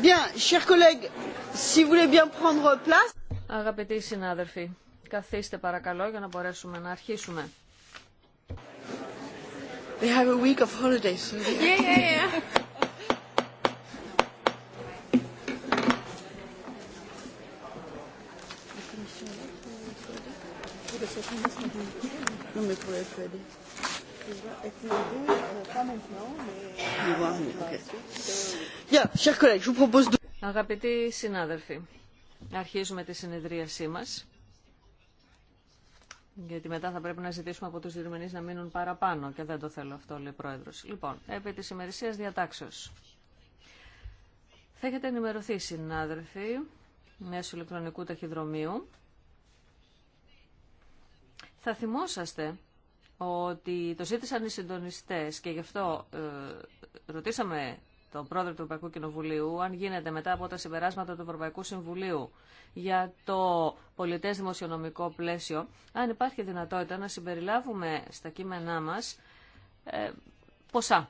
Bien, chers Αγαπητοί συνάδελφοι, καθίστε παρακαλώ για να μπορέσουμε να αρχίσουμε. have Euh, Αγαπητοί συνάδελφοι, αρχίζουμε τη συνεδρίασή μας, γιατί μετά θα πρέπει να ζητήσουμε από του διερμηνείς να μείνουν παραπάνω και δεν το θέλω αυτό, λέει ο Πρόεδρος. Λοιπόν, επί τη ημερησίας διατάξεως. Θα έχετε ενημερωθεί, συνάδελφοι, μέσω ηλεκτρονικού ταχυδρομείου. Θα θυμόσαστε ότι το ζήτησαν οι συντονιστέ, και γι' αυτό ε, ρωτήσαμε τον πρόεδρο του Ευρωπαϊκού Κοινοβουλίου, αν γίνεται μετά από τα συμπεράσματα του Ευρωπαϊκού Συμβουλίου για το πολιτές δημοσιονομικό πλαίσιο, αν υπάρχει δυνατότητα να συμπεριλάβουμε στα κείμενά μας ε, ποσά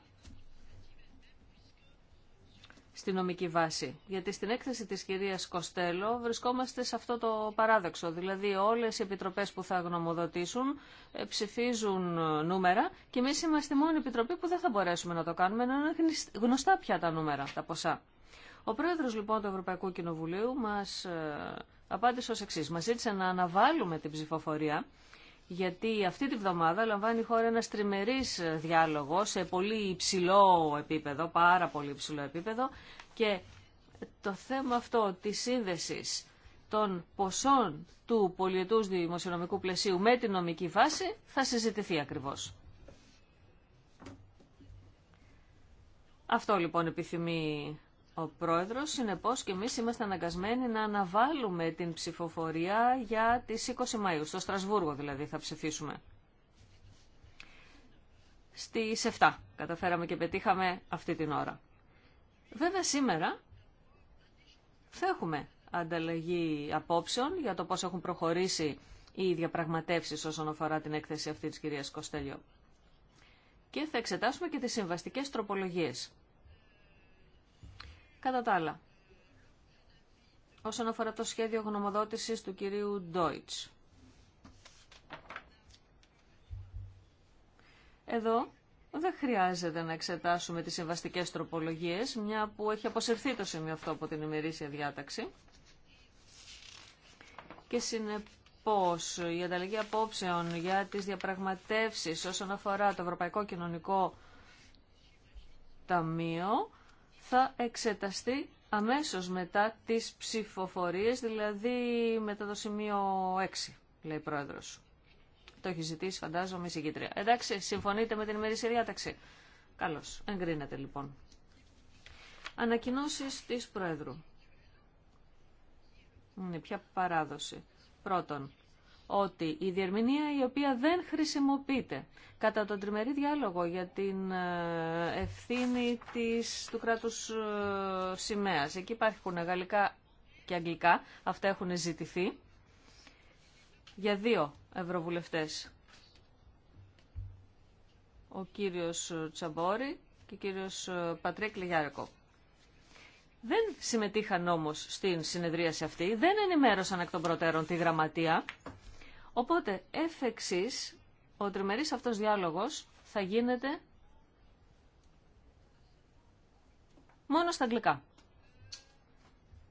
στη νομική βάση. Γιατί στην έκθεση της κυρίας Κοστέλο βρισκόμαστε σε αυτό το παράδοξο. Δηλαδή όλες οι επιτροπές που θα γνωμοδοτήσουν ε, ψηφίζουν ε, νούμερα και εμείς είμαστε η μόνη επιτροπή που δεν θα μπορέσουμε να το κάνουμε, να είναι γνωστά πια τα νούμερα, τα ποσά. Ο πρόεδρος λοιπόν του Ευρωπαϊκού Κοινοβουλίου μας ε, απάντησε ως εξής. Μας ζήτησε να αναβάλουμε την ψηφοφορία γιατί αυτή τη βδομάδα λαμβάνει η χώρα ένας τριμερής ε, διάλογος σε πολύ υψηλό επίπεδο, πάρα πολύ υψηλό επίπεδο και το θέμα αυτό της σύνδεσης των ποσών του πολιετούς δημοσιονομικού πλαισίου με την νομική βάση θα συζητηθεί ακριβώς. Αυτό λοιπόν επιθυμεί ο πρόεδρος, συνεπώς και εμείς είμαστε αναγκασμένοι να αναβάλουμε την ψηφοφορία για τις 20 Μαΐου, στο Στρασβούργο δηλαδή θα ψηφίσουμε. Στις 7 καταφέραμε και πετύχαμε αυτή την ώρα. Βέβαια σήμερα θα έχουμε ανταλλαγή απόψεων για το πώς έχουν προχωρήσει οι διαπραγματεύσεις όσον αφορά την έκθεση αυτή της κυρίας Κοστέλιο. Και θα εξετάσουμε και τις συμβαστικές τροπολογίες. Κατά τα άλλα, όσον αφορά το σχέδιο γνωμοδότησης του κυρίου Ντόιτς. Εδώ δεν χρειάζεται να εξετάσουμε τις συμβαστικέ τροπολογίες, μια που έχει αποσυρθεί το σημείο αυτό από την ημερήσια διάταξη. Και συνεπώς η ανταλλαγή απόψεων για τις διαπραγματεύσεις όσον αφορά το Ευρωπαϊκό Κοινωνικό Ταμείο θα εξεταστεί αμέσως μετά τις ψηφοφορίες, δηλαδή μετά το σημείο 6, λέει ο Πρόεδρος. Το έχει ζητήσει, φαντάζομαι, η συγκήτρια. Εντάξει, συμφωνείτε με την ημερήσια διάταξη. Καλώς, εγκρίνεται λοιπόν. Ανακοινώσεις της Πρόεδρου. Είναι πια παράδοση. Πρώτον, ότι η διερμηνία η οποία δεν χρησιμοποιείται κατά τον τριμερή διάλογο για την ε, ευθύνη της, του κράτους ε, σημαία. εκεί υπάρχουν γαλλικά και αγγλικά, αυτά έχουν ζητηθεί για δύο ευρωβουλευτές. Ο κύριος Τσαμπόρη και ο κύριος ε, Πατρίκ Λιγιάρικο. Δεν συμμετείχαν όμως στην συνεδρίαση αυτή, δεν ενημέρωσαν εκ των προτέρων τη γραμματεία Οπότε, εφ' εξής, ο τριμερής αυτός διάλογος θα γίνεται μόνο στα αγγλικά.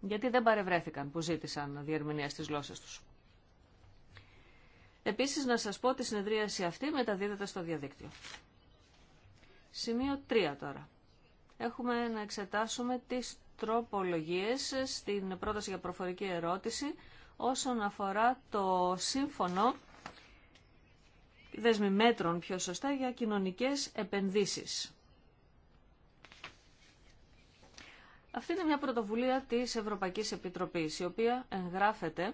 Γιατί δεν παρευρέθηκαν που ζήτησαν διερμηνία στις γλώσσες τους. Επίσης, να σας πω ότι η συνεδρίαση αυτή μεταδίδεται στο διαδίκτυο. Σημείο 3 τώρα. Έχουμε να εξετάσουμε τις τροπολογίες στην πρόταση για προφορική ερώτηση όσον αφορά το σύμφωνο δεσμη πιο σωστά για κοινωνικές επενδύσεις. Αυτή είναι μια πρωτοβουλία της Ευρωπαϊκής Επιτροπής, η οποία εγγράφεται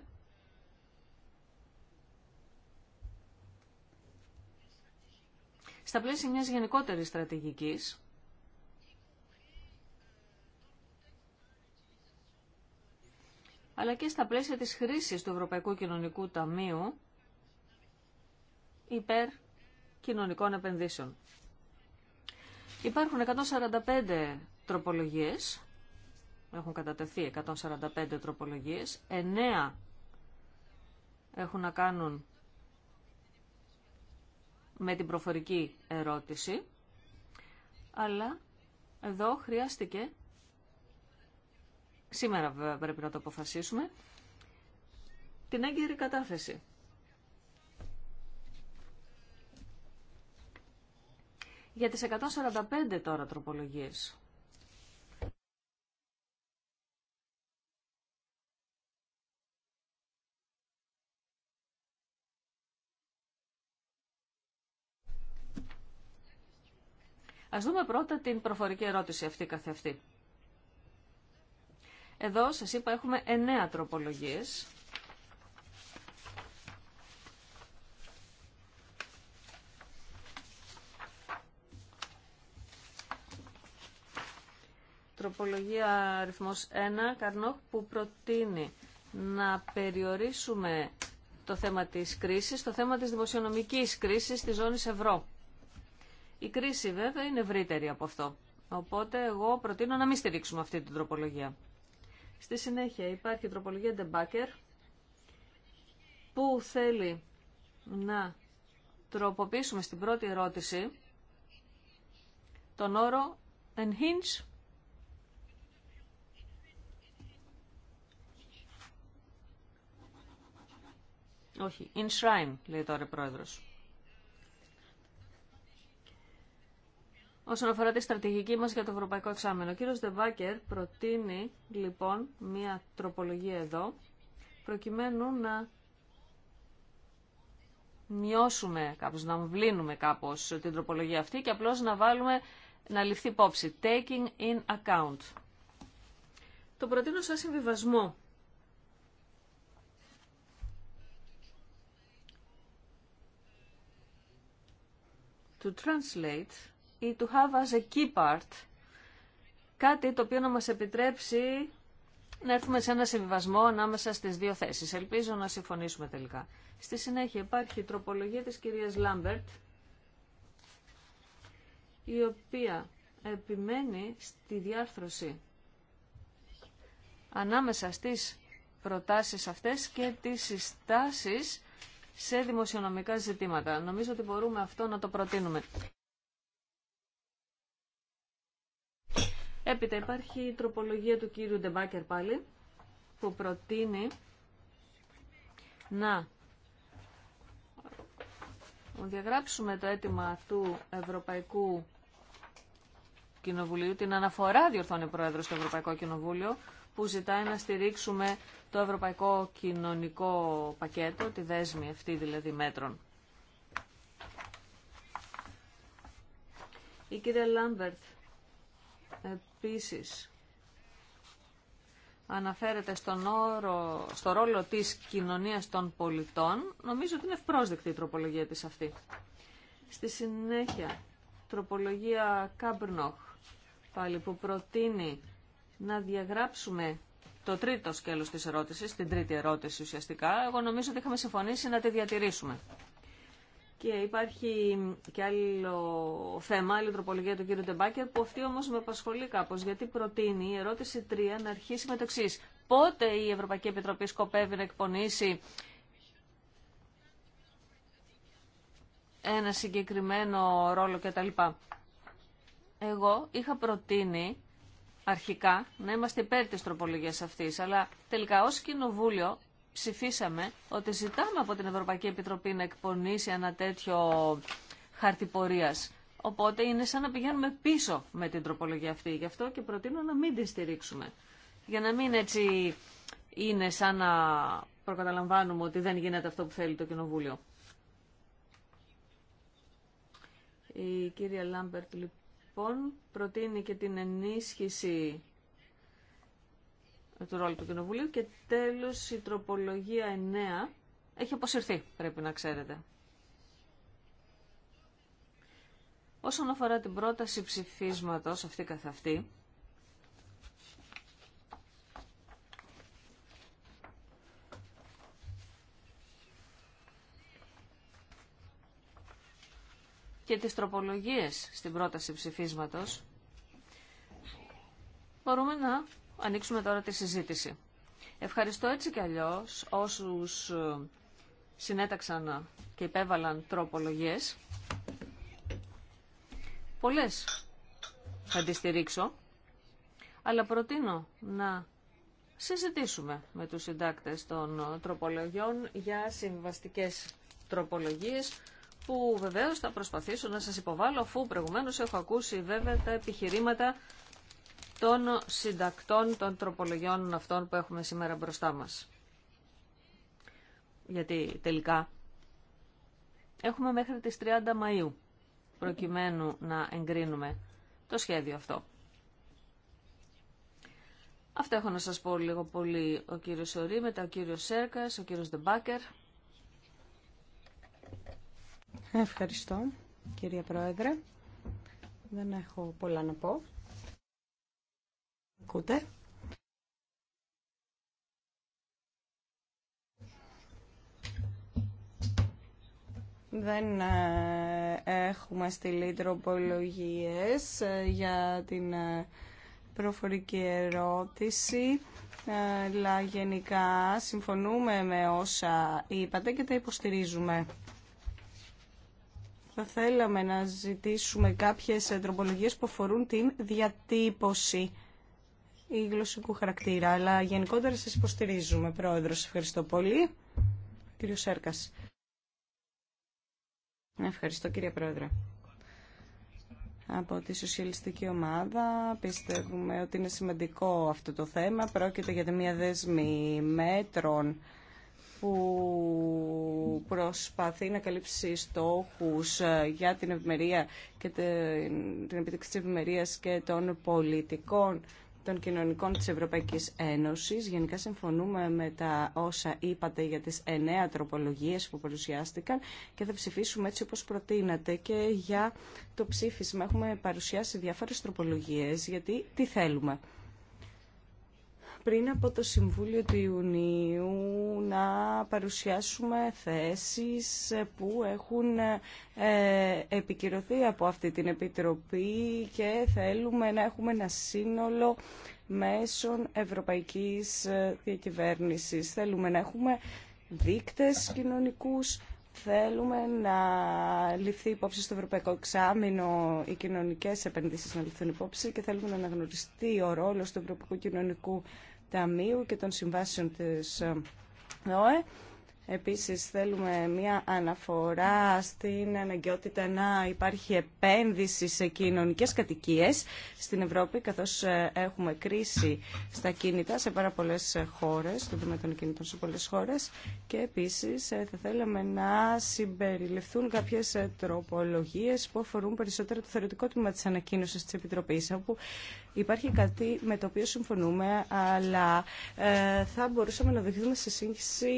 στα πλαίσια μιας γενικότερης στρατηγικής αλλά και στα πλαίσια της χρήσης του Ευρωπαϊκού Κοινωνικού Ταμείου υπέρ κοινωνικών επενδύσεων. Υπάρχουν 145 τροπολογίες, έχουν κατατεθεί 145 τροπολογίες, 9 έχουν να κάνουν με την προφορική ερώτηση, αλλά εδώ χρειάστηκε Σήμερα βέβαια πρέπει να το αποφασίσουμε. Την έγκαιρη κατάθεση. Για τις 145 τώρα τροπολογίες. Ας δούμε πρώτα την προφορική ερώτηση αυτή καθε αυτή. Εδώ σας είπα έχουμε εννέα τροπολογίες. Τροπολογία αριθμός 1, Καρνόχ, που προτείνει να περιορίσουμε το θέμα της κρίσης, το θέμα της δημοσιονομικής κρίσης της ζώνης ευρώ. Η κρίση βέβαια είναι ευρύτερη από αυτό. Οπότε εγώ προτείνω να μην στηρίξουμε αυτή την τροπολογία. Στη συνέχεια υπάρχει η τροπολογία DeBacker που θέλει να τροποποιήσουμε στην πρώτη ερώτηση τον όρο «enhance» Όχι, in λέει τώρα ο πρόεδρος. όσον αφορά τη στρατηγική μας για το Ευρωπαϊκό Εξάμενο. Ο κύριος Δεβάκερ προτείνει λοιπόν μία τροπολογία εδώ, προκειμένου να μειώσουμε κάπως, να βλύνουμε κάπως την τροπολογία αυτή και απλώς να βάλουμε να ληφθεί υπόψη. Taking in account. Το προτείνω σαν συμβιβασμό. To translate ή to have as a key part. Κάτι το οποίο να μας επιτρέψει να έρθουμε σε ένα συμβιβασμό ανάμεσα στις δύο θέσεις. Ελπίζω να συμφωνήσουμε τελικά. Στη συνέχεια υπάρχει η τροπολογία της κυρίας Λάμπερτ, η οποία επιμένει στη διάρθρωση ανάμεσα στις προτάσεις αυτές και τις συστάσεις σε δημοσιονομικά ζητήματα. Νομίζω ότι μπορούμε αυτό να το προτείνουμε. Έπειτα υπάρχει η τροπολογία του κύριου Ντεμπάκερ πάλι, που προτείνει να διαγράψουμε το αίτημα του Ευρωπαϊκού Κοινοβουλίου, την αναφορά διορθώνει Πρόεδρος του Ευρωπαϊκό Κοινοβούλιο, που ζητάει να στηρίξουμε το Ευρωπαϊκό Κοινωνικό Πακέτο, τη δέσμη αυτή δηλαδή μέτρων. Η κυρία Λάμπερτ επίσης αναφέρεται στον όρο, στο ρόλο της κοινωνίας των πολιτών, νομίζω ότι είναι ευπρόσδεκτη η τροπολογία της αυτή. Στη συνέχεια, τροπολογία Κάμπρνοχ, πάλι που προτείνει να διαγράψουμε το τρίτο σκέλος της ερώτησης, την τρίτη ερώτηση ουσιαστικά, εγώ νομίζω ότι είχαμε συμφωνήσει να τη διατηρήσουμε. Και υπάρχει και άλλο θέμα, άλλη τροπολογία του κύριου Τεμπάκερ, που αυτή όμω με απασχολεί κάπως. Γιατί προτείνει η ερώτηση 3 να αρχίσει με το εξή. Πότε η Ευρωπαϊκή Επιτροπή σκοπεύει να εκπονήσει ένα συγκεκριμένο ρόλο κτλ. Εγώ είχα προτείνει αρχικά να είμαστε υπέρ της τροπολογίας αυτής, αλλά τελικά ως κοινοβούλιο ψηφίσαμε ότι ζητάμε από την Ευρωπαϊκή Επιτροπή να εκπονήσει ένα τέτοιο χαρτιπορίας. Οπότε είναι σαν να πηγαίνουμε πίσω με την τροπολογία αυτή. Γι' αυτό και προτείνω να μην τη στηρίξουμε. Για να μην έτσι είναι σαν να προκαταλαμβάνουμε ότι δεν γίνεται αυτό που θέλει το Κοινοβούλιο. Η κυρία Λάμπερτ λοιπόν προτείνει και την ενίσχυση του ρόλου του Κοινοβουλίου και τέλος η τροπολογία 9 έχει αποσυρθεί, πρέπει να ξέρετε. Όσον αφορά την πρόταση ψηφίσματο αυτή καθ' αυτή, και τις τροπολογίες στην πρόταση ψηφίσματος, μπορούμε να ανοίξουμε τώρα τη συζήτηση. Ευχαριστώ έτσι κι αλλιώς όσους ε, συνέταξαν και υπέβαλαν τροπολογίες. Πολλές θα τις στηρίξω, αλλά προτείνω να συζητήσουμε με τους συντάκτες των τροπολογιών για συμβαστικές τροπολογίες που βεβαίως θα προσπαθήσω να σας υποβάλω αφού προηγουμένως έχω ακούσει βέβαια τα επιχειρήματα των συντακτών των τροπολογιών αυτών που έχουμε σήμερα μπροστά μας. Γιατί τελικά έχουμε μέχρι τις 30 Μαΐου προκειμένου να εγκρίνουμε το σχέδιο αυτό. Αυτό έχω να σας πω λίγο πολύ ο κύριος Σωρή, μετά ο κύριος Σέρκας, ο κύριος Δεμπάκερ. Ευχαριστώ, κυρία Πρόεδρε. Δεν έχω πολλά να πω. Δεν ε, έχουμε στείλει τροπολογίες ε, για την ε, προφορική ερώτηση, αλλά γενικά συμφωνούμε με όσα είπατε και τα υποστηρίζουμε. Θα θέλαμε να ζητήσουμε κάποιες τροπολογίες που αφορούν την διατύπωση ή γλωσσικού χαρακτήρα. Αλλά γενικότερα σα υποστηρίζουμε, Πρόεδρος. Ευχαριστώ πολύ. Κύριο Σέρκα. Ευχαριστώ, κύριε Πρόεδρε. Από τη Σοσιαλιστική Ομάδα πιστεύουμε ότι είναι σημαντικό αυτό το θέμα. Πρόκειται για μια δέσμη μέτρων που προσπαθεί να καλύψει στόχους για την ευημερία και την, την της και των πολιτικών των κοινωνικών της Ευρωπαϊκής Ένωσης. Γενικά συμφωνούμε με τα όσα είπατε για τις εννέα τροπολογίες που παρουσιάστηκαν και θα ψηφίσουμε έτσι όπως προτείνατε και για το ψήφισμα έχουμε παρουσιάσει διάφορες τροπολογίες γιατί τι θέλουμε πριν από το Συμβούλιο του Ιουνίου να παρουσιάσουμε θέσεις που έχουν ε, επικυρωθεί από αυτή την Επιτροπή και θέλουμε να έχουμε ένα σύνολο μέσων ευρωπαϊκής ε, διακυβέρνησης. Θέλουμε να έχουμε δείκτες κοινωνικούς, θέλουμε να ληφθεί υπόψη στο Ευρωπαϊκό Εξάμεινο οι κοινωνικές επενδύσεις να ληφθούν υπόψη και θέλουμε να αναγνωριστεί ο ρόλος του Ευρωπαϊκού Κοινωνικού Ταμείου και των Συμβάσεων της ε, ΟΕ. Επίσης θέλουμε μια αναφορά στην αναγκαιότητα να υπάρχει επένδυση σε κοινωνικές κατοικίες στην Ευρώπη καθώς ε, έχουμε κρίση στα κίνητα σε πάρα πολλές χώρες, το δούμε των κινητών σε πολλές χώρες και επίσης ε, θα θέλαμε να συμπεριληφθούν κάποιες τροπολογίες που αφορούν περισσότερο το θεωρητικό τμήμα της ανακοίνωσης της Επιτροπής όπου Υπάρχει κάτι με το οποίο συμφωνούμε, αλλά ε, θα μπορούσαμε να δεχθούμε σε σύγχυση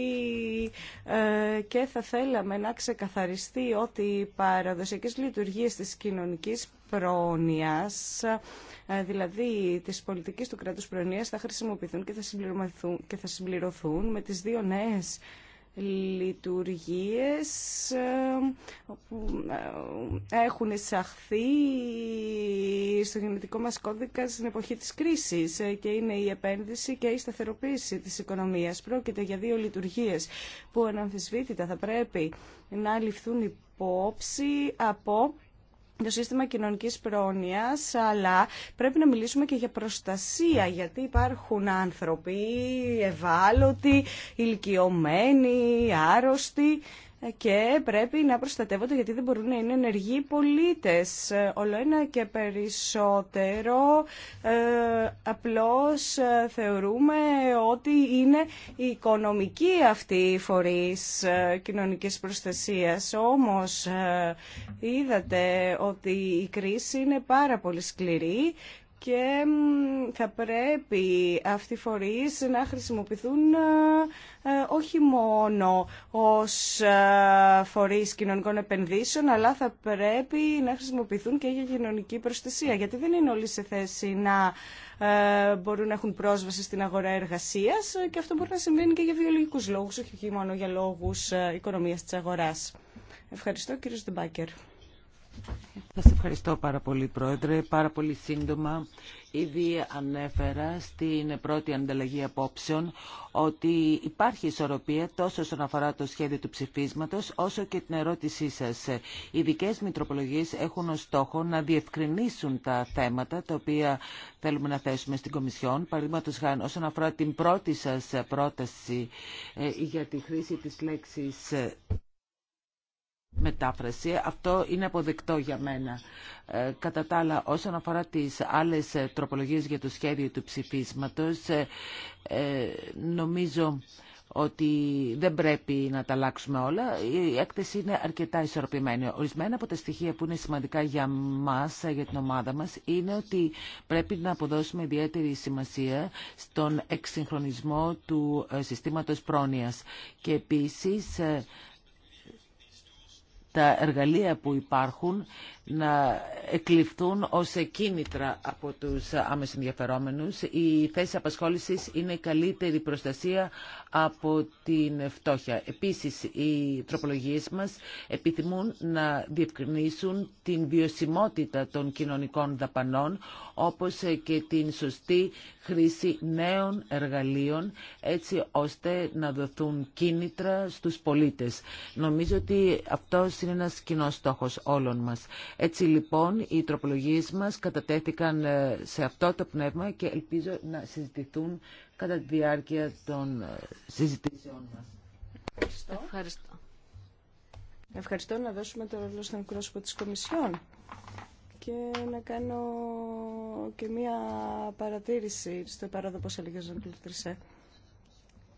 ε, και θα θέλαμε να ξεκαθαριστεί ότι οι παραδοσιακές λειτουργίες της κοινωνικής πρόνοιας, ε, δηλαδή της πολιτικής του κράτους πρόνοιας, θα χρησιμοποιηθούν και θα συμπληρωθούν, και θα με τις δύο νέες λειτουργίες ε, που ε, έχουν εισαχθεί στο γενετικό μας κώδικα στην εποχή της κρίσης ε, και είναι η επένδυση και η σταθεροποίηση της οικονομίας. Πρόκειται για δύο λειτουργίες που αναμφισβήτητα θα πρέπει να ληφθούν υπόψη από το σύστημα κοινωνικής πρόνοια, αλλά πρέπει να μιλήσουμε και για προστασία, γιατί υπάρχουν άνθρωποι ευάλωτοι, ηλικιωμένοι, άρρωστοι και πρέπει να προστατεύονται γιατί δεν μπορούν να είναι ενεργοί πολίτες. Ε, όλο ένα και περισσότερο ε, απλώς ε, θεωρούμε ότι είναι η οικονομική αυτή η φορής ε, κοινωνικής προστασίας. Όμως ε, είδατε ότι η κρίση είναι πάρα πολύ σκληρή και θα πρέπει αυτοί οι φορείς να χρησιμοποιηθούν ε, ε, όχι μόνο ως ε, φορείς κοινωνικών επενδύσεων, αλλά θα πρέπει να χρησιμοποιηθούν και για κοινωνική προστασία, γιατί δεν είναι όλοι σε θέση να μπορούν να έχουν πρόσβαση στην αγορά εργασίας και αυτό μπορεί να συμβαίνει και για βιολογικούς λόγους, όχι μόνο για λόγους οικονομίας της αγοράς. Ευχαριστώ κύριε Στυμπάκερ. Σας ευχαριστώ πάρα πολύ Πρόεδρε. Πάρα πολύ σύντομα ήδη ανέφερα στην πρώτη ανταλλαγή απόψεων ότι υπάρχει ισορροπία τόσο όσον αφορά το σχέδιο του ψηφίσματος όσο και την ερώτησή σας. Οι δικές μητροπολογίες έχουν ως στόχο να διευκρινίσουν τα θέματα τα οποία θέλουμε να θέσουμε στην Κομισιόν. Παραδείγματο χάρη όσον αφορά την πρώτη σας πρόταση ε, για τη χρήση της λέξης μετάφραση. Αυτό είναι αποδεκτό για μένα. Ε, κατά τα άλλα, όσον αφορά τις άλλες ε, τροπολογίες για το σχέδιο του ψηφίσματος, ε, ε, νομίζω ότι δεν πρέπει να τα αλλάξουμε όλα. Η έκθεση είναι αρκετά ισορροπημένη. Ορισμένα από τα στοιχεία που είναι σημαντικά για μας, ε, για την ομάδα μας, είναι ότι πρέπει να αποδώσουμε ιδιαίτερη σημασία στον εξυγχρονισμό του συστήματος πρόνοιας. Και επίσης τα εργαλεία που υπάρχουν να εκλειφθούν ως κίνητρα από τους άμεσα ενδιαφερόμενους. Η θέση απασχόλησης είναι καλύτερη προστασία από την φτώχεια. Επίσης, οι τροπολογίες μας επιθυμούν να διευκρινίσουν την βιωσιμότητα των κοινωνικών δαπανών, όπως και την σωστή χρήση νέων εργαλείων, έτσι ώστε να δοθούν κίνητρα στους πολίτες. Νομίζω ότι αυτός είναι ένας κοινός στόχος όλων μας. Έτσι λοιπόν οι τροπολογίες μας κατατέθηκαν ε, σε αυτό το πνεύμα και ελπίζω να συζητηθούν κατά τη διάρκεια των ε, συζητήσεών μας. Ευχαριστώ. Ευχαριστώ. να δώσουμε το ρόλο στον εκπρόσωπο της Κομισιόν και να κάνω και μία παρατήρηση στο παράδοπο σε λίγες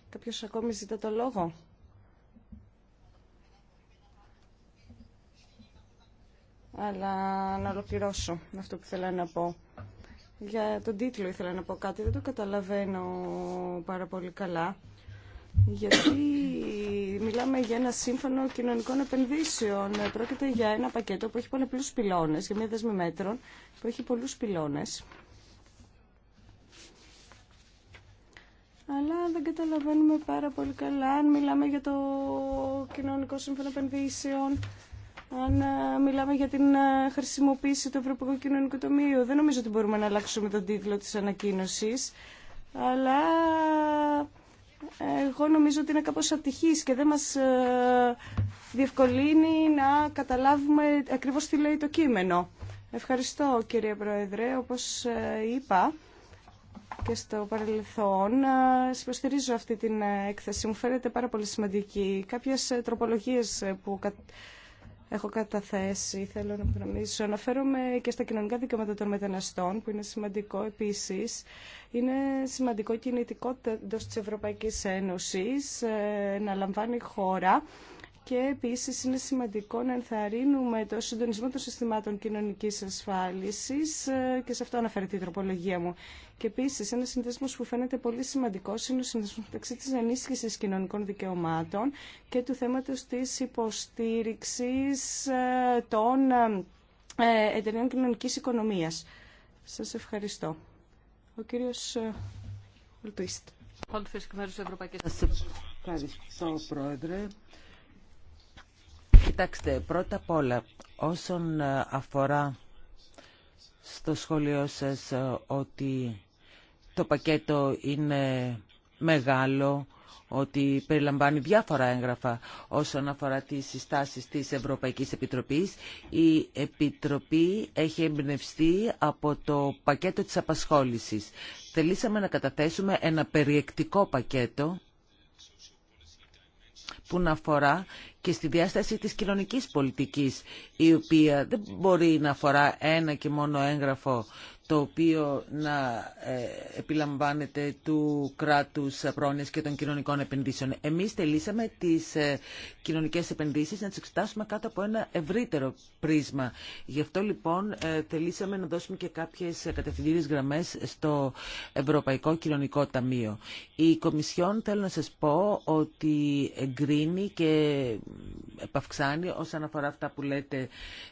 Κάποιος ακόμη ζητά το λόγο. αλλά να ολοκληρώσω αυτό που ήθελα να πω. Για τον τίτλο ήθελα να πω κάτι, δεν το καταλαβαίνω πάρα πολύ καλά. Γιατί μιλάμε για ένα σύμφωνο κοινωνικών επενδύσεων. Πρόκειται για ένα πακέτο που έχει πολλούς πυλώνες, για μια δεσμή μέτρων που έχει πολλούς πυλώνες. αλλά δεν καταλαβαίνουμε πάρα πολύ καλά αν μιλάμε για το κοινωνικό σύμφωνο επενδύσεων, αν ε, μιλάμε για την ε, χρησιμοποίηση του Ευρωπαϊκού Κοινωνικού Τομείου. Δεν νομίζω ότι μπορούμε να αλλάξουμε τον τίτλο της ανακοίνωσης, αλλά ε, εγώ νομίζω ότι είναι κάπως ατυχής και δεν μας διευκολύνει να καταλάβουμε ακριβώς τι λέει το κείμενο. Ευχαριστώ κύριε Πρόεδρε. Όπως είπα και στο παρελθόν, υποστηρίζω αυτή την έκθεση. Μου φαίνεται πάρα πολύ σημαντική. Κάποιες τροπολογίες που έχω καταθέσει, θέλω να υπογραμμίσω. Αναφέρομαι και στα κοινωνικά δικαιώματα των μεταναστών, που είναι σημαντικό επίση. Είναι σημαντικό κινητικότητα εντό τη Ευρωπαϊκή Ένωση ε, να λαμβάνει χώρα και επίσης είναι σημαντικό να ενθαρρύνουμε το συντονισμό των συστημάτων κοινωνικής ασφάλισης ε, και σε αυτό αναφέρεται η τροπολογία μου. Και επίσης ένα συνδέσμος που φαίνεται πολύ σημαντικός είναι ο συνδέσμος μεταξύ της ενίσχυσης κοινωνικών δικαιωμάτων και του θέματος της υποστήριξης ε, των ε, εταιριών κοινωνικής οικονομίας. Σας ευχαριστώ. Ο κύριος Ευχαριστώ, Πρόεδρε. Κοιτάξτε, πρώτα απ' όλα, όσον ε, αφορά στο σχόλιο σας ε, ότι το πακέτο είναι μεγάλο, ότι περιλαμβάνει διάφορα έγγραφα όσον αφορά τις συστάσεις της Ευρωπαϊκής Επιτροπής. Η Επιτροπή έχει εμπνευστεί από το πακέτο της απασχόλησης. Θελήσαμε να καταθέσουμε ένα περιεκτικό πακέτο που να αφορά και στη διάσταση της κοινωνικής πολιτικής, η οποία δεν μπορεί να αφορά ένα και μόνο έγγραφο το οποίο να ε, επιλαμβάνεται του κράτους πρόνοιας και των κοινωνικών επενδύσεων. Εμείς θελήσαμε τις ε, κοινωνικές επενδύσεις να τις εξετάσουμε κάτω από ένα ευρύτερο πρίσμα. Γι' αυτό λοιπόν ε, θελήσαμε να δώσουμε και κάποιες κατευθυντήριες γραμμές στο Ευρωπαϊκό Κοινωνικό Ταμείο. Η Κομισιόν θέλω να σας πω ότι εγκρίνει και επαυξάνει όσον αφορά αυτά που λέτε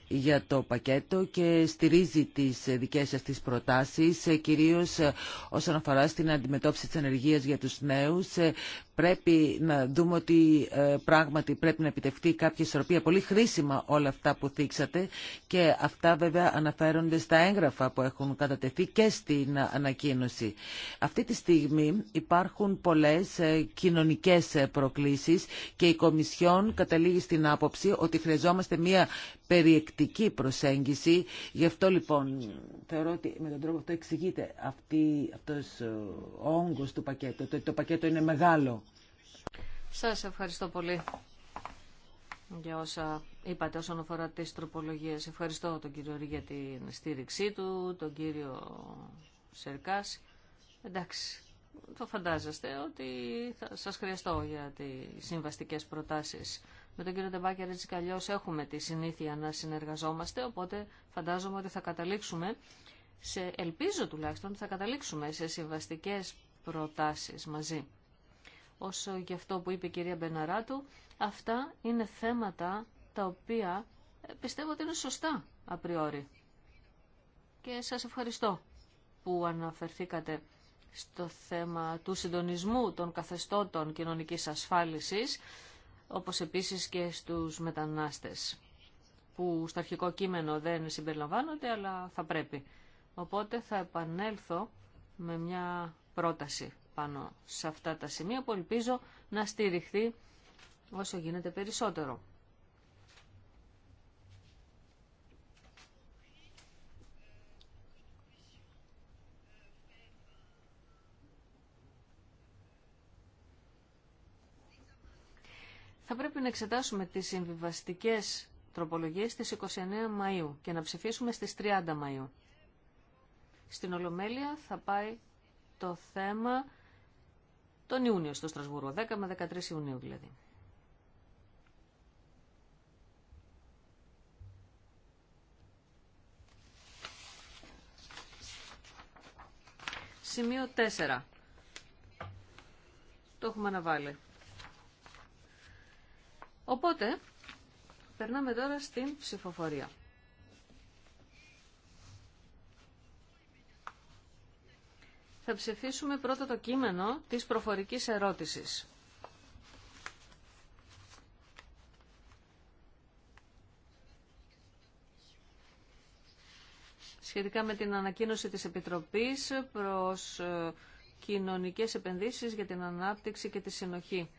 για το πακέτο και στηρίζει τις δικές σας τις προτάσεις, ε, κυρίως ε, όσον αφορά στην αντιμετώπιση της ενεργείας για τους νέους, ε, πρέπει να δούμε ότι ε, πράγματι πρέπει να επιτευχθεί κάποια ισορροπία. Πολύ χρήσιμα όλα αυτά που θίξατε και αυτά βέβαια αναφέρονται στα έγγραφα που έχουν κατατεθεί και στην ανακοίνωση. Αυτή τη στιγμή υπάρχουν πολλές ε, κοινωνικές ε, προκλήσεις και η Κομισιόν καταλήγει στην άποψη ότι χρειαζόμαστε μια περιεκτική προσέγγιση. Γι' αυτό λοιπόν θεωρώ ότι με τον τρόπο αυτό εξηγείται αυτή, αυτός ο όγκος του πακέτου, το, το πακέτο είναι μεγάλο. Σας ευχαριστώ πολύ για όσα είπατε όσον αφορά τις τροπολογίες. Ευχαριστώ τον κύριο Ρή για την στήριξή του, τον κύριο Σερκάς. Εντάξει, το φαντάζεστε ότι θα σας χρειαστώ για τις συμβαστικές προτάσεις. Με τον κύριο Ντεμπάκερ έτσι κι έχουμε τη συνήθεια να συνεργαζόμαστε, οπότε φαντάζομαι ότι θα καταλήξουμε, σε, ελπίζω τουλάχιστον, θα καταλήξουμε σε συμβαστικές προτάσεις μαζί όσο και αυτό που είπε η κυρία Μπεναράτου, αυτά είναι θέματα τα οποία ε, πιστεύω ότι είναι σωστά απριόρι. Και σας ευχαριστώ που αναφερθήκατε στο θέμα του συντονισμού των καθεστώτων κοινωνικής ασφάλισης, όπως επίσης και στους μετανάστες, που στο αρχικό κείμενο δεν συμπεριλαμβάνονται, αλλά θα πρέπει. Οπότε θα επανέλθω με μια πρόταση πάνω σε αυτά τα σημεία που ελπίζω να στηριχθεί όσο γίνεται περισσότερο. Θα πρέπει να εξετάσουμε τις συμβιβαστικές τροπολογίες στις 29 Μαΐου και να ψηφίσουμε στις 30 Μαΐου. Στην Ολομέλεια θα πάει το θέμα τον Ιούνιο στο Στρασβούργο, 10 με 13 Ιουνίου δηλαδή. Σημείο 4. Το έχουμε αναβάλει. Οπότε, περνάμε τώρα στην ψηφοφορία. Θα ψηφίσουμε πρώτα το κείμενο της προφορικής ερώτησης. Σχετικά με την ανακοίνωση της Επιτροπής προς ε, κοινωνικές επενδύσεις για την ανάπτυξη και τη συνοχή.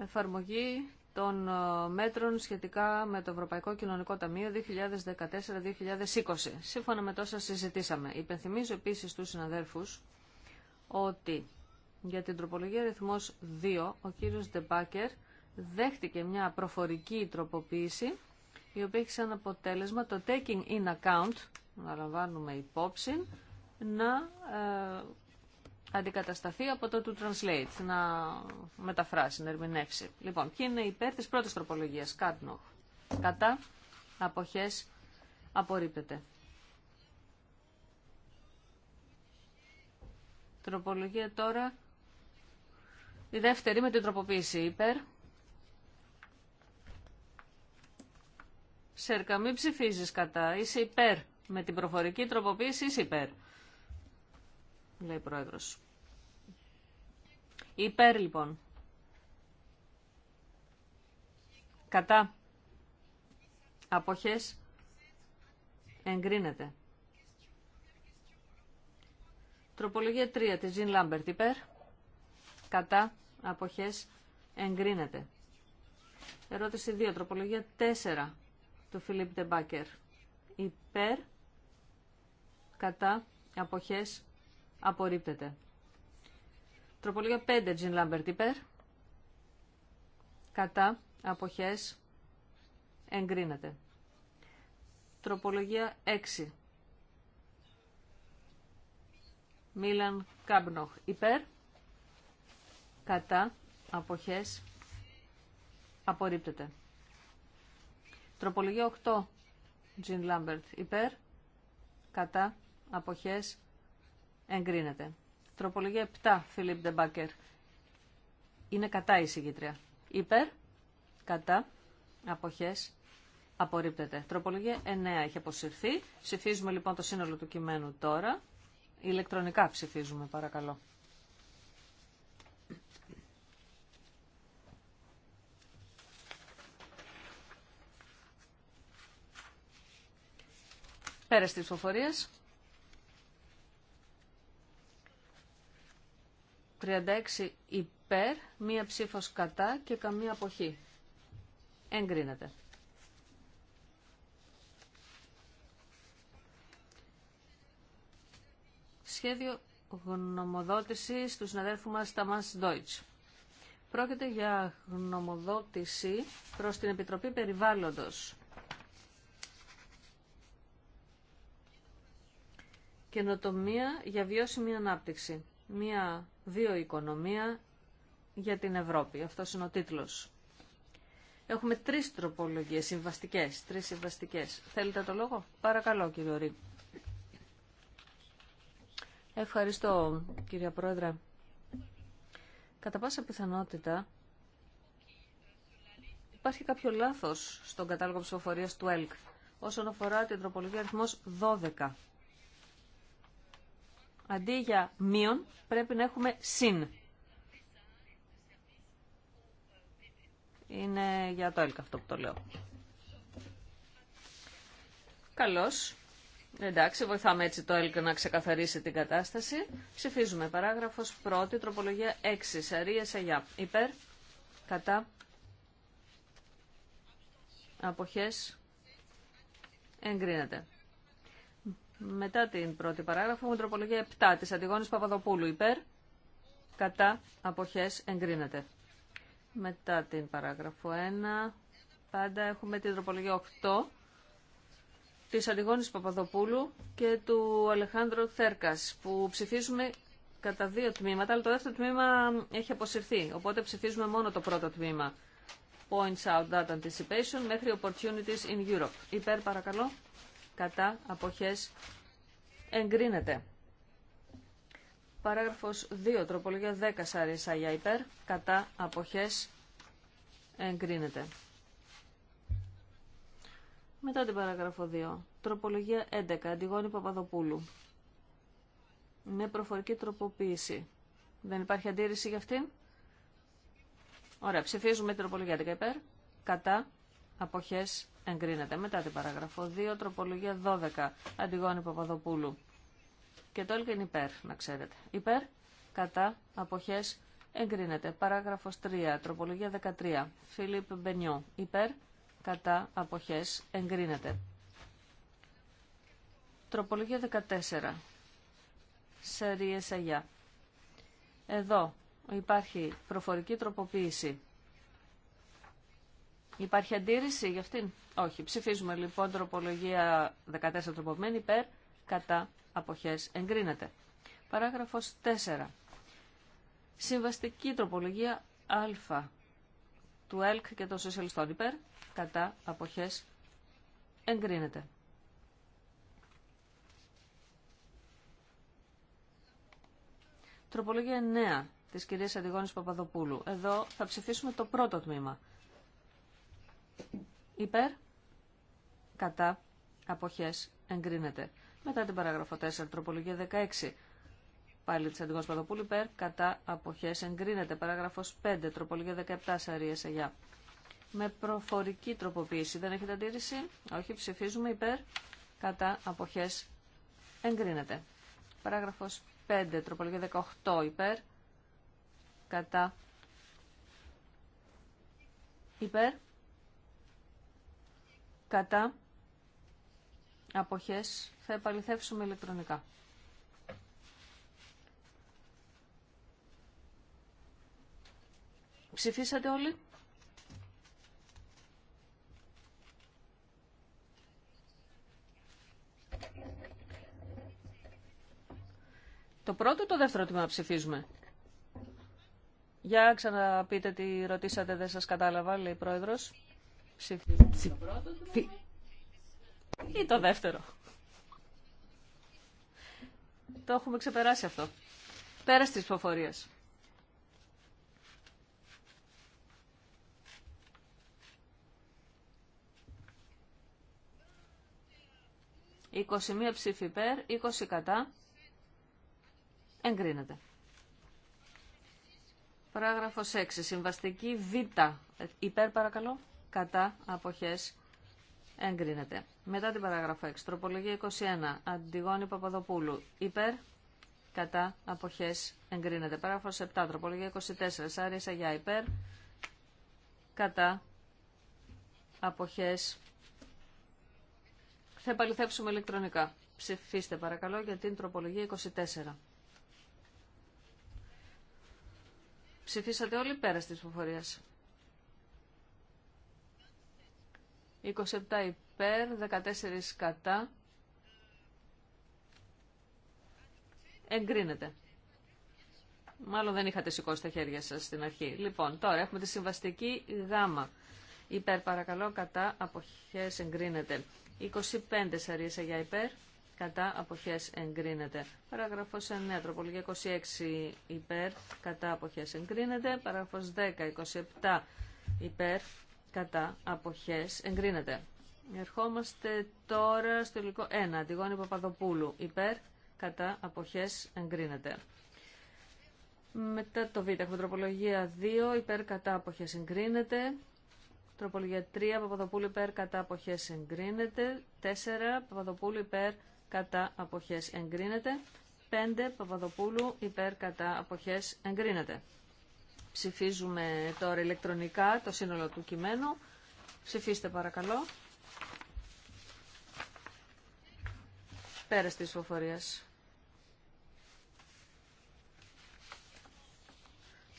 Εφαρμογή των ε, μέτρων σχετικά με το Ευρωπαϊκό Κοινωνικό Ταμείο 2014-2020, σύμφωνα με τόσα συζητήσαμε. Υπενθυμίζω επίσης στους συναδέρφους ότι για την τροπολογία ρυθμός 2 ο κύριος Ντεμπάκερ δέχτηκε μια προφορική τροποποίηση η οποία έχει σαν αποτέλεσμα το taking in account, να λαμβάνουμε υπόψη, να ε, αντικατασταθεί από το to translate, να μεταφράσει, να ερμηνεύσει. Λοιπόν, ποιοι είναι υπέρ της πρώτης τροπολογίας, Κατά, αποχές, απορρίπτεται. Τροπολογία τώρα, η δεύτερη με την τροποποίηση υπέρ. Σέρκα, μην ψηφίζεις κατά, είσαι υπέρ. Με την προφορική τροποποίηση είσαι υπέρ λέει η πρόεδρος. Υπέρ λοιπόν. Κατά. Αποχές. Εγκρίνεται. Τροπολογία 3 της Jean Lambert υπέρ. Κατά. Αποχές. Εγκρίνεται. Ερώτηση 2. Τροπολογία 4 του Φιλίπ Ντεμπάκερ. Υπέρ. Κατά. Αποχές. Απορρίπτεται. Τροπολογία 5, Τζιν Λάμπερτ, υπέρ. Κατά, αποχές, εγκρίνεται. Τροπολογία 6. Μίλαν Κάμπνοχ, υπέρ. Κατά, αποχές, απορρίπτεται. Τροπολογία 8, Τζιν Λάμπερτ, υπέρ. Κατά, αποχές, Εγκρίνεται. Τροπολογία 7, Φιλίπ Ντεμπάκερ. Είναι κατά η συγκήτρια. Υπέρ, κατά, αποχές, απορρίπτεται. Τροπολογία 9 έχει αποσυρθεί. Ψηφίζουμε λοιπόν το σύνολο του κειμένου τώρα. Ηλεκτρονικά ψηφίζουμε παρακαλώ. Πέρα στις ψηφοφορίες. 36 υπέρ, μία ψήφος κατά και καμία αποχή. Εγκρίνεται. Σχέδιο γνωμοδότηση του συναδέλφου μας Ταμάς Ντόιτς. Πρόκειται για γνωμοδότηση προς την Επιτροπή Περιβάλλοντος. Καινοτομία για βιώσιμη ανάπτυξη μια βιοοικονομία για την Ευρώπη. Αυτό είναι ο τίτλος. Έχουμε τρεις τροπολογίες συμβαστικές, τρεις συμβαστικές. Θέλετε το λόγο? Παρακαλώ κύριο Ρή. Ευχαριστώ κύριε Πρόεδρε. Κατά πάσα πιθανότητα υπάρχει κάποιο λάθος στον κατάλογο ψηφοφορίας του ΕΛΚ όσον αφορά την τροπολογία αριθμός 12 Αντί για μείον πρέπει να έχουμε συν. Είναι για το έλκα αυτό που το λέω. Καλώς. Εντάξει, βοηθάμε έτσι το ΕΛΚ να ξεκαθαρίσει την κατάσταση. Ψηφίζουμε παράγραφος τροπολογία 6, σαρία σαγιά. Υπέρ, κατά, αποχές, εγκρίνεται. Μετά την πρώτη παράγραφο, με τροπολογία 7 της Αντιγόνης Παπαδοπούλου υπέρ, κατά αποχές εγκρίνεται. Μετά την παράγραφο 1, πάντα έχουμε την τροπολογία 8 της Αντιγόνης Παπαδοπούλου και του Αλεχάνδρου Θέρκας, που ψηφίζουμε κατά δύο τμήματα, αλλά το δεύτερο τμήμα έχει αποσυρθεί, οπότε ψηφίζουμε μόνο το πρώτο τμήμα. Points out that anticipation μέχρι opportunities in Europe. Υπέρ παρακαλώ κατά αποχές εγκρίνεται. Παράγραφος 2, τροπολογία 10 σαρίσα για υπέρ, κατά αποχές εγκρίνεται. Μετά την παράγραφο 2, τροπολογία 11, Αντιγόνη Παπαδοπούλου. Με ναι, προφορική τροποποίηση. Δεν υπάρχει αντίρρηση για αυτήν. Ωραία, ψηφίζουμε την τροπολογία 11 υπέρ, κατά αποχές Εγκρίνεται. Μετά την παραγραφό 2, τροπολογία 12, Αντιγόνη Παπαδοπούλου. Και το είναι υπέρ, να ξέρετε. Υπέρ, κατά, αποχές, εγκρίνεται. Παράγραφος 3, τροπολογία 13, Φίλιπ Μπενιό. Υπέρ, κατά, αποχές, εγκρίνεται. Τροπολογία 14, Σερίες Αγιά. Εδώ υπάρχει προφορική τροποποίηση Υπάρχει αντίρρηση για αυτήν. Όχι. Ψηφίζουμε λοιπόν τροπολογία 14 τροποποιημένη υπέρ κατά αποχές εγκρίνεται. Παράγραφος 4. Συμβαστική τροπολογία α του ΕΛΚ και των σοσιαλιστών υπέρ κατά αποχές εγκρίνεται. Τροπολογία 9 της κυρίας Αντιγόνης Παπαδοπούλου. Εδώ θα ψηφίσουμε το πρώτο τμήμα Υπέρ. Κατά. Αποχές. Εγκρίνεται. Μετά την παράγραφο 4, τροπολογία 16. Πάλι τη Αντιγό Παδοπούλου υπέρ, κατά αποχές εγκρίνεται. Παράγραφος 5, τροπολογία 17, Σαρία ΣΑΓΙΑ Με προφορική τροποποίηση. Δεν έχετε αντίρρηση. Όχι, ψηφίζουμε υπέρ, κατά αποχές εγκρίνεται. Παράγραφος 5, τροπολογία 18, υπέρ, κατά. Υπέρ, κατά αποχές θα επαληθεύσουμε ηλεκτρονικά. Ψηφίσατε όλοι. Το πρώτο ή το δεύτερο τμήμα ψηφίζουμε. Για ξαναπείτε τι ρωτήσατε, δεν σας κατάλαβα, λέει η Πρόεδρος. Ψηφίζουμε το πρώτο ή το δεύτερο. Το έχουμε ξεπεράσει αυτό. Πέρα στις ψηφοφορίες. «21 ψήφι υπέρ, 20 κατά, εγκρίνεται». Παράγραφος 6. Συμβαστική Β. Υπέρ παρακαλώ κατά αποχές εγκρίνεται. Μετά την παράγραφο 6, τροπολογία 21, Αντιγόνη Παπαδοπούλου, υπέρ, κατά αποχές εγκρίνεται. Παράγραφος 7, τροπολογία 24, Σάρια Σαγιά, υπέρ, κατά αποχές θα επαληθεύσουμε ηλεκτρονικά. Ψηφίστε παρακαλώ για την τροπολογία 24. Ψηφίσατε όλοι πέρα της υποφορίας 27 υπέρ, 14 κατά. Εγκρίνεται. Μάλλον δεν είχατε σηκώσει τα χέρια σας στην αρχή. Λοιπόν, τώρα έχουμε τη συμβαστική γάμα. Υπέρ παρακαλώ, κατά αποχές εγκρίνεται. 25 σαρίσα για υπέρ, κατά αποχές εγκρίνεται. Παράγραφος 9, τροπολογία 26 υπέρ, κατά αποχές εγκρίνεται. Παράγραφος 10, 27 υπέρ, κατά αποχές εγκρίνεται. Ερχόμαστε τώρα στο υλικό 1, Αντιγόνη Παπαδοπούλου, υπέρ, κατά αποχές εγκρίνεται. Μετά το Β, έχουμε τροπολογία 2, υπέρ, κατά αποχές εγκρίνεται. Τροπολογία 3, Παπαδοπούλου υπέρ, κατά αποχές εγκρίνεται. 4, Παπαδοπούλου υπέρ, κατά αποχές εγκρίνεται. 5, Παπαδοπούλου υπέρ, κατά αποχές εγκρίνεται. Ψηφίζουμε τώρα ηλεκτρονικά το σύνολο του κειμένου. Ψηφίστε παρακαλώ. Πέρας της φοφορίας.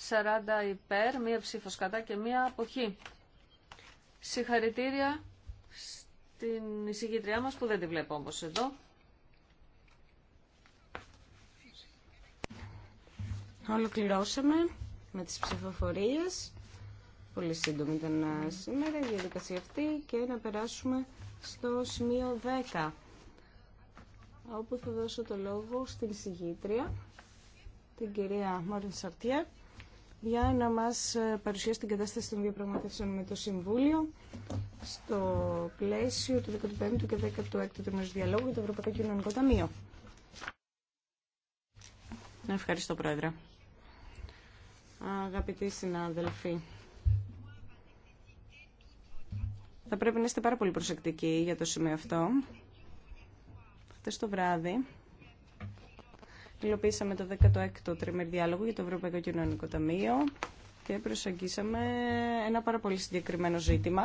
40 υπέρ, μία ψήφος κατά και μία αποχή. Συγχαρητήρια στην εισηγητριά μας που δεν τη βλέπω όμως εδώ. Ολοκληρώσαμε με τις ψηφοφορίες. Πολύ σύντομη ήταν ε, σήμερα η διαδικασία αυτή και να περάσουμε στο σημείο 10 όπου θα δώσω το λόγο στην συγγήτρια, την κυρία Μόριν Σαρτιέ, για να μας ε, παρουσιάσει την κατάσταση των διαπραγματεύσεων με το Συμβούλιο στο πλαίσιο του 15ου και 16ου Τριμμένου Διαλόγου για το Ευρωπαϊκό Κοινωνικό Ταμείο. Ευχαριστώ, Πρόεδρε. Αγαπητοί συνάδελφοι, θα πρέπει να είστε πάρα πολύ προσεκτικοί για το σημείο αυτό. Χθες το βράδυ υλοποίησαμε το 16ο τριμερ διάλογο για το Ευρωπαϊκό Κοινωνικό Ταμείο και προσεγγίσαμε ένα πάρα πολύ συγκεκριμένο ζήτημα.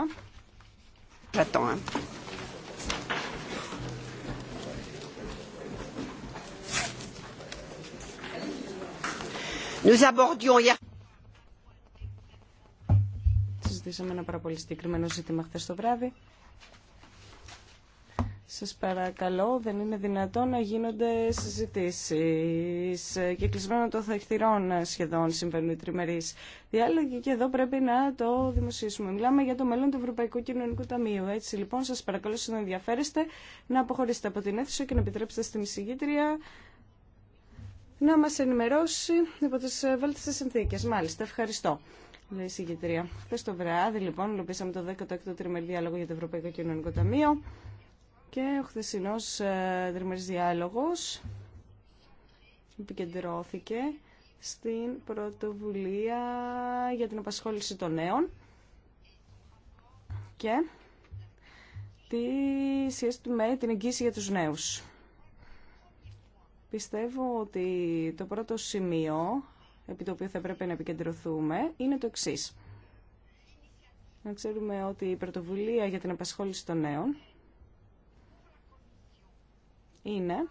Nous abordions hier συζητήσαμε ένα πάρα πολύ συγκεκριμένο ζήτημα χθε το βράδυ. Σα παρακαλώ, δεν είναι δυνατόν να γίνονται συζητήσει. και κλεισμένο το θαχτηρών σχεδόν συμβαίνουν οι τριμερεί διάλογοι και εδώ πρέπει να το δημοσίσουμε. Μιλάμε για το μέλλον του Ευρωπαϊκού Κοινωνικού Ταμείου. Έτσι λοιπόν σα παρακαλώ να ενδιαφέρεστε να αποχωρήσετε από την αίθουσα και να επιτρέψετε στην εισηγήτρια να μας ενημερώσει υπό τι βέλτιστε συνθήκε. Μάλιστα, ευχαριστώ λέει η Χθε το βράδυ, λοιπόν, υλοποιήσαμε το 16ο τριμερή διάλογο για το Ευρωπαϊκό Κοινωνικό Ταμείο και ο χθεσινό ε, τριμερή διάλογο επικεντρώθηκε στην πρωτοβουλία για την απασχόληση των νέων και τη σχέση με την εγγύηση για τους νέους. Πιστεύω ότι το πρώτο σημείο επί το οποίο θα πρέπει να επικεντρωθούμε είναι το εξή. Να ξέρουμε ότι η πρωτοβουλία για την απασχόληση των νέων είναι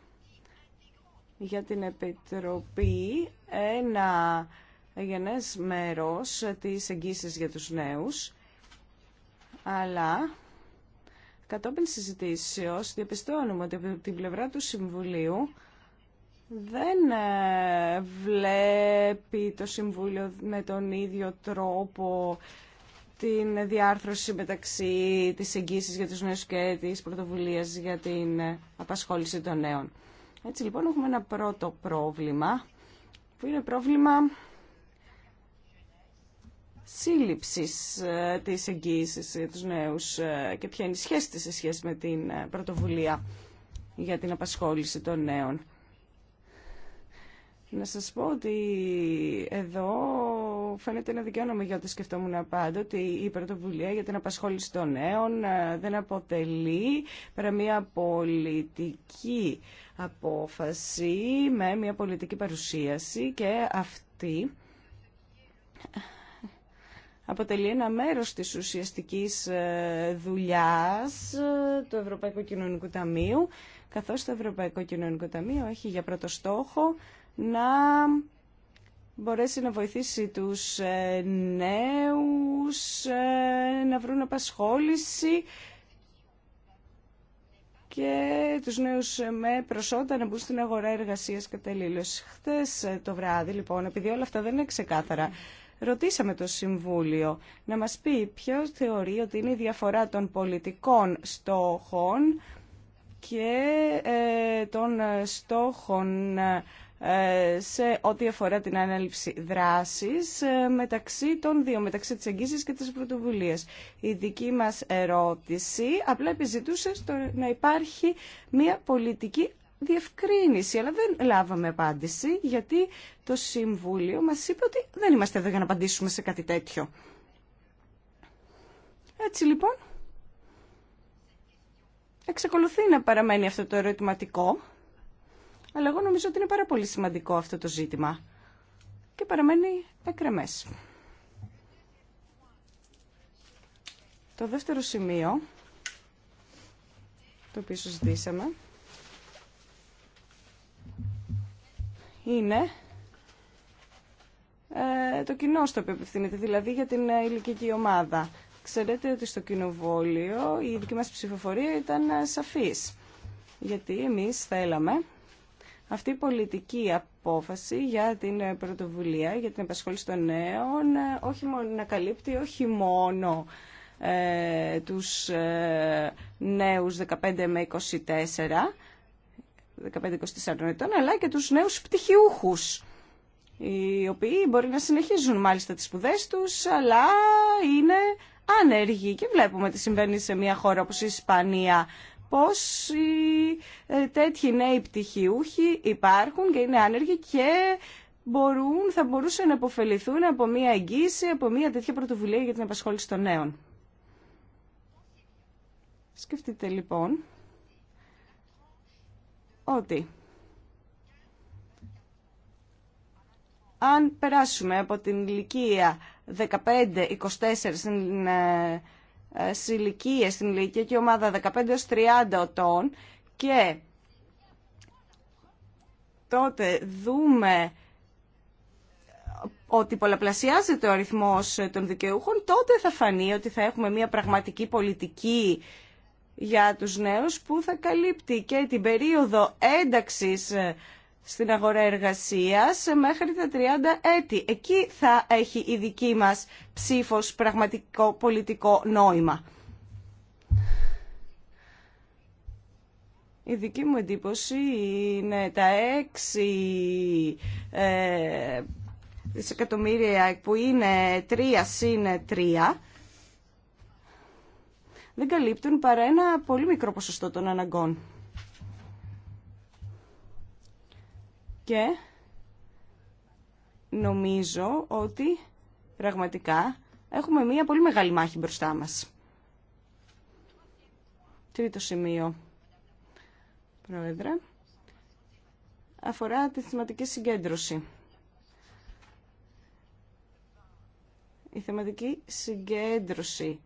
για την Επιτροπή ένα γενές μέρος της εγγύσης για τους νέους, αλλά κατόπιν συζητήσεως διαπιστώνουμε ότι από την πλευρά του Συμβουλίου δεν ε, βλέπει το Συμβούλιο με τον ίδιο τρόπο την διάρθρωση μεταξύ της εγγύησης για τους νέους και της πρωτοβουλίας για την ε, απασχόληση των νέων. Έτσι λοιπόν έχουμε ένα πρώτο πρόβλημα που είναι πρόβλημα σύλληψης ε, της εγγύησης για τους νέους και ποια είναι η σχέση της σε σχέση με την πρωτοβουλία για την απασχόληση των νέων. Να σας πω ότι εδώ φαίνεται ένα δικαίωμα για ό,τι σκεφτόμουν πάντα ότι η πρωτοβουλία για την απασχόληση των νέων ε, δεν αποτελεί παρά μια πολιτική απόφαση με μια πολιτική παρουσίαση και αυτή αποτελεί ένα μέρος της ουσιαστικής ε, δουλειάς ε, του Ευρωπαϊκού Κοινωνικού Ταμείου καθώς το Ευρωπαϊκό Κοινωνικό Ταμείο έχει για πρώτο στόχο να μπορέσει να βοηθήσει τους ε, νέους ε, να βρουν απασχόληση και τους νέους με προσόντα να μπουν στην αγορά εργασίας κατελήλως. Χτες ε, το βράδυ, λοιπόν, επειδή όλα αυτά δεν είναι ξεκάθαρα, ρωτήσαμε το Συμβούλιο να μας πει ποιο θεωρεί ότι είναι η διαφορά των πολιτικών στόχων και των στόχων ε, σε ό,τι αφορά την ανάληψη δράσης ε, μεταξύ των δύο, μεταξύ της εγγύσης και της πρωτοβουλίας. Η δική μας ερώτηση απλά επιζητούσε στο να υπάρχει μια πολιτική διευκρίνηση, αλλά δεν λάβαμε απάντηση, γιατί το Συμβούλιο μας είπε ότι δεν είμαστε εδώ για να απαντήσουμε σε κάτι τέτοιο. Έτσι λοιπόν, εξακολουθεί να παραμένει αυτό το ερωτηματικό αλλά εγώ νομίζω ότι είναι πάρα πολύ σημαντικό αυτό το ζήτημα και παραμένει εκρεμές. Το δεύτερο σημείο το οποίο συζητήσαμε είναι ε, το κοινό στο οποίο απευθύνεται, δηλαδή για την ε, ηλικική ομάδα. Ξέρετε ότι στο κοινοβόλιο η δική μας ψηφοφορία ήταν ε, σαφής, γιατί εμείς θέλαμε αυτή η πολιτική απόφαση για την ε, πρωτοβουλία, για την επασχόληση των νέων, ε, όχι μόνο να καλύπτει, όχι μόνο ε, τους ε, νέους 15 με 24, 15-24 ετών, αλλά και τους νέους πτυχιούχους, οι οποίοι μπορεί να συνεχίζουν μάλιστα τις σπουδές τους, αλλά είναι άνεργοι. Και βλέπουμε τι συμβαίνει σε μια χώρα όπως η Ισπανία, πόσοι ε, τέτοιοι νέοι πτυχιούχοι υπάρχουν και είναι άνεργοι και μπορούν, θα μπορούσαν να αποφεληθούν από μια εγγύηση, από μια τέτοια πρωτοβουλία για την απασχόληση των νέων. Σκεφτείτε λοιπόν ότι αν περάσουμε από την ηλικία 15-24 στην ε, ε, στην στην και ομάδα 15 30 οτών. και τότε δούμε ότι πολλαπλασιάζεται ο αριθμός των δικαιούχων, τότε θα φανεί ότι θα έχουμε μια πραγματική πολιτική για τους νέους που θα καλύπτει και την περίοδο ένταξης στην αγορά εργασίας μέχρι τα 30 έτη. Εκεί θα έχει η δική μας ψήφος πραγματικό πολιτικό νόημα. Η δική μου εντύπωση είναι τα έξι ε, δισεκατομμύρια που είναι τρία συν τρία δεν καλύπτουν παρά ένα πολύ μικρό ποσοστό των αναγκών. και νομίζω ότι πραγματικά έχουμε μία πολύ μεγάλη μάχη μπροστά μας. Τρίτο σημείο, Πρόεδρε, αφορά τη θεματική συγκέντρωση. Η θεματική συγκέντρωση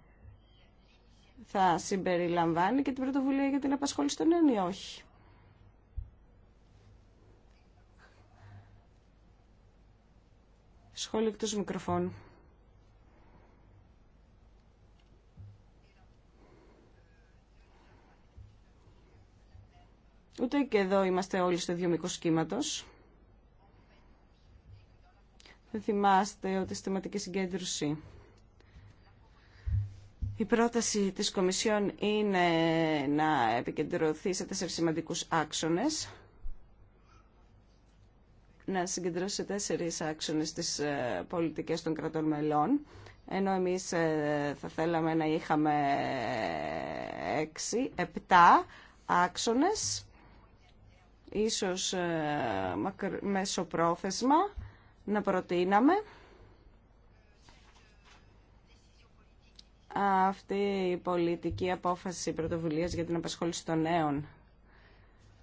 θα συμπεριλαμβάνει και την πρωτοβουλία για την απασχόληση των νέων ή όχι. Σχόλιο εκτός μικροφώνου. Ούτε και εδώ είμαστε όλοι στο ίδιο μήκος σχήματο. Δεν θυμάστε ότι στη θεματική συγκέντρωση η πρόταση της Κομισιόν είναι να επικεντρωθεί σε τέσσερις σημαντικούς άξονες να συγκεντρώσει τέσσερι τέσσερις άξονες τις ε, πολιτικές των κρατών μελών, ενώ εμείς ε, θα θέλαμε να είχαμε ε, έξι, επτά άξονες, ίσως μεσοπρόθεσμα, να προτείναμε. Αυτή η πολιτική απόφαση πρωτοβουλίας για την απασχόληση των νέων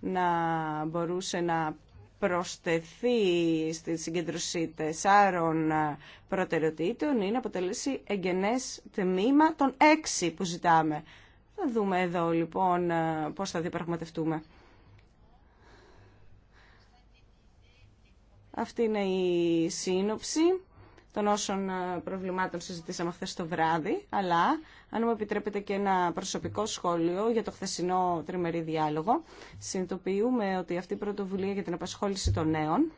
να μπορούσε να προσθεθεί στη συγκέντρωση τεσσάρων προτεραιοτήτων ή να αποτελέσει εγγενές τμήμα των έξι που ζητάμε. Θα δούμε εδώ λοιπόν πώς θα διαπραγματευτούμε. Αυτή είναι είναι αποτελεσει εγγενες τμημα των εξι που ζηταμε θα δουμε εδω λοιπον πως θα διαπραγματευτουμε αυτη ειναι η συνοψη των όσων ε, προβλημάτων συζητήσαμε χθε το βράδυ, αλλά αν μου επιτρέπετε και ένα προσωπικό σχόλιο για το χθεσινό τριμερή διάλογο, συνειδητοποιούμε ότι αυτή η πρωτοβουλία για την απασχόληση των νέων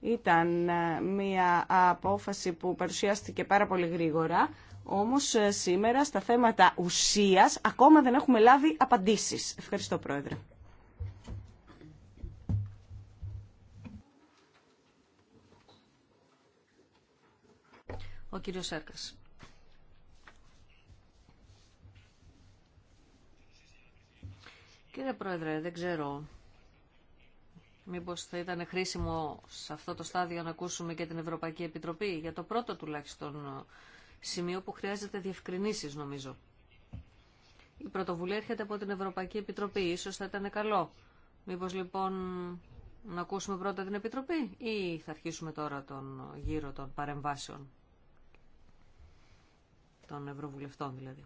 ήταν ε, μια απόφαση που παρουσιάστηκε πάρα πολύ γρήγορα, όμως ε, σήμερα στα θέματα ουσίας ακόμα δεν έχουμε λάβει απαντήσεις. Ευχαριστώ Πρόεδρε. ο κύριος Σέρκας. Κύριε Πρόεδρε, δεν ξέρω μήπως θα ήταν χρήσιμο σε αυτό το στάδιο να ακούσουμε και την Ευρωπαϊκή Επιτροπή για το πρώτο τουλάχιστον σημείο που χρειάζεται διευκρινήσεις νομίζω. Η πρωτοβουλία έρχεται από την Ευρωπαϊκή Επιτροπή, ίσως θα ήταν καλό. Μήπως λοιπόν να ακούσουμε πρώτα την Επιτροπή ή θα αρχίσουμε τώρα τον γύρο των παρεμβάσεων των Ευρωβουλευτών δηλαδή.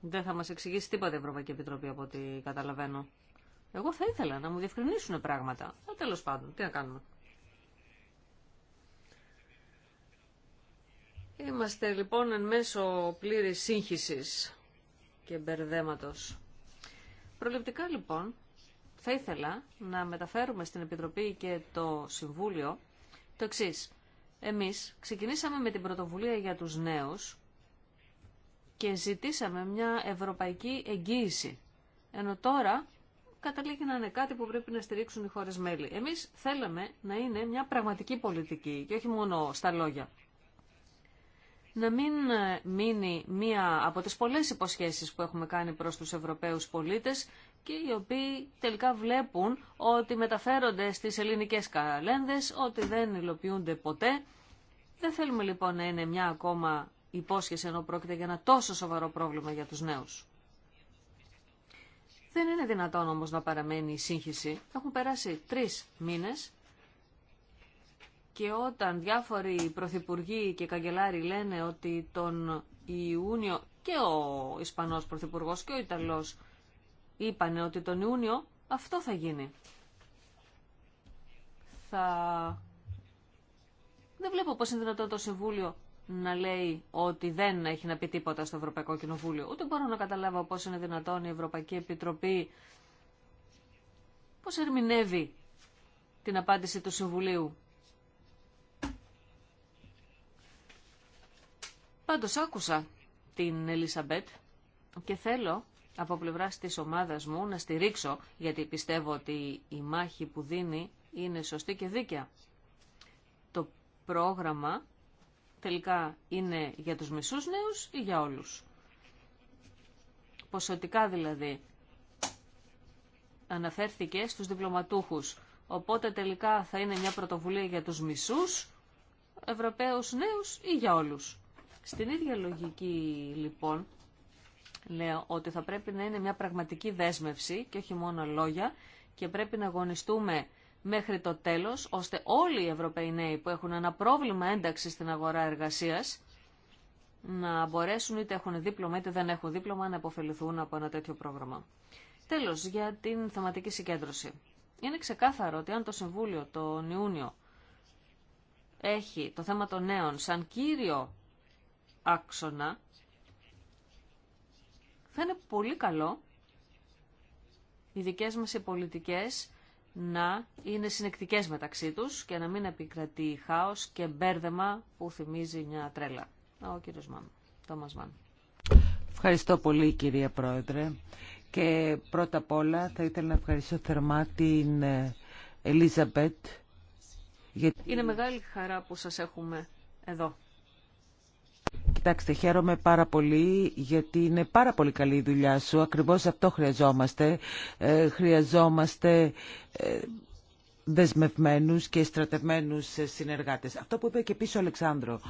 Δεν θα μας εξηγήσει τίποτα η Ευρωπαϊκή Επιτροπή από ό,τι καταλαβαίνω. Εγώ θα ήθελα να μου διευκρινίσουν πράγματα. Αλλά τέλος πάντων, τι να κάνουμε. Είμαστε λοιπόν εν μέσω πλήρης σύγχυσης και μπερδέματος. Προληπτικά λοιπόν θα ήθελα να μεταφέρουμε στην Επιτροπή και το Συμβούλιο το εξής. Εμείς ξεκινήσαμε με την πρωτοβουλία για τους νέους και ζητήσαμε μια ευρωπαϊκή εγγύηση. Ενώ τώρα καταλήγει να είναι κάτι που πρέπει να στηρίξουν οι χώρες μέλη. Εμείς θέλαμε να είναι μια πραγματική πολιτική και όχι μόνο στα λόγια. Να μην μείνει μία από τις πολλές υποσχέσεις που έχουμε κάνει προς τους Ευρωπαίους πολίτες και οι οποίοι τελικά βλέπουν ότι μεταφέρονται στις ελληνικές καλένδες, ότι δεν υλοποιούνται ποτέ. Δεν θέλουμε λοιπόν να είναι μια ακόμα υπόσχεση ενώ πρόκειται για ένα τόσο σοβαρό πρόβλημα για τους νέους. Δεν είναι δυνατόν όμως να παραμένει η σύγχυση. Έχουν περάσει τρεις μήνες και όταν διάφοροι πρωθυπουργοί και καγκελάροι λένε ότι τον Ιούνιο και ο Ισπανός πρωθυπουργός και ο Ιταλός είπανε ότι τον Ιούνιο αυτό θα γίνει. Θα... Δεν βλέπω πώς είναι δυνατόν το Συμβούλιο να λέει ότι δεν έχει να πει τίποτα στο Ευρωπαϊκό Κοινοβούλιο. Ούτε μπορώ να καταλάβω πώς είναι δυνατόν η Ευρωπαϊκή Επιτροπή πώς ερμηνεύει την απάντηση του Συμβουλίου. Πάντως άκουσα την Ελίσαμπετ και θέλω από πλευρά της ομάδας μου να στηρίξω, γιατί πιστεύω ότι η μάχη που δίνει είναι σωστή και δίκαια. Το πρόγραμμα τελικά είναι για τους μισούς νέους ή για όλους. Ποσοτικά δηλαδή αναφέρθηκε στους διπλωματούχους. Οπότε τελικά θα είναι μια πρωτοβουλία για τους μισούς Ευρωπαίους νέους ή για όλους. Στην ίδια λογική λοιπόν λέω ότι θα πρέπει να είναι μια πραγματική δέσμευση και όχι μόνο λόγια και πρέπει να αγωνιστούμε μέχρι το τέλος, ώστε όλοι οι Ευρωπαίοι νέοι που έχουν ένα πρόβλημα ένταξης στην αγορά εργασίας να μπορέσουν είτε έχουν δίπλωμα είτε δεν έχουν δίπλωμα να αποφεληθούν από ένα τέτοιο πρόγραμμα. Τέλος, για την θεματική συγκέντρωση. Είναι ξεκάθαρο ότι αν το Συμβούλιο τον Ιούνιο έχει το θέμα των νέων σαν κύριο άξονα, θα είναι πολύ καλό οι δικές μας οι πολιτικές να είναι συνεκτικές μεταξύ τους και να μην επικρατεί χάος και μπέρδεμα που θυμίζει μια τρέλα. Ο κύριος Μάν, Τόμας Μάν. Ευχαριστώ πολύ κυρία Πρόεδρε και πρώτα απ' όλα θα ήθελα να ευχαριστώ θερμά την ε, Ελίζαμπετ. Γιατί... Είναι μεγάλη χαρά που σας έχουμε εδώ. Κοιτάξτε, χαίρομαι πάρα πολύ γιατί είναι πάρα πολύ καλή η δουλειά σου. Ακριβώς αυτό χρειαζόμαστε. Ε, χρειαζόμαστε ε, δεσμευμένους και στρατευμένους συνεργάτες. Αυτό που είπε και πίσω ο Αλεξάνδρο,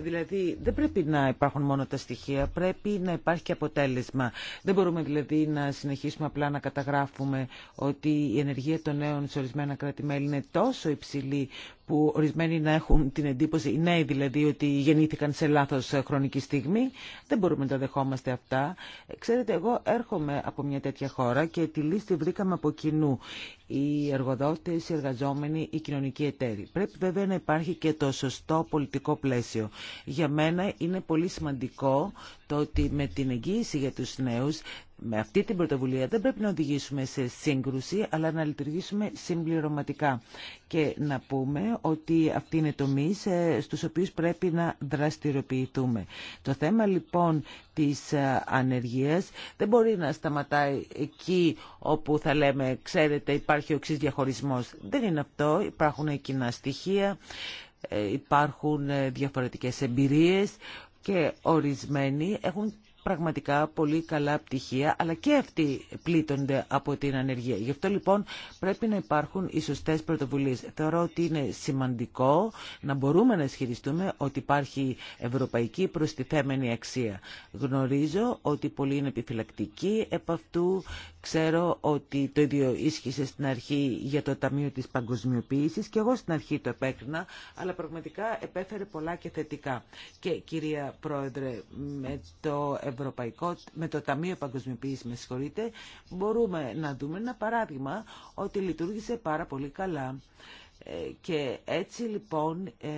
δηλαδή δεν πρέπει να υπάρχουν μόνο τα στοιχεία, πρέπει να υπάρχει και αποτέλεσμα. Δεν μπορούμε δηλαδή να συνεχίσουμε απλά να καταγράφουμε ότι η ενεργεια των νέων σε ορισμένα κράτη-μέλη είναι τόσο υψηλή που ορισμένοι να έχουν την εντύπωση, οι νέοι δηλαδή, ότι γεννήθηκαν σε λάθος ε, χρονική στιγμή. Δεν μπορούμε να τα δεχόμαστε αυτά. Ξέρετε, εγώ έρχομαι από μια τέτοια χώρα και τη λίστη βρήκαμε από κοινού. Οι εργοδότες, οι εργαζόμενοι, οι κοινωνικοί εταίροι. Πρέπει βέβαια να υπάρχει και το σωστό πολιτικό πλαίσιο. Για μένα είναι πολύ σημαντικό το ότι με την εγγύηση για τους νέους με αυτή την πρωτοβουλία δεν πρέπει να οδηγήσουμε σε σύγκρουση, αλλά να λειτουργήσουμε συμπληρωματικά και να πούμε ότι αυτή είναι τομεί ε, στους οποίους πρέπει να δραστηριοποιηθούμε. Το θέμα λοιπόν της ε, ανεργίας δεν μπορεί να σταματάει εκεί όπου θα λέμε ξέρετε υπάρχει οξύ διαχωρισμός. Δεν είναι αυτό, υπάρχουν κοινά στοιχεία, ε, υπάρχουν διαφορετικές εμπειρίες και ορισμένοι έχουν πραγματικά πολύ καλά πτυχία, αλλά και αυτοί πλήττονται από την ανεργία. Γι' αυτό λοιπόν πρέπει να υπάρχουν οι σωστέ πρωτοβουλίε. Θεωρώ ότι είναι σημαντικό να μπορούμε να ισχυριστούμε ότι υπάρχει ευρωπαϊκή προστιθέμενη αξία. Γνωρίζω ότι πολλοί είναι επιφυλακτικοί επ' αυτού. Ξέρω ότι το ίδιο ίσχυσε στην αρχή για το Ταμείο τη παγκοσμιοποίηση και εγώ στην αρχή το επέκρινα, αλλά πραγματικά επέφερε πολλά και θετικά. Και κυρία Πρόεδρε, με το Ευρωπαϊκό, με το Ταμείο Παγκοσμιοποίηση, με συγχωρείτε, μπορούμε να δούμε ένα παράδειγμα ότι λειτουργήσε πάρα πολύ καλά. Ε, και έτσι λοιπόν ε,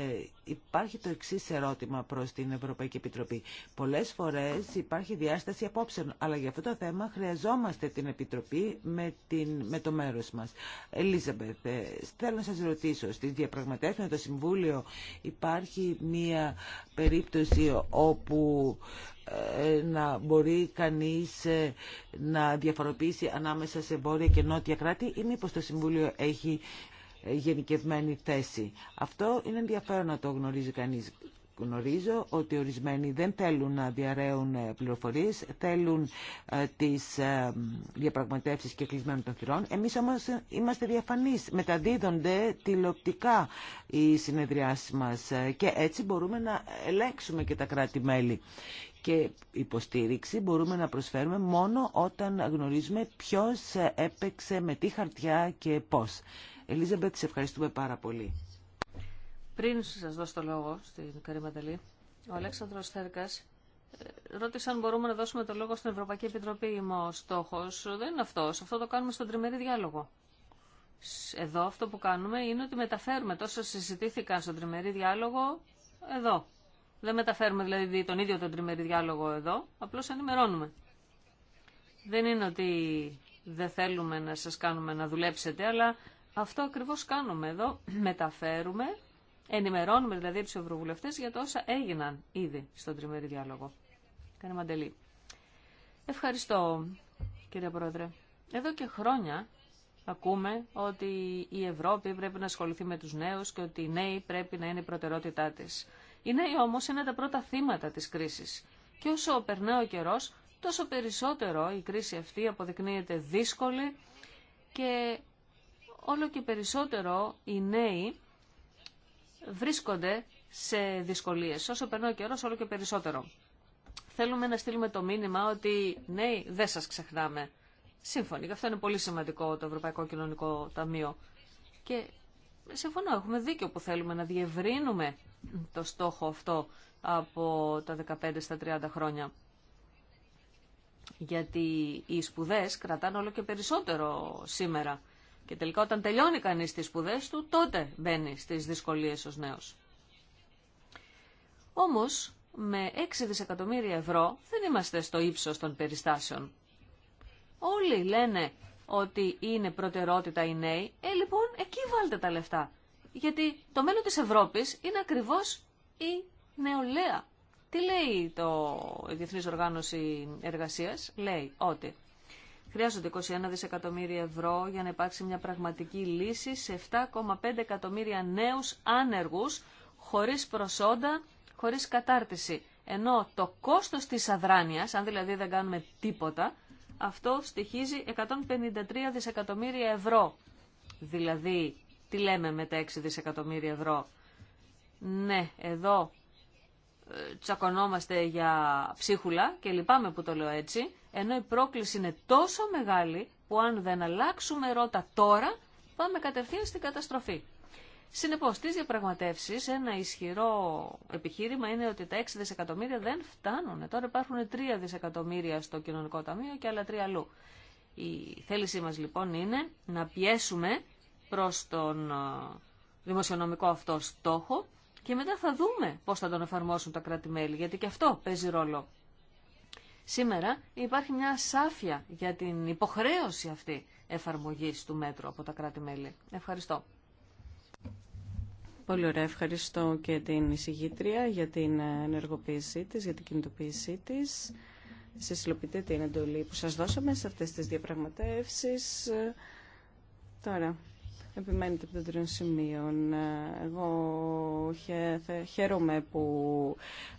υπάρχει το εξή ερώτημα προς την Ευρωπαϊκή Επιτροπή. Πολλές φορές υπάρχει διάσταση απόψεων, αλλά για αυτό το θέμα χρειαζόμαστε την Επιτροπή με, την, με το μέρος μας. Ελίζαμπεθ, ε, θέλω να σας ρωτήσω, στις διαπραγματεύσεις με το Συμβούλιο υπάρχει μία περίπτωση όπου να μπορεί κανείς ε, να διαφοροποιήσει ανάμεσα σε βόρεια και νότια κράτη ή μήπως το Συμβούλιο έχει ε, γενικευμένη θέση. Αυτό είναι ενδιαφέρον να το γνωρίζει κανείς. Γνωρίζω ότι ορισμένοι δεν θέλουν να διαραίουν ε, πληροφορίες, θέλουν τις διαπραγματεύσεις και κλεισμένων των θυρών. Εμείς όμως είμαστε διαφανείς. Μεταδίδονται τηλεοπτικά οι συνεδριάσεις μας και έτσι μπορούμε να ελέγξουμε και τα κράτη-μέλη και υποστήριξη μπορούμε να προσφέρουμε μόνο όταν γνωρίζουμε ποιος έπαιξε με τι χαρτιά και πώς. Ελίζαμπετ, σε ευχαριστούμε πάρα πολύ. Πριν σας δώσω το λόγο στην Καρή ο Αλέξανδρος Θέρκας ε, ρώτησε αν μπορούμε να δώσουμε το λόγο στην Ευρωπαϊκή Επιτροπή. Είμαι ο στόχος δεν είναι αυτός. Αυτό το κάνουμε στον τριμερή διάλογο. Εδώ αυτό που κάνουμε είναι ότι μεταφέρουμε τόσο συζητήθηκαν στον τριμερή διάλογο εδώ. Δεν μεταφέρουμε δηλαδή τον ίδιο τον τριμερή διάλογο εδώ, απλώς ενημερώνουμε. Δεν είναι ότι δεν θέλουμε να σας κάνουμε να δουλέψετε, αλλά αυτό ακριβώς κάνουμε εδώ. Μεταφέρουμε, ενημερώνουμε δηλαδή τους ευρωβουλευτές για το όσα έγιναν ήδη στον τριμερή διάλογο. Κάνε μαντελή. Ευχαριστώ κύριε Πρόεδρε. Εδώ και χρόνια ακούμε ότι η Ευρώπη πρέπει να ασχοληθεί με τους νέους και ότι οι νέοι πρέπει να είναι η προτερότητά της. Οι νέοι όμως είναι τα πρώτα θύματα της κρίσης. Και όσο περνά ο καιρός, τόσο περισσότερο η κρίση αυτή αποδεικνύεται δύσκολη και όλο και περισσότερο οι νέοι βρίσκονται σε δυσκολίες. Όσο περνά ο καιρός, όλο και περισσότερο. Θέλουμε να στείλουμε το μήνυμα ότι νέοι δεν σας ξεχνάμε. Σύμφωνοι. Γι' αυτό είναι πολύ σημαντικό το Ευρωπαϊκό Κοινωνικό Ταμείο. Και συμφωνώ, έχουμε δίκιο που θέλουμε να διευρύνουμε το στόχο αυτό από τα 15 στα 30 χρόνια. Γιατί οι σπουδές κρατάνε όλο και περισσότερο σήμερα. Και τελικά όταν τελειώνει κανείς τις σπουδές του, τότε μπαίνει στις δυσκολίες ως νέος. Όμως, με 6 δισεκατομμύρια ευρώ δεν είμαστε στο ύψος των περιστάσεων. Όλοι λένε ότι είναι προτερότητα οι νέοι, ε λοιπόν εκεί βάλτε τα λεφτά. Γιατί το μέλλον της Ευρώπης είναι ακριβώς η νεολαία. Τι λέει το η Διεθνής Οργάνωση Εργασίας. Λέει ότι χρειάζονται 21 δισεκατομμύρια ευρώ για να υπάρξει μια πραγματική λύση σε 7,5 εκατομμύρια νέους άνεργους χωρίς προσόντα, χωρίς κατάρτιση. Ενώ το κόστος της αδράνειας, αν δηλαδή δεν κάνουμε τίποτα, αυτό στοιχίζει 153 δισεκατομμύρια ευρώ. Δηλαδή τι λέμε με τα 6 δισεκατομμύρια ευρώ. Ναι, εδώ ε, τσακωνόμαστε για ψίχουλα και λυπάμαι που το λέω έτσι, ενώ η πρόκληση είναι τόσο μεγάλη που αν δεν αλλάξουμε ρότα τώρα πάμε κατευθείαν στην καταστροφή. Συνεπώς, στις διαπραγματεύσεις ένα ισχυρό επιχείρημα είναι ότι τα 6 δισεκατομμύρια δεν φτάνουν. Τώρα υπάρχουν 3 δισεκατομμύρια στο κοινωνικό ταμείο και άλλα 3 αλλού. Η θέλησή μας λοιπόν είναι να πιέσουμε προς τον ε, δημοσιονομικό αυτό στόχο και μετά θα δούμε πώς θα τον εφαρμόσουν τα κράτη-μέλη, γιατί και αυτό παίζει ρόλο. Σήμερα υπάρχει μια σάφια για την υποχρέωση αυτή εφαρμογής του μέτρου από τα κράτη-μέλη. Ευχαριστώ. Πολύ ωραία. Ευχαριστώ και την εισηγήτρια για την ενεργοποίησή της, για την κινητοποίησή της. Σε υλοποιείτε την εντολή που σας δώσαμε σε αυτές τις διαπραγματεύσεις. Ε, τώρα, Επιμένετε από των τριών σημείων. Εγώ χαίρομαι που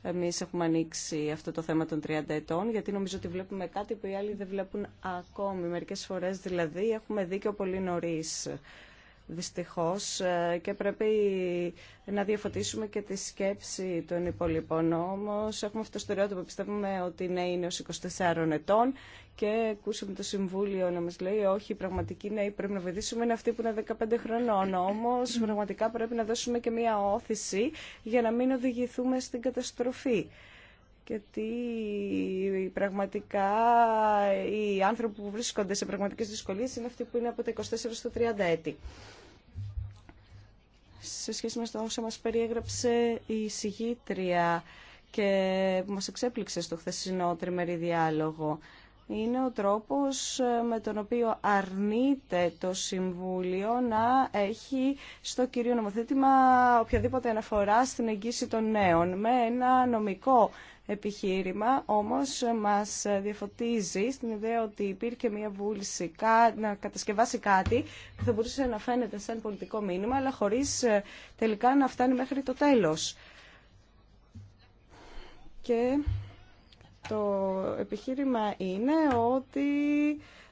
εμείς έχουμε ανοίξει αυτό το θέμα των 30 ετών, γιατί νομίζω ότι βλέπουμε κάτι που οι άλλοι δεν βλέπουν ακόμη. Μερικές φορές δηλαδή έχουμε δίκιο πολύ νωρίς δυστυχώς ε, και πρέπει να διαφωτίσουμε και τη σκέψη των υπολοιπών. Όμως έχουμε αυτό το στερεότυπο, πιστεύουμε ότι νέοι είναι ως 24 ετών και ακούσαμε το Συμβούλιο να μας λέει όχι, οι πραγματικοί νέοι πρέπει να βοηθήσουμε είναι αυτοί που είναι 15 χρονών. Όμως πραγματικά πρέπει να δώσουμε και μία όθηση για να μην οδηγηθούμε στην καταστροφή γιατί πραγματικά οι άνθρωποι που βρίσκονται σε πραγματικές δυσκολίες είναι αυτοί που είναι από τα 24 στα 30 έτη σε σχέση με το όσα μας περιέγραψε η συγγήτρια και που μας εξέπληξε στο χθεσινό τριμερή διάλογο είναι ο τρόπος ε, με τον οποίο αρνείται το Συμβούλιο να έχει στο κύριο νομοθέτημα οποιαδήποτε αναφορά στην εγγύηση των νέων με ένα νομικό επιχείρημα, όμως μας διαφωτίζει στην ιδέα ότι υπήρχε μια βούληση να κατασκευάσει κάτι που θα μπορούσε να φαίνεται σαν πολιτικό μήνυμα, αλλά χωρίς ε, τελικά να φτάνει μέχρι το τέλος. Και το επιχείρημα είναι ότι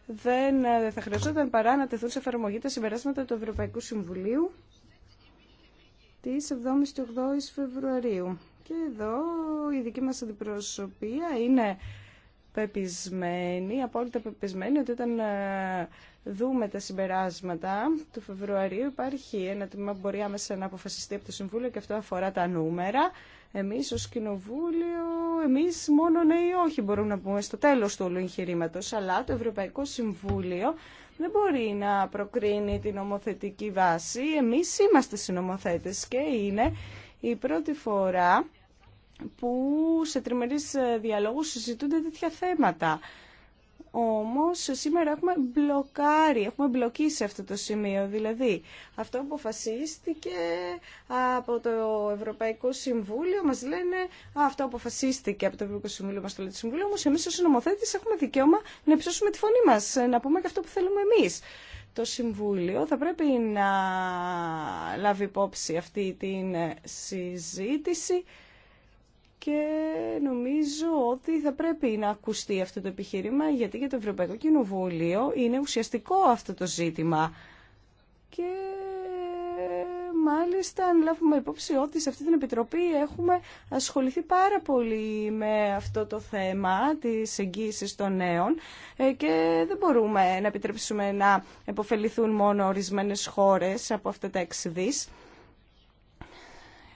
δεν θα χρειαζόταν παρά να τεθούν σε εφαρμογή τα συμπεράσματα του Ευρωπαϊκού Συμβουλίου τη 7ης και 8ης Φεβρουαρίου. Και εδώ η δική μας αντιπροσωπεία είναι πεπισμένη, απόλυτα πεπισμένη ότι όταν ε, δούμε τα συμπεράσματα του Φεβρουαρίου υπάρχει ένα τμήμα που μπορεί άμεσα να αποφασιστεί από το Συμβούλιο και αυτό αφορά τα νούμερα. Εμείς ως Κοινοβούλιο, εμείς μόνο ναι ή όχι μπορούμε να πούμε στο τέλος του όλου εγχειρήματο, αλλά το Ευρωπαϊκό Συμβούλιο δεν μπορεί να προκρίνει την νομοθετική βάση. Εμείς είμαστε συνομοθέτες και είναι η πρώτη φορά που σε τριμερείς ε, διαλόγους συζητούνται τέτοια θέματα. Όμως σήμερα έχουμε μπλοκάρει, έχουμε μπλοκίσει αυτό το σημείο. Δηλαδή αυτό που αποφασίστηκε από το Ευρωπαϊκό Συμβούλιο μας λένε α, αυτό αποφασίστηκε από το Ευρωπαϊκό Συμβούλιο μας το λέει το Συμβούλιο όμως εμείς ως νομοθέτης έχουμε δικαίωμα να υψώσουμε τη φωνή μας, να πούμε και αυτό που θέλουμε εμείς. Το Συμβούλιο θα πρέπει να λάβει υπόψη αυτή την συζήτηση και νομίζω ότι θα πρέπει να ακουστεί αυτό το επιχείρημα γιατί για το Ευρωπαϊκό Κοινοβούλιο είναι ουσιαστικό αυτό το ζήτημα και μάλιστα αν λάβουμε υπόψη ότι σε αυτή την Επιτροπή έχουμε ασχοληθεί πάρα πολύ με αυτό το θέμα της εγγύησης των νέων ε, και δεν μπορούμε να επιτρέψουμε να επωφεληθούν μόνο ορισμένες χώρες από αυτά τα εξειδής.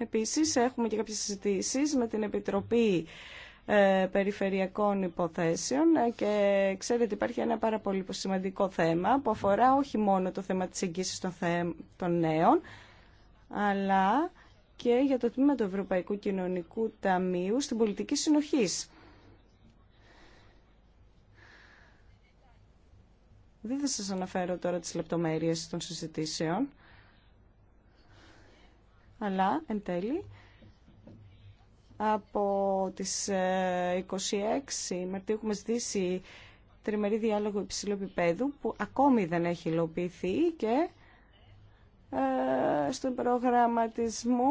Επίσης έχουμε και κάποιες συζητήσεις με την Επιτροπή ε, περιφερειακών υποθέσεων ε, και ξέρετε υπάρχει ένα πάρα πολύ σημαντικό θέμα που αφορά όχι μόνο το θέμα της εγγύσης των, νέων αλλά και για το τμήμα του Ευρωπαϊκού Κοινωνικού Ταμείου στην πολιτική συνοχής. Δεν θα σας αναφέρω τώρα τις λεπτομέρειες των συζητήσεων αλλά εν τέλει από τις 26 ε, Μαρτίου έχουμε ζητήσει τριμερή διάλογο υψηλού επίπεδου που ακόμη δεν έχει υλοποιηθεί και ε, στον προγραμματισμό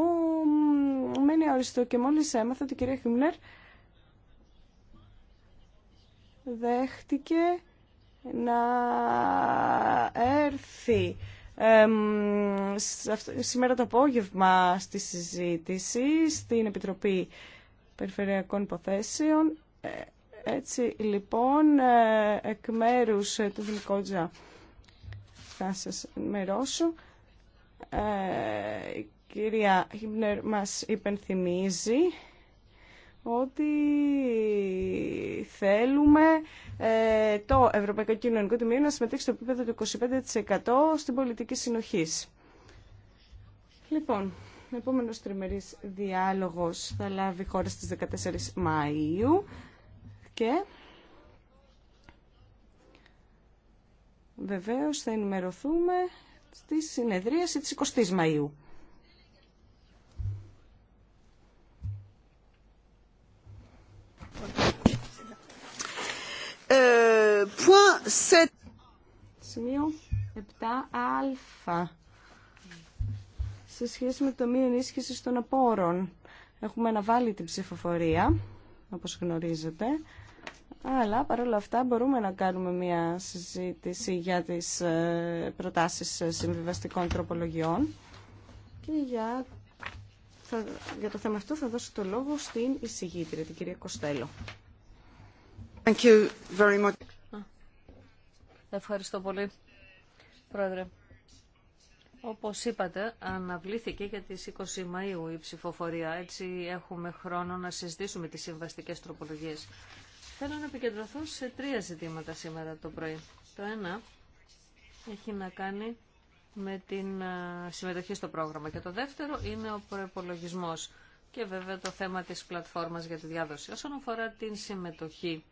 μένει αοριστό και μόλις έμαθα ότι η κυρία Χιμνέρ δέχτηκε να έρθει σήμερα το απόγευμα στη συζήτηση στην Επιτροπή Περιφερειακών Υποθέσεων. Ε, έτσι λοιπόν, ε, εκ μέρου ε, του Δημικότζα θα σα ενημερώσω. Η κυρία Χίμπνερ μας υπενθυμίζει ότι θέλουμε ε, το Ευρωπαϊκό Κοινωνικό Τμήμα να συμμετέχει στο επίπεδο του 25% στην πολιτική συνοχής. Λοιπόν, ο επόμενος τριμερής διάλογος θα λάβει χώρα στις 14 Μαΐου και βεβαίως θα ενημερωθούμε στη συνεδρίαση της 20 Μαΐου. Ε, Σημείο 7α. Σε σχέση με το μη στον των Απόρων. Έχουμε αναβάλει την ψηφοφορία, όπως γνωρίζετε. Αλλά παρόλα αυτά μπορούμε να κάνουμε μια συζήτηση για τις ε, προτάσεις ε, συμβιβαστικών τροπολογιών και για, για το θέμα αυτό θα δώσω το λόγο στην εισηγήτρια, την κυρία Κοστέλο. Ευχαριστώ πολύ, Πρόεδρε. Όπως είπατε, αναβλήθηκε για τις 20 Μαΐου η ψηφοφορία. Έτσι έχουμε χρόνο να συζητήσουμε τις συμβαστικές τροπολογίες. Θέλω να επικεντρωθώ σε τρία ζητήματα σήμερα το πρωί. Το ένα έχει να κάνει με την συμμετοχή στο πρόγραμμα και το δεύτερο είναι ο προπολογισμό και βέβαια το θέμα της πλατφόρμας για τη διάδοση. Όσον αφορά την συμμετοχή,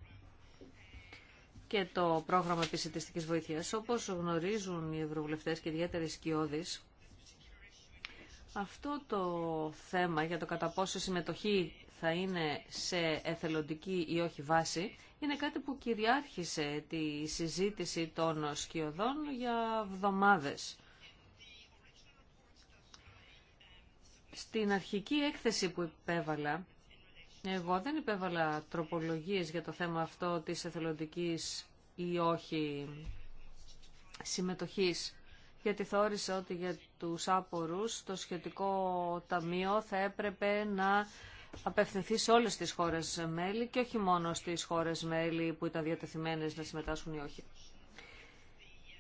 και το πρόγραμμα επισητιστικής βοήθειας. Όπως γνωρίζουν οι ευρωβουλευτές και ιδιαίτερα οι σκιώδεις, αυτό το θέμα για το κατά πόσο συμμετοχή θα είναι σε εθελοντική ή όχι βάση, είναι κάτι που κυριάρχησε τη συζήτηση των σκιωδών για βδομάδες. Στην αρχική έκθεση που υπέβαλα, εγώ δεν υπέβαλα τροπολογίες για το θέμα αυτό της εθελοντικής ή όχι συμμετοχής, γιατί θεώρησα ότι για τους άπορους το σχετικό ταμείο θα έπρεπε να απευθυνθεί σε όλες τις χώρες μέλη και όχι μόνο στις χώρες μέλη που ήταν διατεθειμένες να συμμετάσχουν ή όχι.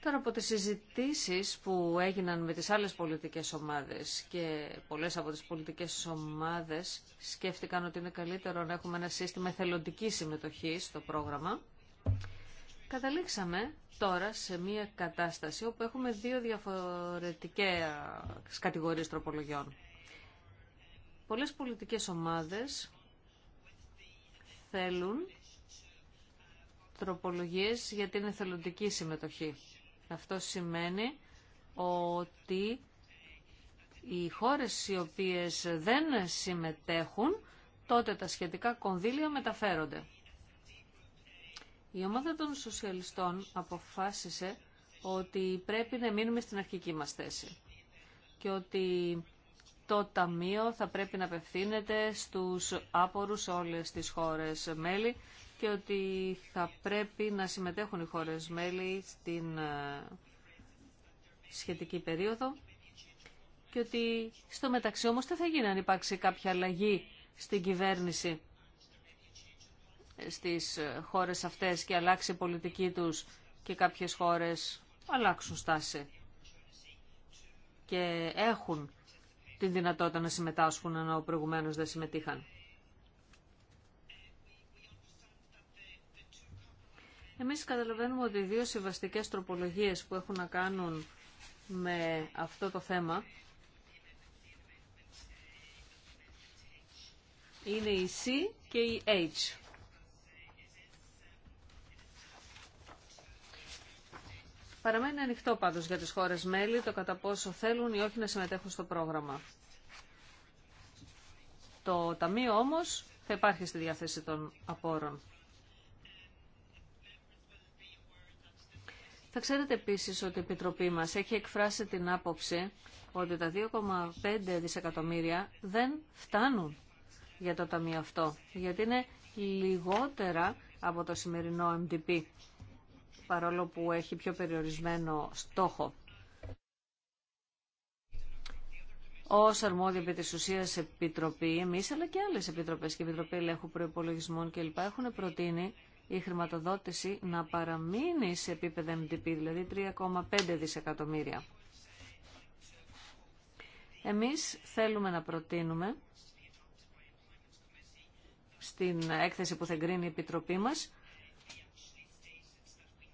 Τώρα από τις συζητήσεις που έγιναν με τις άλλες πολιτικές ομάδες και πολλές από τις πολιτικές ομάδες σκέφτηκαν ότι είναι καλύτερο να έχουμε ένα σύστημα εθελοντική συμμετοχή στο πρόγραμμα. Καταλήξαμε τώρα σε μια κατάσταση όπου έχουμε δύο διαφορετικές κατηγορίες τροπολογιών. Πολλές πολιτικές ομάδες θέλουν τροπολογίες για την εθελοντική συμμετοχή. Αυτό σημαίνει ότι οι χώρες οι οποίες δεν συμμετέχουν, τότε τα σχετικά κονδύλια μεταφέρονται. Η ομάδα των σοσιαλιστών αποφάσισε ότι πρέπει να μείνουμε στην αρχική μας θέση και ότι το Ταμείο θα πρέπει να απευθύνεται στους άπορους όλες τις χώρες μέλη και ότι θα πρέπει να συμμετέχουν οι χώρες μέλη στην ε, σχετική περίοδο και ότι στο μεταξύ όμως δεν θα γίνει αν υπάρξει κάποια αλλαγή στην κυβέρνηση ε, στις ε, χώρες αυτές και αλλάξει η πολιτική τους και κάποιες χώρες αλλάξουν στάση και έχουν την δυνατότητα να συμμετάσχουν ενώ προηγουμένως δεν συμμετείχαν. Εμείς καταλαβαίνουμε ότι οι δύο συμβαστικές τροπολογίες που έχουν να κάνουν με αυτό το θέμα είναι η C και η H. Παραμένει ανοιχτό πάντως για τις χώρες μέλη το κατά πόσο θέλουν ή όχι να συμμετέχουν στο πρόγραμμα. Το Ταμείο όμως θα υπάρχει στη διάθεση των απόρων. Θα ξέρετε επίσης ότι η Επιτροπή μας έχει εκφράσει την άποψη ότι τα 2,5 δισεκατομμύρια δεν φτάνουν για το ταμείο αυτό, γιατί είναι λιγότερα από το σημερινό MDP, παρόλο που έχει πιο περιορισμένο στόχο. Ω αρμόδια επί τη ουσία επιτροπή, εμεί αλλά και άλλε επιτροπέ και επιτροπή ελέγχου προπολογισμών κλπ. έχουν προτείνει η χρηματοδότηση να παραμείνει σε επίπεδο MDP, δηλαδή 3,5 δισεκατομμύρια. Εμείς θέλουμε να προτείνουμε στην έκθεση που θα εγκρίνει η Επιτροπή μας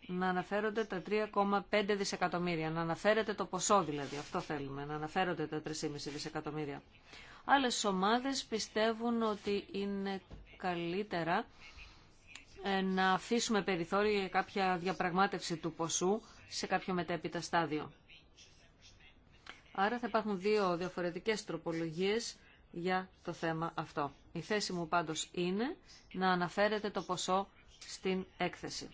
να αναφέρονται τα 3,5 δισεκατομμύρια, να αναφέρεται το ποσό δηλαδή, αυτό θέλουμε, να αναφέρονται τα 3,5 δισεκατομμύρια. Άλλες ομάδες πιστεύουν ότι είναι καλύτερα ε, να αφήσουμε περιθώριο για κάποια διαπραγμάτευση του ποσού σε κάποιο μετέπειτα στάδιο. Άρα θα υπάρχουν δύο διαφορετικές τροπολογίες για το θέμα αυτό. Η θέση μου πάντως είναι να αναφέρετε το ποσό στην έκθεση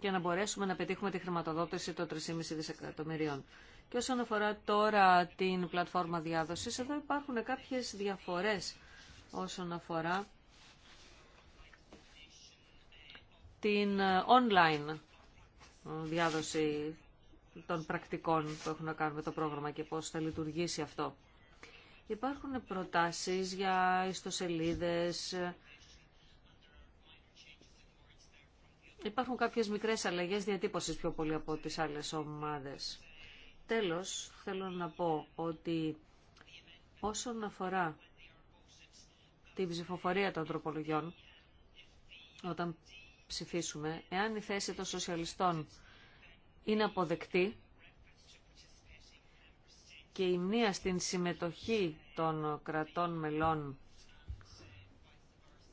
και να μπορέσουμε να πετύχουμε τη χρηματοδότηση των 3,5 δισεκατομμυρίων. Και όσον αφορά τώρα την πλατφόρμα διάδοσης, εδώ υπάρχουν κάποιες διαφορές όσον αφορά την ε, online διάδοση των πρακτικών που έχουν να κάνουν με το πρόγραμμα και πώς θα λειτουργήσει αυτό. Υπάρχουν προτάσεις για ιστοσελίδες, Υπάρχουν κάποιες μικρές αλλαγές διατύπωσης πιο πολύ από τις άλλες ομάδες. Τέλος, θέλω να πω ότι όσον αφορά την ψηφοφορία των τροπολογιών όταν ψηφίσουμε. Εάν η θέση των σοσιαλιστών είναι αποδεκτή και η μνήα στην συμμετοχή των κρατών μελών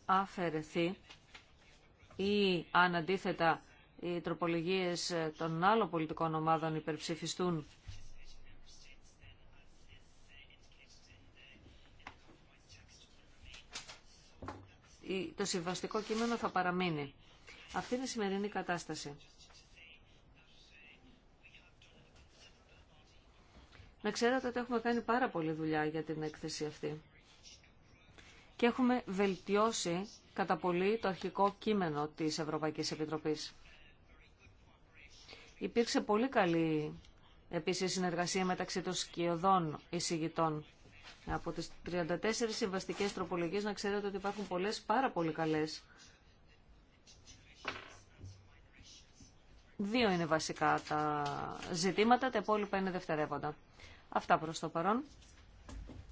αφαιρεθεί ή αν αντίθετα οι τροπολογίες των άλλων πολιτικών ομάδων υπερψηφιστούν το συμβαστικό κείμενο θα παραμείνει. Αυτή είναι η σημερινή κατάσταση. Να ξέρετε ότι έχουμε κάνει πάρα πολλή δουλειά για την έκθεση αυτή. Και έχουμε βελτιώσει κατά πολύ το αρχικό κείμενο της Ευρωπαϊκής Επιτροπής. Υπήρξε πολύ καλή επίσης συνεργασία μεταξύ των σκιωδών εισηγητών από τις 34 συμβαστικές τροπολογίες να ξέρετε ότι υπάρχουν πολλές πάρα πολύ καλές. Δύο είναι βασικά τα ζητήματα, τα υπόλοιπα είναι δευτερεύοντα. Αυτά προς το παρόν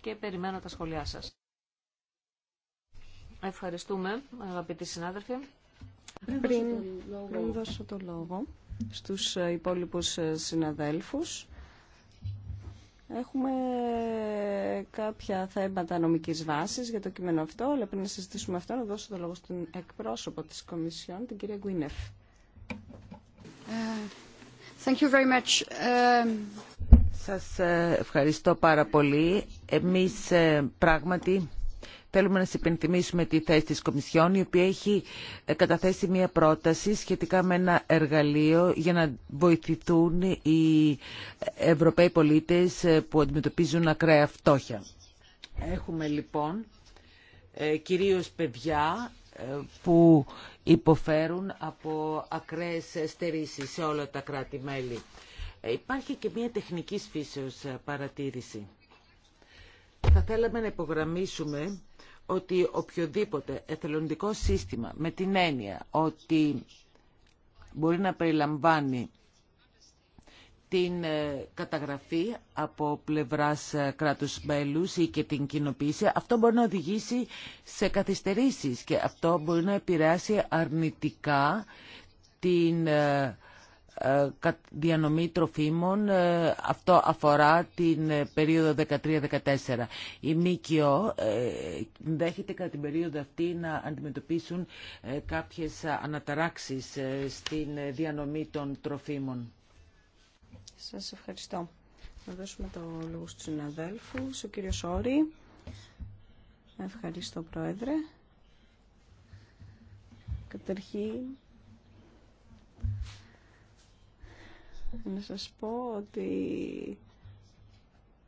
και περιμένω τα σχόλιά σας. Ευχαριστούμε, αγαπητοί συνάδελφοι. Πριν, πριν δώσω το λόγο στους υπόλοιπους συναδέλφους, Έχουμε κάποια θέματα νομική βάση για το κείμενο αυτό, αλλά πριν να συζητήσουμε αυτό, να δώσω το λόγο στην εκπρόσωπο της Κομισιόν, την κυρία Γκουίνεφ. Ε, thank you very much. Ε, Σας ε, ευχαριστώ πάρα πολύ. Εμείς πράγματι Θέλουμε να συμπενθυμίσουμε τη θέση της Κομισιόν, η οποία έχει ε, καταθέσει μια πρόταση σχετικά με ένα εργαλείο για να βοηθηθούν οι Ευρωπαίοι πολίτες ε, που αντιμετωπίζουν ακραία φτώχεια. Έχουμε λοιπόν ε, κυρίως παιδιά που υποφέρουν από ακραίες στερήσεις σε όλα τα κράτη-μέλη. Υπάρχει και μια τεχνικής φύσεως παρατήρηση. Θα θέλαμε να υπογραμμίσουμε ότι οποιοδήποτε εθελοντικό σύστημα με την έννοια ότι μπορεί να περιλαμβάνει την ε, καταγραφή από πλευράς ε, κράτους μέλους ή και την κοινοποίηση, αυτό μπορεί να οδηγήσει σε καθυστερήσεις και αυτό μπορεί να επηρεάσει αρνητικά την ε, ε, διανομή τροφίμων. Ε, αυτό αφορά την ε, περίοδο 13-14. Η ΜΚΟ δέχεται κατά την περίοδο αυτή να αντιμετωπίσουν κάποιες αναταράξεις στην διανομή των τροφίμων. Σας ευχαριστώ. Να δώσουμε το λόγο στους συναδέλφους. Ο κύριος Όρη. Ευχαριστώ, Πρόεδρε. Καταρχήν, να σας πω ότι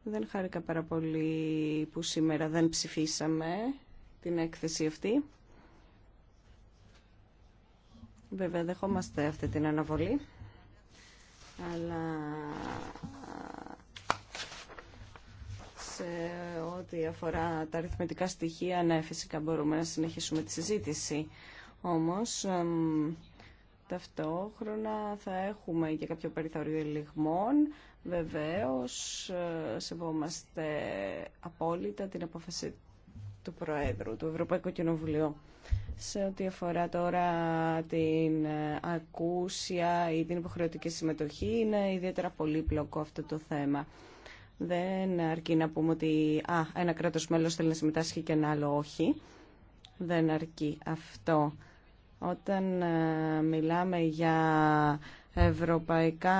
δεν χάρηκα πάρα πολύ που σήμερα δεν ψηφίσαμε την έκθεση αυτή. Βέβαια δεχόμαστε αυτή την αναβολή, αλλά σε ό,τι αφορά τα αριθμητικά στοιχεία, ναι, φυσικά μπορούμε να συνεχίσουμε τη συζήτηση. Όμως, Ταυτόχρονα θα έχουμε και κάποιο περιθώριο ελιγμών. Βεβαίως, ε, σεβόμαστε απόλυτα την απόφαση του Προέδρου του Ευρωπαϊκού Κοινοβουλίου. Σε ό,τι αφορά τώρα την ε, ακούσια ή την υποχρεωτική συμμετοχή, είναι ιδιαίτερα πολύπλοκο αυτό το θέμα. Δεν αρκεί να πούμε ότι α, ένα κράτος μέλος θέλει να συμμετάσχει και ένα άλλο όχι. Δεν αρκεί αυτό. Όταν ε, μιλάμε για ευρωπαϊκά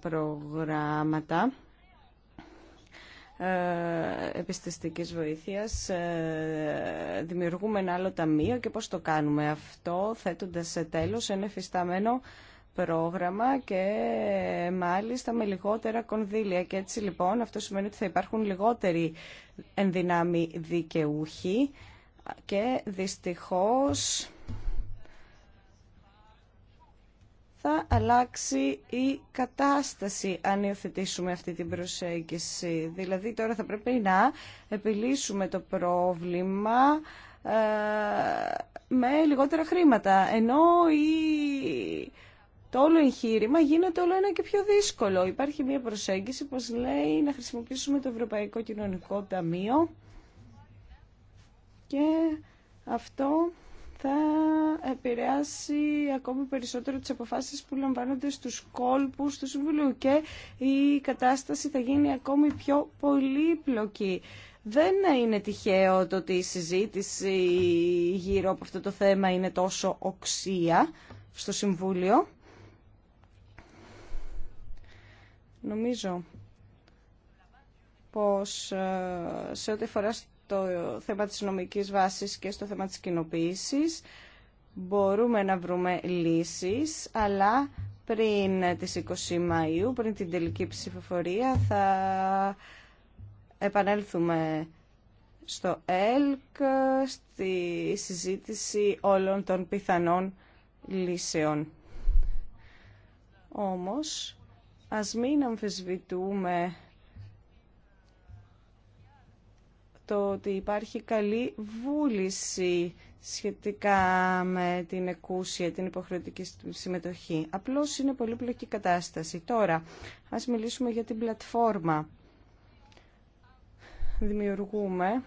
προγράμματα ε, επιστηστικής βοήθειας ε, δημιουργούμε ένα άλλο ταμείο και πώς το κάνουμε αυτό θέτοντας σε τέλος ένα εφισταμένο πρόγραμμα και μάλιστα με λιγότερα κονδύλια και έτσι λοιπόν αυτό σημαίνει ότι θα υπάρχουν λιγότεροι ενδυνάμοι δικαιούχοι και δυστυχώς θα αλλάξει η κατάσταση αν υιοθετήσουμε αυτή την προσέγγιση. Δηλαδή τώρα θα πρέπει να επιλύσουμε το πρόβλημα ε, με λιγότερα χρήματα. Ενώ η... το όλο εγχείρημα γίνεται όλο ένα και πιο δύσκολο. Υπάρχει μια προσέγγιση που λέει να χρησιμοποιήσουμε το Ευρωπαϊκό Κοινωνικό Ταμείο και αυτό θα επηρεάσει ακόμη περισσότερο τις αποφάσεις που λαμβάνονται στους κόλπους του Συμβουλίου και η κατάσταση θα γίνει ακόμη πιο πολύπλοκη. Δεν είναι τυχαίο το ότι η συζήτηση γύρω από αυτό το θέμα είναι τόσο οξία στο Συμβούλιο. Νομίζω πως ε, σε ό,τι αφορά στο θέμα της νομικής βάσης και στο θέμα της κοινοποίηση. Μπορούμε να βρούμε λύσεις, αλλά πριν τις 20 Μαΐου, πριν την τελική ψηφοφορία, θα επανέλθουμε στο ΕΛΚ, στη συζήτηση όλων των πιθανών λύσεων. Όμως, ας μην αμφισβητούμε το ότι υπάρχει καλή βούληση σχετικά με την εκούσια, την υποχρεωτική συμμετοχή. Απλώς είναι πολύπλοκη κατάσταση. Τώρα, ας μιλήσουμε για την πλατφόρμα. Δημιουργούμε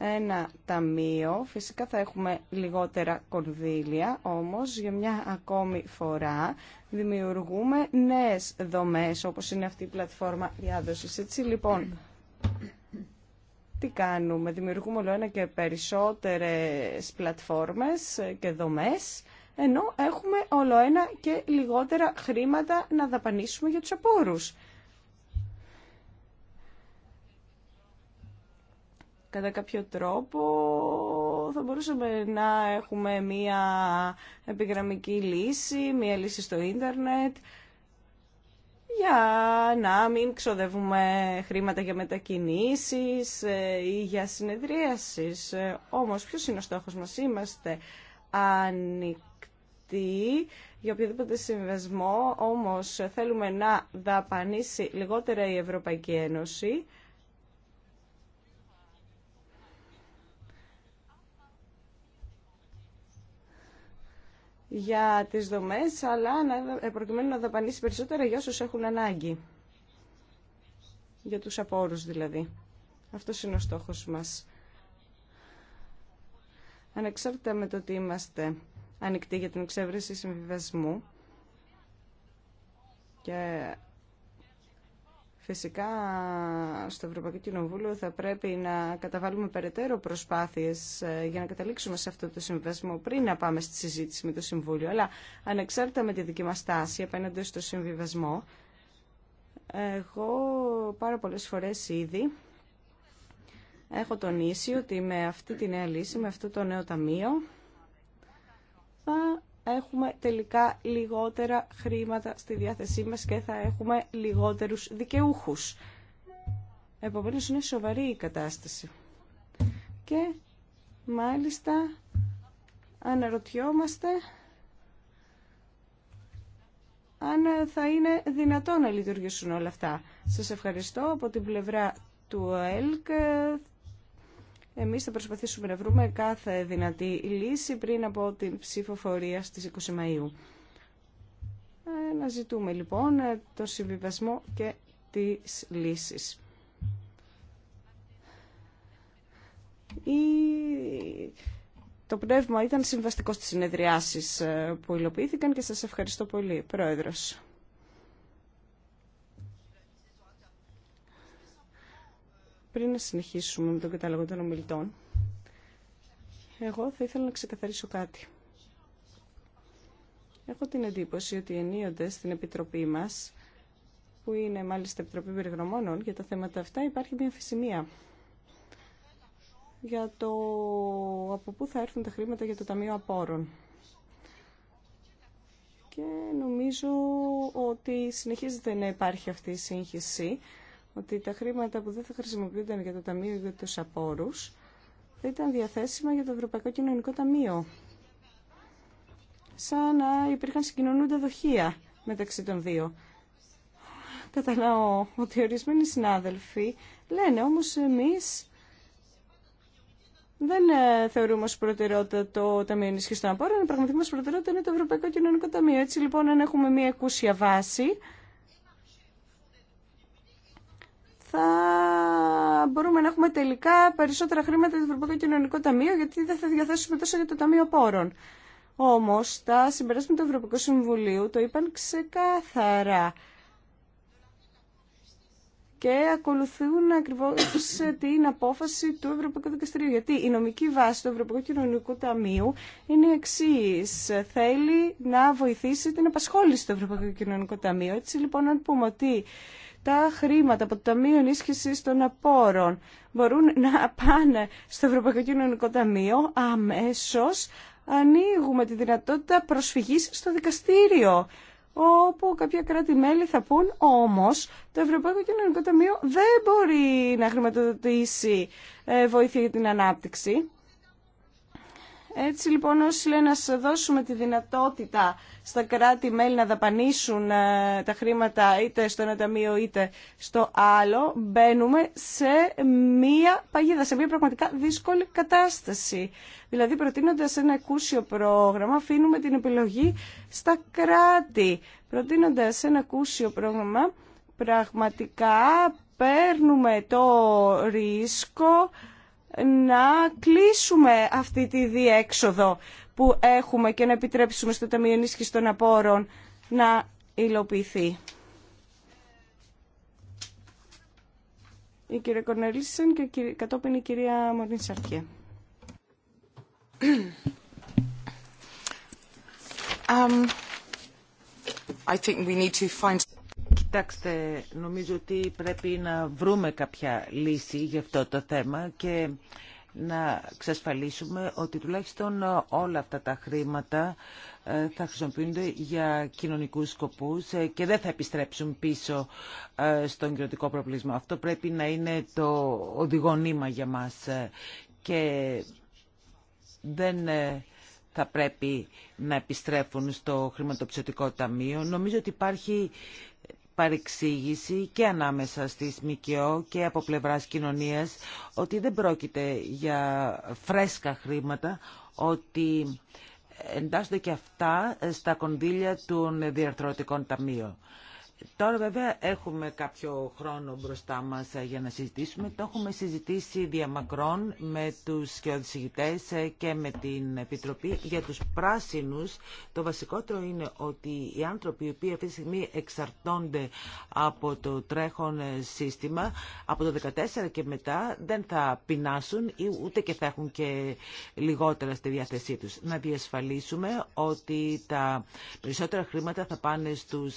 ένα ταμείο. Φυσικά θα έχουμε λιγότερα κονδύλια, όμως για μια ακόμη φορά δημιουργούμε νέες δομές, όπως είναι αυτή η πλατφόρμα διάδοσης. Έτσι λοιπόν, τι Δημιουργούμε όλο ένα και περισσότερες πλατφόρμες και δομές, ενώ έχουμε όλο ένα και λιγότερα χρήματα να δαπανίσουμε για τους απόρους. κατά κάποιο τρόπο θα μπορούσαμε να έχουμε μία επιγραμμική λύση, μία λύση στο ίντερνετ, για να μην ξοδεύουμε χρήματα για μετακινήσεις ε, ή για συνεδρίασεις. Ε, όμως, ποιος είναι ο στόχος μας. Είμαστε ανοιχτοί για οποιοδήποτε συμβεσμό, όμως θέλουμε να δαπανίσει λιγότερα η Ευρωπαϊκή Ένωση για τις δομές, αλλά ε, προκειμένου να δαπανίσει περισσότερα για όσους έχουν ανάγκη. Για τους απόρους δηλαδή. Αυτό είναι ο στόχος μας. Ανεξάρτητα με το ότι είμαστε ανοιχτοί για την εξέβρεση συμβιβασμού και Φυσικά στο Ευρωπαϊκό Κοινοβούλιο θα πρέπει να καταβάλουμε περαιτέρω προσπάθειες ε, για να καταλήξουμε σε αυτό το συμβιβασμό πριν να πάμε στη συζήτηση με το Συμβούλιο. Αλλά ανεξάρτητα με τη δική μας στάση απέναντι στο συμβιβασμό, εγώ πάρα πολλές φορές ήδη έχω τονίσει ότι με αυτή τη νέα λύση, με αυτό το νέο ταμείο, θα έχουμε τελικά λιγότερα χρήματα στη διάθεσή μας και θα έχουμε λιγότερους δικαιούχους. Επομένως είναι σοβαρή η κατάσταση. Και μάλιστα αναρωτιόμαστε αν θα είναι δυνατόν να λειτουργήσουν όλα αυτά. Σας ευχαριστώ από την πλευρά του ΕΛΚ. Εμείς θα προσπαθήσουμε να βρούμε κάθε δυνατή λύση πριν από την ψηφοφορία στις 20 Μαΐου. Ε, να ζητούμε λοιπόν το συμβιβασμό και τις λύσεις. Ή... Το πνεύμα ήταν συμβαστικό στις συνεδριάσεις ε, που υλοποιήθηκαν και σας ευχαριστώ πολύ, Πρόεδρος. Πριν να συνεχίσουμε με τον κατάλογο των ομιλητών, εγώ θα ήθελα να ξεκαθαρίσω κάτι. Έχω την εντύπωση ότι ενίοτε στην Επιτροπή μας, που είναι μάλιστα Επιτροπή Περιγνωμόνων, για τα θέματα αυτά υπάρχει μια αμφισημία για το από πού θα έρθουν τα χρήματα για το Ταμείο Απόρων. Και νομίζω ότι συνεχίζεται να υπάρχει αυτή η σύγχυση ότι τα χρήματα που δεν θα χρησιμοποιούνταν για το Ταμείο για τους απόρους θα ήταν διαθέσιμα για το Ευρωπαϊκό Κοινωνικό Ταμείο. Σαν να υπήρχαν συγκοινωνούντα δοχεία μεταξύ των δύο. Καταλάω ότι ορισμένοι συνάδελφοι λένε όμως εμείς δεν ε, θεωρούμε ως προτεραιότητα το Ταμείο Ενίσχυσης των Απόρων, η πραγματική μας προτεραιότητα είναι το Ευρωπαϊκό Κοινωνικό Ταμείο. Έτσι λοιπόν αν έχουμε μια εκούσια βάση θα μπορούμε να έχουμε τελικά περισσότερα χρήματα για το Ευρωπαϊκό Κοινωνικό Ταμείο, γιατί δεν θα διαθέσουμε τόσο για το Ταμείο Πόρων. Όμω, τα συμπεράσματα του Ευρωπαϊκού Συμβουλίου το είπαν ξεκάθαρα. Και ακολουθούν ακριβώ την απόφαση του Ευρωπαϊκού Δικαστηρίου. Γιατί η νομική βάση του Ευρωπαϊκού Κοινωνικού Ταμείου είναι η εξή. Θέλει να βοηθήσει την απασχόληση του Ευρωπαϊκού Κοινωνικού Ταμείου. Έτσι λοιπόν, αν πούμε ότι τα χρήματα από το Ταμείο Ενίσχυση των Απόρων μπορούν να πάνε στο Ευρωπαϊκό Κοινωνικό Ταμείο Αμέσω ανοίγουμε τη δυνατότητα προσφυγής στο δικαστήριο όπου κάποια κράτη-μέλη θα πούν όμως το Ευρωπαϊκό Κοινωνικό Ταμείο δεν μπορεί να χρηματοδοτήσει ε, βοήθεια για την ανάπτυξη έτσι λοιπόν όσοι λένε να δώσουμε τη δυνατότητα στα κράτη-μέλη να δαπανίσουν ε, τα χρήματα είτε στο ένα ταμείο είτε στο άλλο, μπαίνουμε σε μία παγίδα, σε μία πραγματικά δύσκολη κατάσταση. Δηλαδή προτείνοντας ένα ακούσιο πρόγραμμα αφήνουμε την επιλογή στα κράτη. Προτείνοντας ένα ακούσιο πρόγραμμα πραγματικά παίρνουμε το ρίσκο να κλείσουμε αυτή τη διέξοδο που έχουμε και να επιτρέψουμε στο Ταμείο Ενίσχυση των Απόρων να υλοποιηθεί. Η κυρία Κορνελίσσεν και κατόπιν η κυρία Μωρήν Σαρτιέ. Um, I think we need to find... Κοιτάξτε, νομίζω ότι πρέπει να βρούμε κάποια λύση για αυτό το θέμα και να εξασφαλίσουμε ότι τουλάχιστον όλα αυτά τα χρήματα ε, θα χρησιμοποιούνται για κοινωνικούς σκοπούς ε, και δεν θα επιστρέψουν πίσω ε, στον κοινωτικό προβλήσμα. Αυτό πρέπει να είναι το οδηγονήμα για μας και δεν θα πρέπει να επιστρέφουν στο χρηματοπιστωτικό ταμείο. Νομίζω ότι υπάρχει παρεξήγηση και ανάμεσα στις ΜΚΟ και από πλευράς κοινωνίας ότι δεν πρόκειται για φρέσκα χρήματα, ότι εντάσσονται και αυτά στα κονδύλια των διαρθρωτικών ταμείων. Τώρα βέβαια έχουμε κάποιο χρόνο μπροστά μας ε, για να συζητήσουμε. Το έχουμε συζητήσει διαμακρών με τους σκιοδησηγητές ε, και με την Επιτροπή για τους πράσινους. Το βασικότερο είναι ότι οι άνθρωποι οι οποίοι αυτή τη στιγμή εξαρτώνται από το τρέχον ε, σύστημα, από το 2014 και μετά δεν θα πεινάσουν ή ούτε και θα έχουν και λιγότερα στη διάθεσή τους. Να διασφαλίσουμε ότι τα περισσότερα χρήματα θα πάνε στους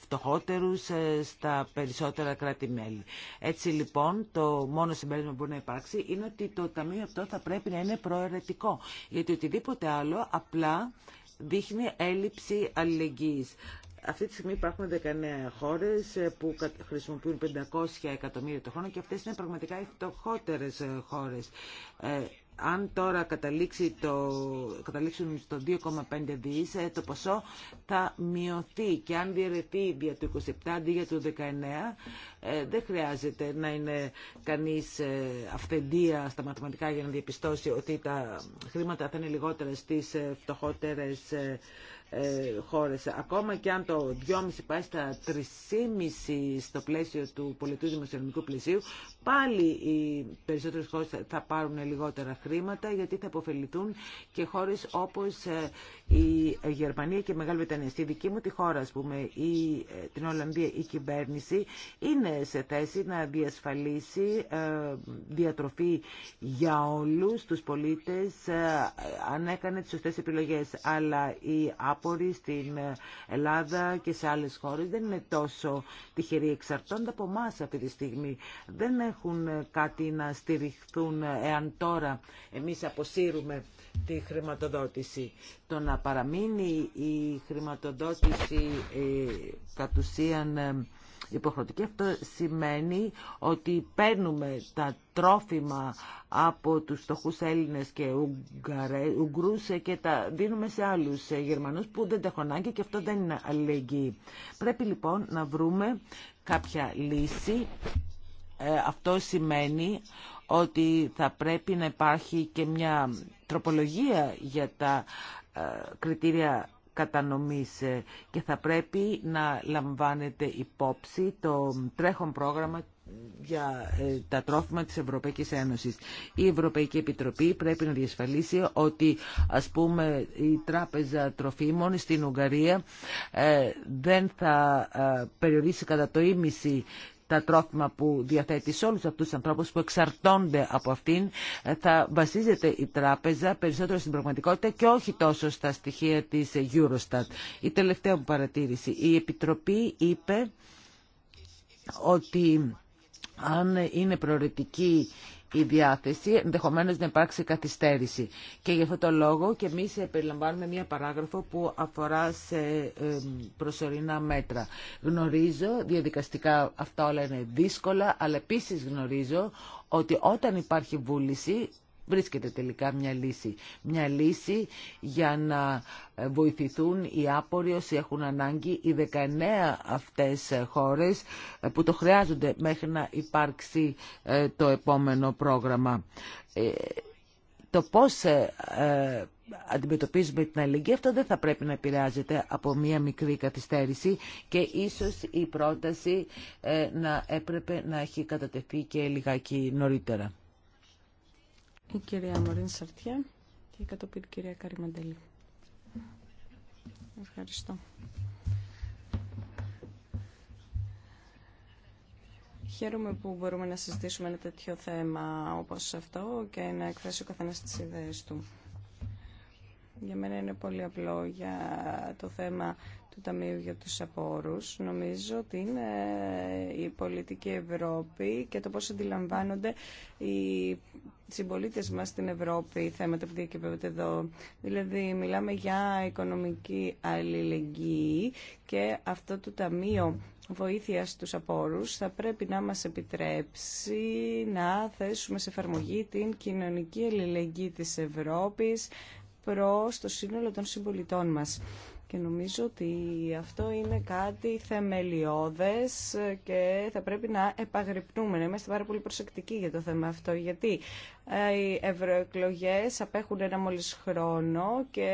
φτωχότερους ε, στα περισσότερα κράτη-μέλη. Έτσι λοιπόν το μόνο συμπέρασμα που μπορεί να υπάρξει είναι ότι το ταμείο αυτό θα πρέπει να είναι προαιρετικό. Γιατί οτιδήποτε άλλο απλά δείχνει έλλειψη αλληλεγγύης. Αυτή τη στιγμή υπάρχουν 19 χώρε ε, που χρησιμοποιούν 500 εκατομμύρια το χρόνο και αυτέ είναι πραγματικά οι φτωχότερε ε, χώρε αν τώρα καταλήξει το, καταλήξουν στο 2,5 δις, ε, το ποσό θα μειωθεί και αν διαιρεθεί για το 27 αντί για το 19, ε, δεν χρειάζεται να είναι κανείς ε, αυθεντία στα μαθηματικά για να διαπιστώσει ότι τα χρήματα θα είναι λιγότερα στις φτωχότερες ε, χώρες. Ακόμα και αν το 2,5 πάει στα 3,5 στο πλαίσιο του πολιτού δημοσιονομικού πλαισίου, πάλι οι περισσότερες χώρες θα πάρουν λιγότερα χρήματα γιατί θα αποφεληθούν και χώρες όπως ε, η Γερμανία και η Μεγάλη Βρετανία. Στη δική μου τη χώρα, α πούμε, η, ε, την Ολλανδία, η κυβέρνηση είναι σε θέση να διασφαλίσει ε, διατροφή για όλους τους πολίτες ε, αν έκανε τις σωστέ επιλογές. Αλλά οι άποροι στην Ελλάδα και σε άλλες χώρες δεν είναι τόσο τυχεροί. Εξαρτώνται από εμά αυτή τη στιγμή. Δεν έχουν κάτι να στηριχθούν εάν τώρα εμεί αποσύρουμε τη χρηματοδότηση. των παραμείνει η χρηματοδότηση ε, κατ' ουσίαν ε, υποχρεωτική. Αυτό σημαίνει ότι παίρνουμε τα τρόφιμα από τους στοχούς Έλληνες και Ουγγρούς ε, και τα δίνουμε σε άλλους Γερμανούς που δεν τα ανάγκη και αυτό δεν είναι αλληλεγγύη. Πρέπει λοιπόν να βρούμε κάποια λύση. Αυτό σημαίνει ότι θα πρέπει να υπάρχει και μια τροπολογία για τα ε, κριτήρια κατανομής ε, και θα πρέπει να λαμβάνεται υπόψη το τρέχον πρόγραμμα για ε, τα τρόφιμα της Ευρωπαϊκής Ένωσης. Η Ευρωπαϊκή Επιτροπή πρέπει να διασφαλίσει ότι ας πούμε η Τράπεζα Τροφίμων στην Ουγγαρία δεν θα περιορίσει κατά το ίμιση τα τρόφιμα που διαθέτει σε όλους αυτούς τους ανθρώπους που εξαρτώνται από αυτήν ε, θα βασίζεται η τράπεζα περισσότερο στην πραγματικότητα και όχι τόσο στα στοιχεία της Eurostat. Η τελευταία μου παρατήρηση. Η Επιτροπή είπε ότι αν είναι προαιρετική η διάθεση, ενδεχομένω να υπάρξει καθυστέρηση. Και γι' αυτό το λόγο και εμεί ε, περιλαμβάνουμε μία παράγραφο που αφορά σε ε, προσωρινά μέτρα. Γνωρίζω, διαδικαστικά αυτά όλα είναι δύσκολα, αλλά επίσης γνωρίζω ότι όταν υπάρχει βούληση βρίσκεται τελικά μια λύση. Μια λύση για να βοηθηθούν οι άποροι όσοι έχουν ανάγκη, οι 19 αυτές χώρες που το χρειάζονται μέχρι να υπάρξει ε, το επόμενο πρόγραμμα. Ε, το πώς ε, αντιμετωπίζουμε την αλληλεγγύη, αυτό δεν θα πρέπει να επηρεάζεται από μία μικρή καθυστέρηση και ίσως η πρόταση να έπρεπε να έχει κατατεθεί και λιγάκι νωρίτερα η κυρία Μωρήν Σαρτιά και κατόπιν η κυρία Καρυμαντελή. Ευχαριστώ. Χαίρομαι που μπορούμε να συζητήσουμε ένα τέτοιο θέμα όπως αυτό και να εκφράσει ο καθένας τις ιδέες του. Για μένα είναι πολύ απλό για το θέμα του Ταμείου για τους Απόρους. Νομίζω ότι είναι η πολιτική Ευρώπη και το πώς αντιλαμβάνονται οι συμπολίτε μα στην Ευρώπη, θέματα που διακυβεύονται εδώ. Δηλαδή, μιλάμε για οικονομική αλληλεγγύη και αυτό το Ταμείο Βοήθεια στους Απόρους θα πρέπει να μας επιτρέψει να θέσουμε σε εφαρμογή την κοινωνική αλληλεγγύη της Ευρώπης προς το σύνολο των συμπολιτών μας. Και νομίζω ότι αυτό είναι κάτι θεμελιώδες και θα πρέπει να επαγρυπνούμε, είμαστε πάρα πολύ προσεκτικοί για το θέμα αυτό, γιατί ε, οι ευρωεκλογέ απέχουν ένα μόλις χρόνο και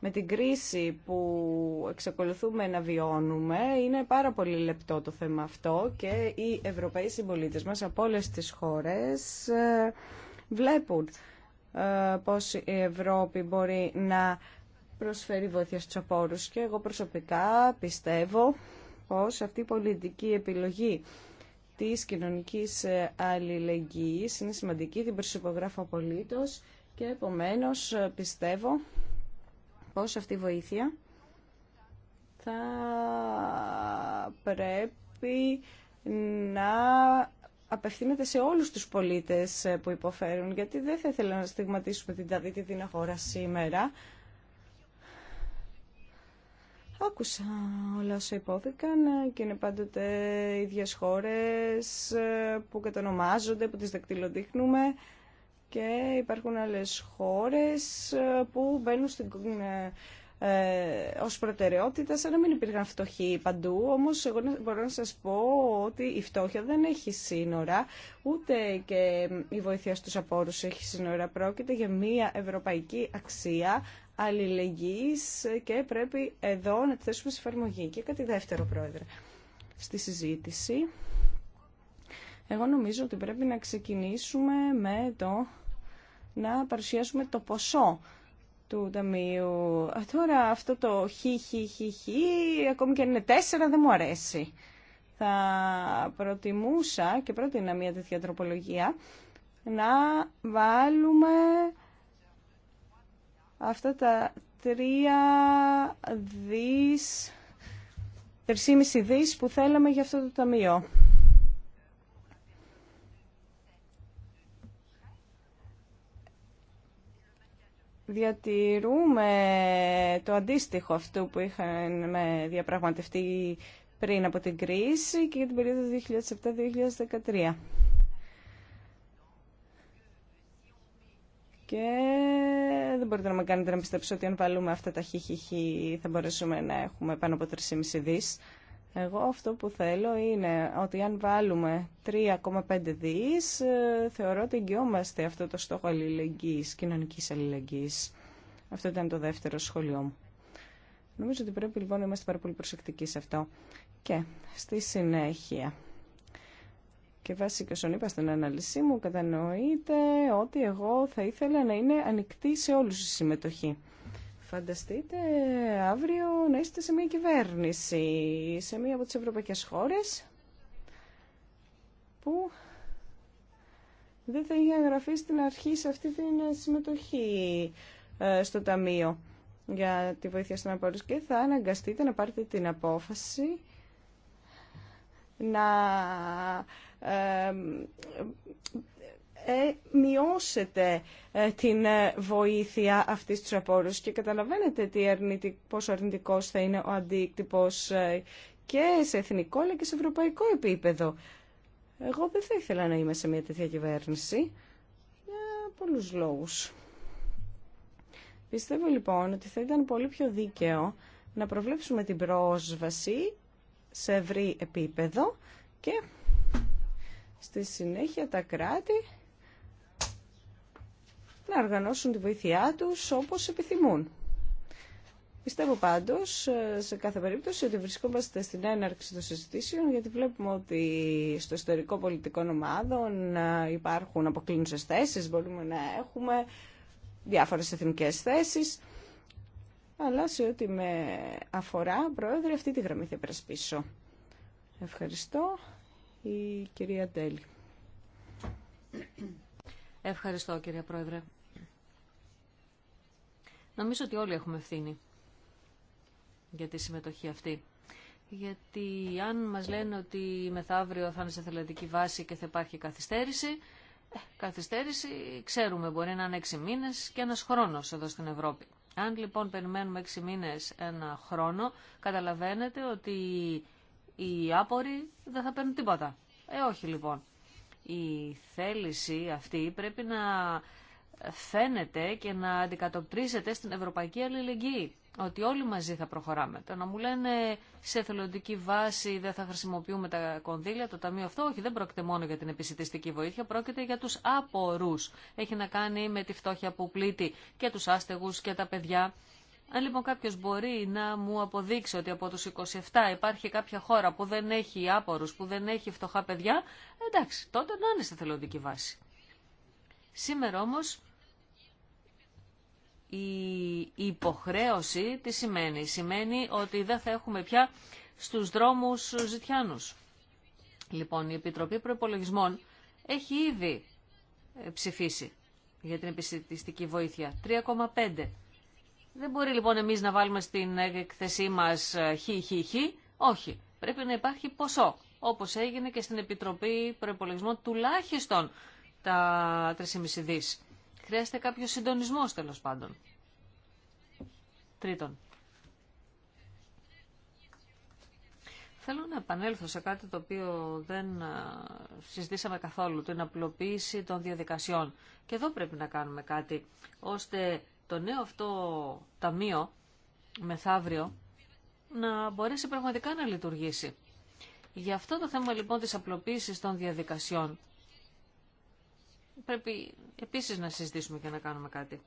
με την κρίση που εξακολουθούμε να βιώνουμε είναι πάρα πολύ λεπτό το θέμα αυτό και οι Ευρωπαίοι συμπολίτες μας από όλες τις χώρες ε, βλέπουν ε, πώς η Ευρώπη μπορεί να προσφέρει βοήθεια στους απόρους και εγώ προσωπικά πιστεύω πως αυτή η πολιτική επιλογή της κοινωνικής ε, αλληλεγγύης είναι σημαντική, την προσυπογράφω απολύτως και επομένως ε, πιστεύω πως αυτή η βοήθεια θα πρέπει να απευθύνεται σε όλους τους πολίτες ε, που υποφέρουν γιατί δεν θα ήθελα να στιγματίσουμε την ταδίτη την χώρα σήμερα Άκουσα όλα όσα υπόθηκαν και είναι πάντοτε ίδιες χώρες που κατονομάζονται, που τις δεκτυλοδείχνουμε και υπάρχουν άλλες χώρες που μπαίνουν στην, ε, ε, ως προτεραιότητα σαν να μην υπήρχαν φτωχοί παντού όμως εγώ μπορώ να σας πω ότι η φτώχεια δεν έχει σύνορα ούτε και η βοήθεια στους απόρους έχει σύνορα πρόκειται για μια ευρωπαϊκή αξία αλληλεγγύης και πρέπει εδώ να τη θέσουμε σε εφαρμογή. Και κάτι δεύτερο, Πρόεδρε, στη συζήτηση. Εγώ νομίζω ότι πρέπει να ξεκινήσουμε με το να παρουσιάσουμε το ποσό του ταμείου. Τώρα αυτό το χι, ακόμη και αν είναι τέσσερα δεν μου αρέσει. Θα προτιμούσα και πρότεινα μια τέτοια τροπολογία να βάλουμε αυτά τα τρία δις, 3,5 δις που θέλαμε για αυτό το ταμείο. Διατηρούμε το αντίστοιχο αυτού που είχαμε διαπραγματευτεί πριν από την κρίση και για την περίοδο 2007-2013. Και δεν μπορείτε να με κάνετε να πιστέψω ότι αν βάλουμε αυτά τα χιχιχι θα μπορέσουμε να έχουμε πάνω από 3,5 δις. Εγώ αυτό που θέλω είναι ότι αν βάλουμε 3,5 δις, ε, θεωρώ ότι εγγυόμαστε αυτό το στόχο αλληλεγγύης, κοινωνικής αλληλεγγύης. Αυτό ήταν το δεύτερο σχολείο μου. Νομίζω ότι πρέπει λοιπόν να είμαστε πάρα πολύ προσεκτικοί σε αυτό. Και στη συνέχεια και βάσει και όσων είπα στην ανάλυση μου, κατανοείτε ότι εγώ θα ήθελα να είναι ανοιχτή σε όλους η συμμετοχή. Φανταστείτε αύριο να είστε σε μια κυβέρνηση, σε μια από τις ευρωπαϊκές χώρες που δεν θα είχε εγγραφεί στην αρχή σε αυτή τη συμμετοχή ε, στο Ταμείο για τη βοήθεια στην απόρριση και θα αναγκαστείτε να πάρετε την απόφαση να ε, μειώσετε ε, την ε, βοήθεια αυτής της απόρρωσης και καταλαβαίνετε τι αρνητικ, πόσο αρνητικός θα είναι ο αντίκτυπος και σε εθνικό αλλά και σε ευρωπαϊκό επίπεδο. Εγώ δεν θα ήθελα να είμαι σε μια τέτοια κυβέρνηση για πολλούς λόγους. Πιστεύω λοιπόν ότι θα ήταν πολύ πιο δίκαιο να προβλέψουμε την πρόσβαση σε ευρύ επίπεδο και Στη συνέχεια τα κράτη να οργανώσουν τη βοήθειά τους όπως επιθυμούν. Πιστεύω πάντως ε, σε κάθε περίπτωση ότι βρισκόμαστε στην έναρξη των συζητήσεων γιατί βλέπουμε ότι στο ιστορικό πολιτικών ομάδων ε, υπάρχουν αποκλίνουσες θέσεις, μπορούμε να έχουμε διάφορες εθνικές θέσεις αλλά σε ό,τι με αφορά, Πρόεδρε, αυτή τη γραμμή θα υπερασπίσω. Ευχαριστώ η κυρία Ντέλη. Ευχαριστώ κυρία Πρόεδρε. Νομίζω ότι όλοι έχουμε ευθύνη για τη συμμετοχή αυτή. Γιατί αν μας λένε ότι μεθαύριο θα είναι σε θελατική βάση και θα υπάρχει καθυστέρηση, ε, καθυστέρηση ξέρουμε μπορεί να είναι έξι μήνες και ένας χρόνος εδώ στην Ευρώπη. Αν λοιπόν περιμένουμε έξι μήνες ένα χρόνο, καταλαβαίνετε ότι οι άποροι δεν θα παίρνουν τίποτα. Ε, όχι λοιπόν. Η θέληση αυτή πρέπει να φαίνεται και να αντικατοπτρίζεται στην ευρωπαϊκή αλληλεγγύη. Ότι όλοι μαζί θα προχωράμε. Το να μου λένε σε θελοντική βάση δεν θα χρησιμοποιούμε τα κονδύλια, το ταμείο αυτό, όχι δεν πρόκειται μόνο για την επισητιστική βοήθεια, πρόκειται για τους απορούς. Έχει να κάνει με τη φτώχεια που πλήττει και τους άστεγους και τα παιδιά. Αν λοιπόν κάποιο μπορεί να μου αποδείξει ότι από του 27 υπάρχει κάποια χώρα που δεν έχει άπορους, που δεν έχει φτωχά παιδιά, εντάξει, τότε να είναι σε θελοντική βάση. Σήμερα όμως η υποχρέωση τι σημαίνει. Σημαίνει ότι δεν θα έχουμε πια στους δρόμους ζητιάνους. Λοιπόν, η Επιτροπή Προπολογισμών έχει ήδη ε, ψηφίσει για την επιστημιστική βοήθεια. 3,5 δεν μπορεί λοιπόν εμείς να βάλουμε στην εκθεσή μας ε, χι, χι, χι. Όχι. Πρέπει να υπάρχει ποσό. Όπως έγινε και στην Επιτροπή Προϋπολογισμών τουλάχιστον τα 3,5 δις. Χρειάζεται κάποιο συντονισμό τέλος πάντων. Τρίτον. Θέλω να επανέλθω σε κάτι το οποίο δεν ε, συζητήσαμε καθόλου, την απλοποίηση των διαδικασιών. Και εδώ πρέπει να κάνουμε κάτι, ώστε το νέο αυτό ταμείο μεθαύριο να μπορέσει πραγματικά να λειτουργήσει. Για αυτό το θέμα λοιπόν της απλοποίησης των διαδικασιών πρέπει επίσης να συζητήσουμε και να κάνουμε κάτι.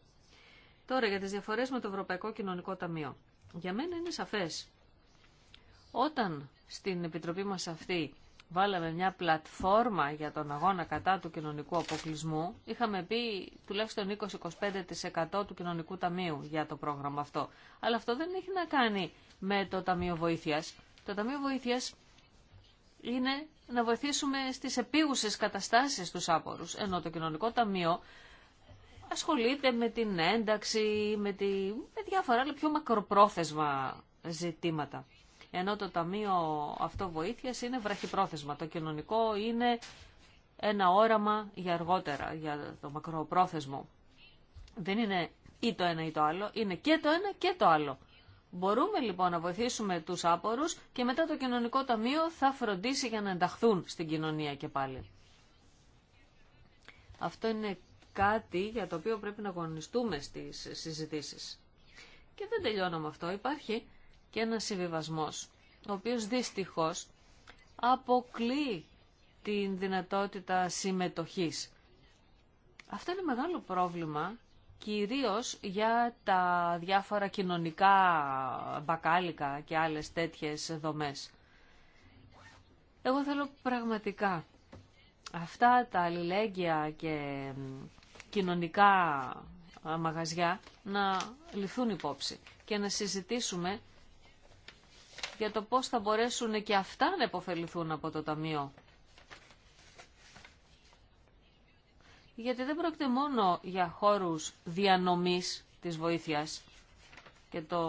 Τώρα για τις διαφορές με το Ευρωπαϊκό Κοινωνικό Ταμείο. Για μένα είναι σαφές. Όταν στην Επιτροπή μας αυτή βάλαμε μια πλατφόρμα για τον αγώνα κατά του κοινωνικού αποκλεισμού, είχαμε πει τουλάχιστον 20-25% του κοινωνικού ταμείου για το πρόγραμμα αυτό. Αλλά αυτό δεν έχει να κάνει με το Ταμείο Βοήθειας. Το Ταμείο Βοήθειας είναι να βοηθήσουμε στις επίγουσες καταστάσεις τους άπορους, ενώ το κοινωνικό ταμείο ασχολείται με την ένταξη, με, τη... με διάφορα αλλά πιο μακροπρόθεσμα ζητήματα. Ενώ το Ταμείο αυτό βοήθειας είναι βραχυπρόθεσμα. Το κοινωνικό είναι ένα όραμα για αργότερα, για το μακροπρόθεσμο. Δεν είναι ή το ένα ή το άλλο, είναι και το ένα και το άλλο. Μπορούμε λοιπόν να βοηθήσουμε τους άπορους και μετά το κοινωνικό ταμείο θα φροντίσει για να ενταχθούν στην κοινωνία και πάλι. Αυτό είναι κάτι για το οποίο πρέπει να αγωνιστούμε στις συζητήσεις. Και δεν τελειώνω με αυτό. Υπάρχει και ένα συμβιβασμός, ο οποίος δυστυχώς αποκλεί την δυνατότητα συμμετοχής. Αυτό είναι μεγάλο πρόβλημα, κυρίως για τα διάφορα κοινωνικά μπακάλικα και άλλες τέτοιες δομές. Εγώ θέλω πραγματικά αυτά τα αλληλέγγυα και κοινωνικά μαγαζιά να ληφθούν υπόψη και να συζητήσουμε για το πώς θα μπορέσουν και αυτά να υποφεληθούν από το Ταμείο. Γιατί δεν πρόκειται μόνο για χώρους διανομής της βοήθειας. Και το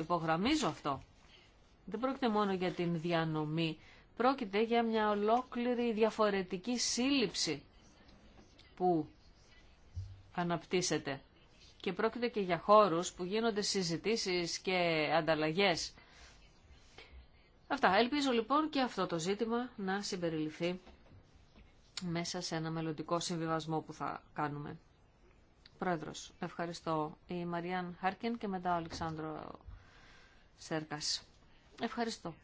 υπογραμμίζω αυτό. Δεν πρόκειται μόνο για την διανομή. Πρόκειται για μια ολόκληρη διαφορετική σύλληψη που αναπτύσσεται. Και πρόκειται και για χώρους που γίνονται συζητήσεις και ανταλλαγές. Αυτά. Ελπίζω λοιπόν και αυτό το ζήτημα να συμπεριληφθεί μέσα σε ένα μελλοντικό συμβιβασμό που θα κάνουμε. Πρόεδρος, ευχαριστώ η Μαριάν Χάρκιν και μετά ο Αλεξάνδρο Σέρκας. Ευχαριστώ.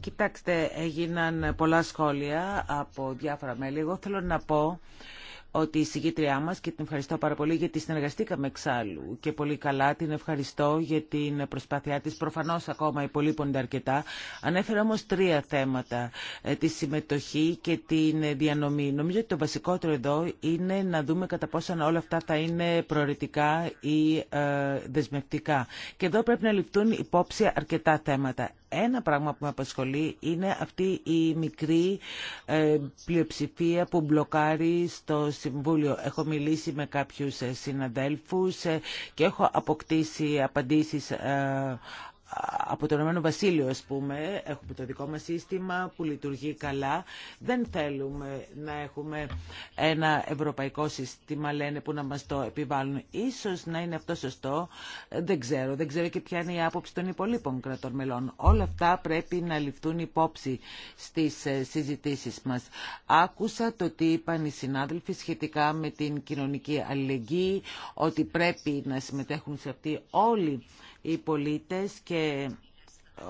Κοιτάξτε, έγιναν πολλά σχόλια από διάφορα μέλη. Εγώ θέλω να πω ότι η συγκήτριά μας και την ευχαριστώ πάρα πολύ γιατί συνεργαστήκαμε εξάλλου και πολύ καλά την ευχαριστώ για την προσπάθειά της προφανώς ακόμα υπολείπονται αρκετά ανέφερα όμως τρία θέματα ε, τη συμμετοχή και την διανομή νομίζω ότι το βασικότερο εδώ είναι να δούμε κατά πόσο όλα αυτά θα είναι προαιρετικά ή ε, δεσμευτικά και εδώ πρέπει να ληφθούν υπόψη αρκετά θέματα ένα πράγμα που με απασχολεί είναι αυτή η μικρή ε, πλειοψηφία που μπλοκάρει στο Συμβούλιο. Έχω μιλήσει με κάποιους ε, συναδέλφους ε, και έχω αποκτήσει απαντήσεις από το Ηνωμένο Βασίλειο, ας πούμε, έχουμε το δικό μας σύστημα που λειτουργεί καλά. Δεν θέλουμε να έχουμε ένα ευρωπαϊκό σύστημα, λένε, που να μας το επιβάλλουν. Ίσως να είναι αυτό σωστό, δεν ξέρω. Δεν ξέρω και ποια είναι η άποψη των υπολείπων κρατών μελών. Όλα αυτά πρέπει να ληφθούν υπόψη στις ε, συζητήσεις μας. Άκουσα το τι είπαν οι συνάδελφοι σχετικά με την κοινωνική αλληλεγγύη, ότι πρέπει να συμμετέχουν σε αυτή όλοι οι πολίτες και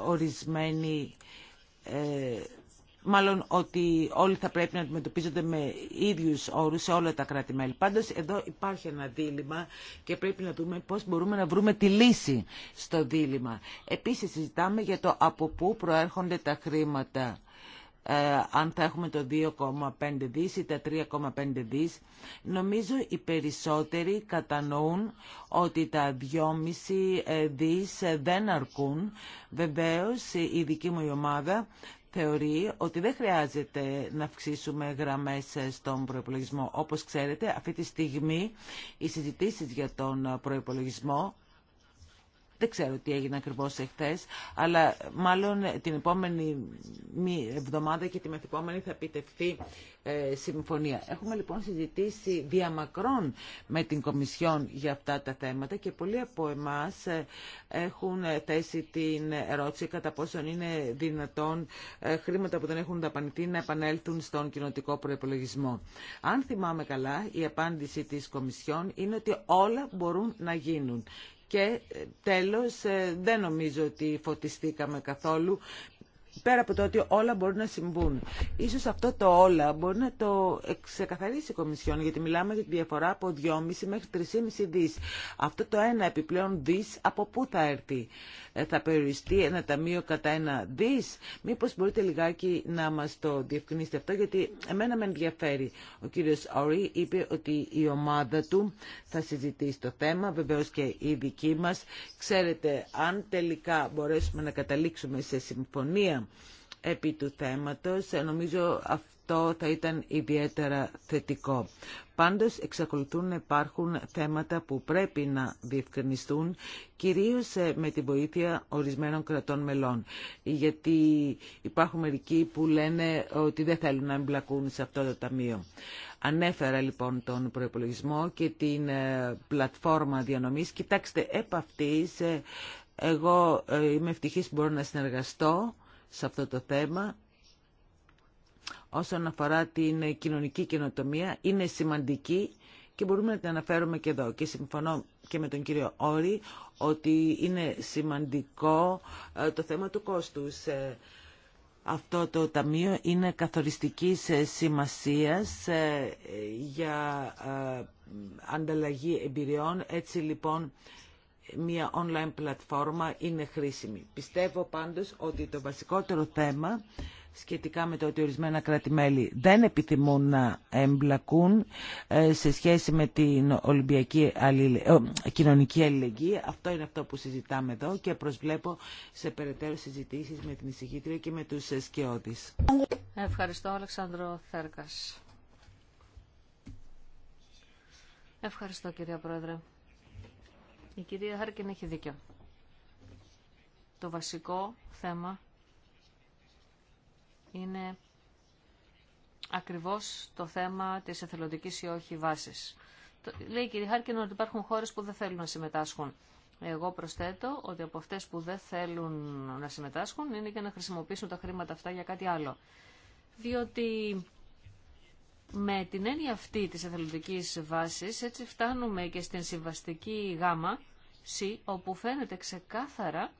ορισμένοι ε, μάλλον ότι όλοι θα πρέπει να αντιμετωπίζονται με ίδιους όρους σε όλα τα κράτη-μέλη. Πάντως εδώ υπάρχει ένα δίλημα και πρέπει να δούμε πώς μπορούμε να βρούμε τη λύση στο δίλημα. Επίσης συζητάμε για το από πού προέρχονται τα χρήματα ε, αν θα έχουμε το 2,5 δις ή τα 3,5 δις, νομίζω οι περισσότεροι κατανοούν ότι τα 2,5 ε, δις ε, δεν αρκούν. Βεβαίως η δική μου η ομάδα θεωρεί ότι δεν χρειάζεται να αυξήσουμε γραμμές στον προϋπολογισμό. Όπως ξέρετε, αυτή τη στιγμή οι συζητήσεις για τον προϋπολογισμό δεν ξέρω τι έγινε ακριβώς εχθέ, αλλά μάλλον την επόμενη εβδομάδα και τη μεθεπόμενη θα επιτευχθεί ε, συμφωνία. Έχουμε λοιπόν συζητήσει διαμακρών με την Κομισιόν για αυτά τα θέματα και πολλοί από εμάς ε, έχουν θέσει την ερώτηση κατά πόσον είναι δυνατόν ε, χρήματα που δεν έχουν δαπανηθεί να επανέλθουν στον κοινοτικό προπολογισμό. Αν θυμάμαι καλά, η απάντηση τη Κομισιόν είναι ότι όλα μπορούν να γίνουν. Και ε, τέλος, ε, δεν νομίζω ότι φωτιστήκαμε καθόλου πέρα από το ότι όλα μπορούν να συμβούν. Ίσως αυτό το όλα μπορεί να το ξεκαθαρίσει η Κομισιόν, γιατί μιλάμε για τη διαφορά από 2,5 μέχρι 3,5 δις. Αυτό το ένα επιπλέον δις από πού θα έρθει. Ε, θα περιοριστεί ένα ταμείο κατά ένα δις. Μήπως μπορείτε λιγάκι να μας το διευκρινίσετε αυτό, γιατί εμένα με ενδιαφέρει. Ο κύριος Ορί είπε ότι η ομάδα του θα συζητήσει το θέμα, βεβαίως και η δική μας. Ξέρετε, αν τελικά μπορέσουμε να καταλήξουμε σε συμφωνία επί του θέματος. Νομίζω αυτό θα ήταν ιδιαίτερα θετικό. Πάντως εξακολουθούν να υπάρχουν θέματα που πρέπει να διευκρινιστούν, κυρίως ε, με τη βοήθεια ορισμένων κρατών μελών. Γιατί υπάρχουν μερικοί που λένε ότι δεν θέλουν να εμπλακούν σε αυτό το ταμείο. Ανέφερα λοιπόν τον προπολογισμό και την ε, πλατφόρμα διανομής. Κοιτάξτε, επ' αυτής, ε, εγώ είμαι ευτυχής που μπορώ να συνεργαστώ σε αυτό το θέμα όσον αφορά την κοινωνική καινοτομία είναι σημαντική και μπορούμε να την αναφέρουμε και εδώ. Και συμφωνώ και με τον κύριο Όρη ότι είναι σημαντικό ε, το θέμα του κόστους. Ε, αυτό το ταμείο είναι καθοριστικής ε, σημασίας για ανταλλαγή εμπειριών. Έτσι λοιπόν μια online πλατφόρμα είναι χρήσιμη. Πιστεύω πάντως ότι το βασικότερο θέμα σχετικά με το ότι ορισμένα κράτη-μέλη δεν επιθυμούν να εμπλακούν ε, σε σχέση με την Ολυμπιακή ε, κοινωνική αλληλεγγύη. Αυτό είναι αυτό που συζητάμε εδώ και προσβλέπω σε περαιτέρω συζητήσεις με την εισηγήτρια και με τους σκιώδεις. Ευχαριστώ, Αλεξάνδρο Θέρκας. Ευχαριστώ, κυρία Πρόεδρε. Η κυρία Χάρκιν έχει δίκιο. Το βασικό θέμα είναι ακριβώς το θέμα της εθελοντικής ή όχι βάσης. Λέει η κυρία Χάρκιν ότι υπάρχουν χώρες που δεν θέλουν να συμμετάσχουν. Εγώ προσθέτω ότι από αυτές που δεν θέλουν να συμμετάσχουν είναι για να χρησιμοποιήσουν τα χρήματα αυτά για κάτι άλλο. Διότι με την έννοια αυτή της εθελοντικής βάσης, έτσι φτάνουμε και στην συμβαστική γάμα, C, όπου φαίνεται ξεκάθαρα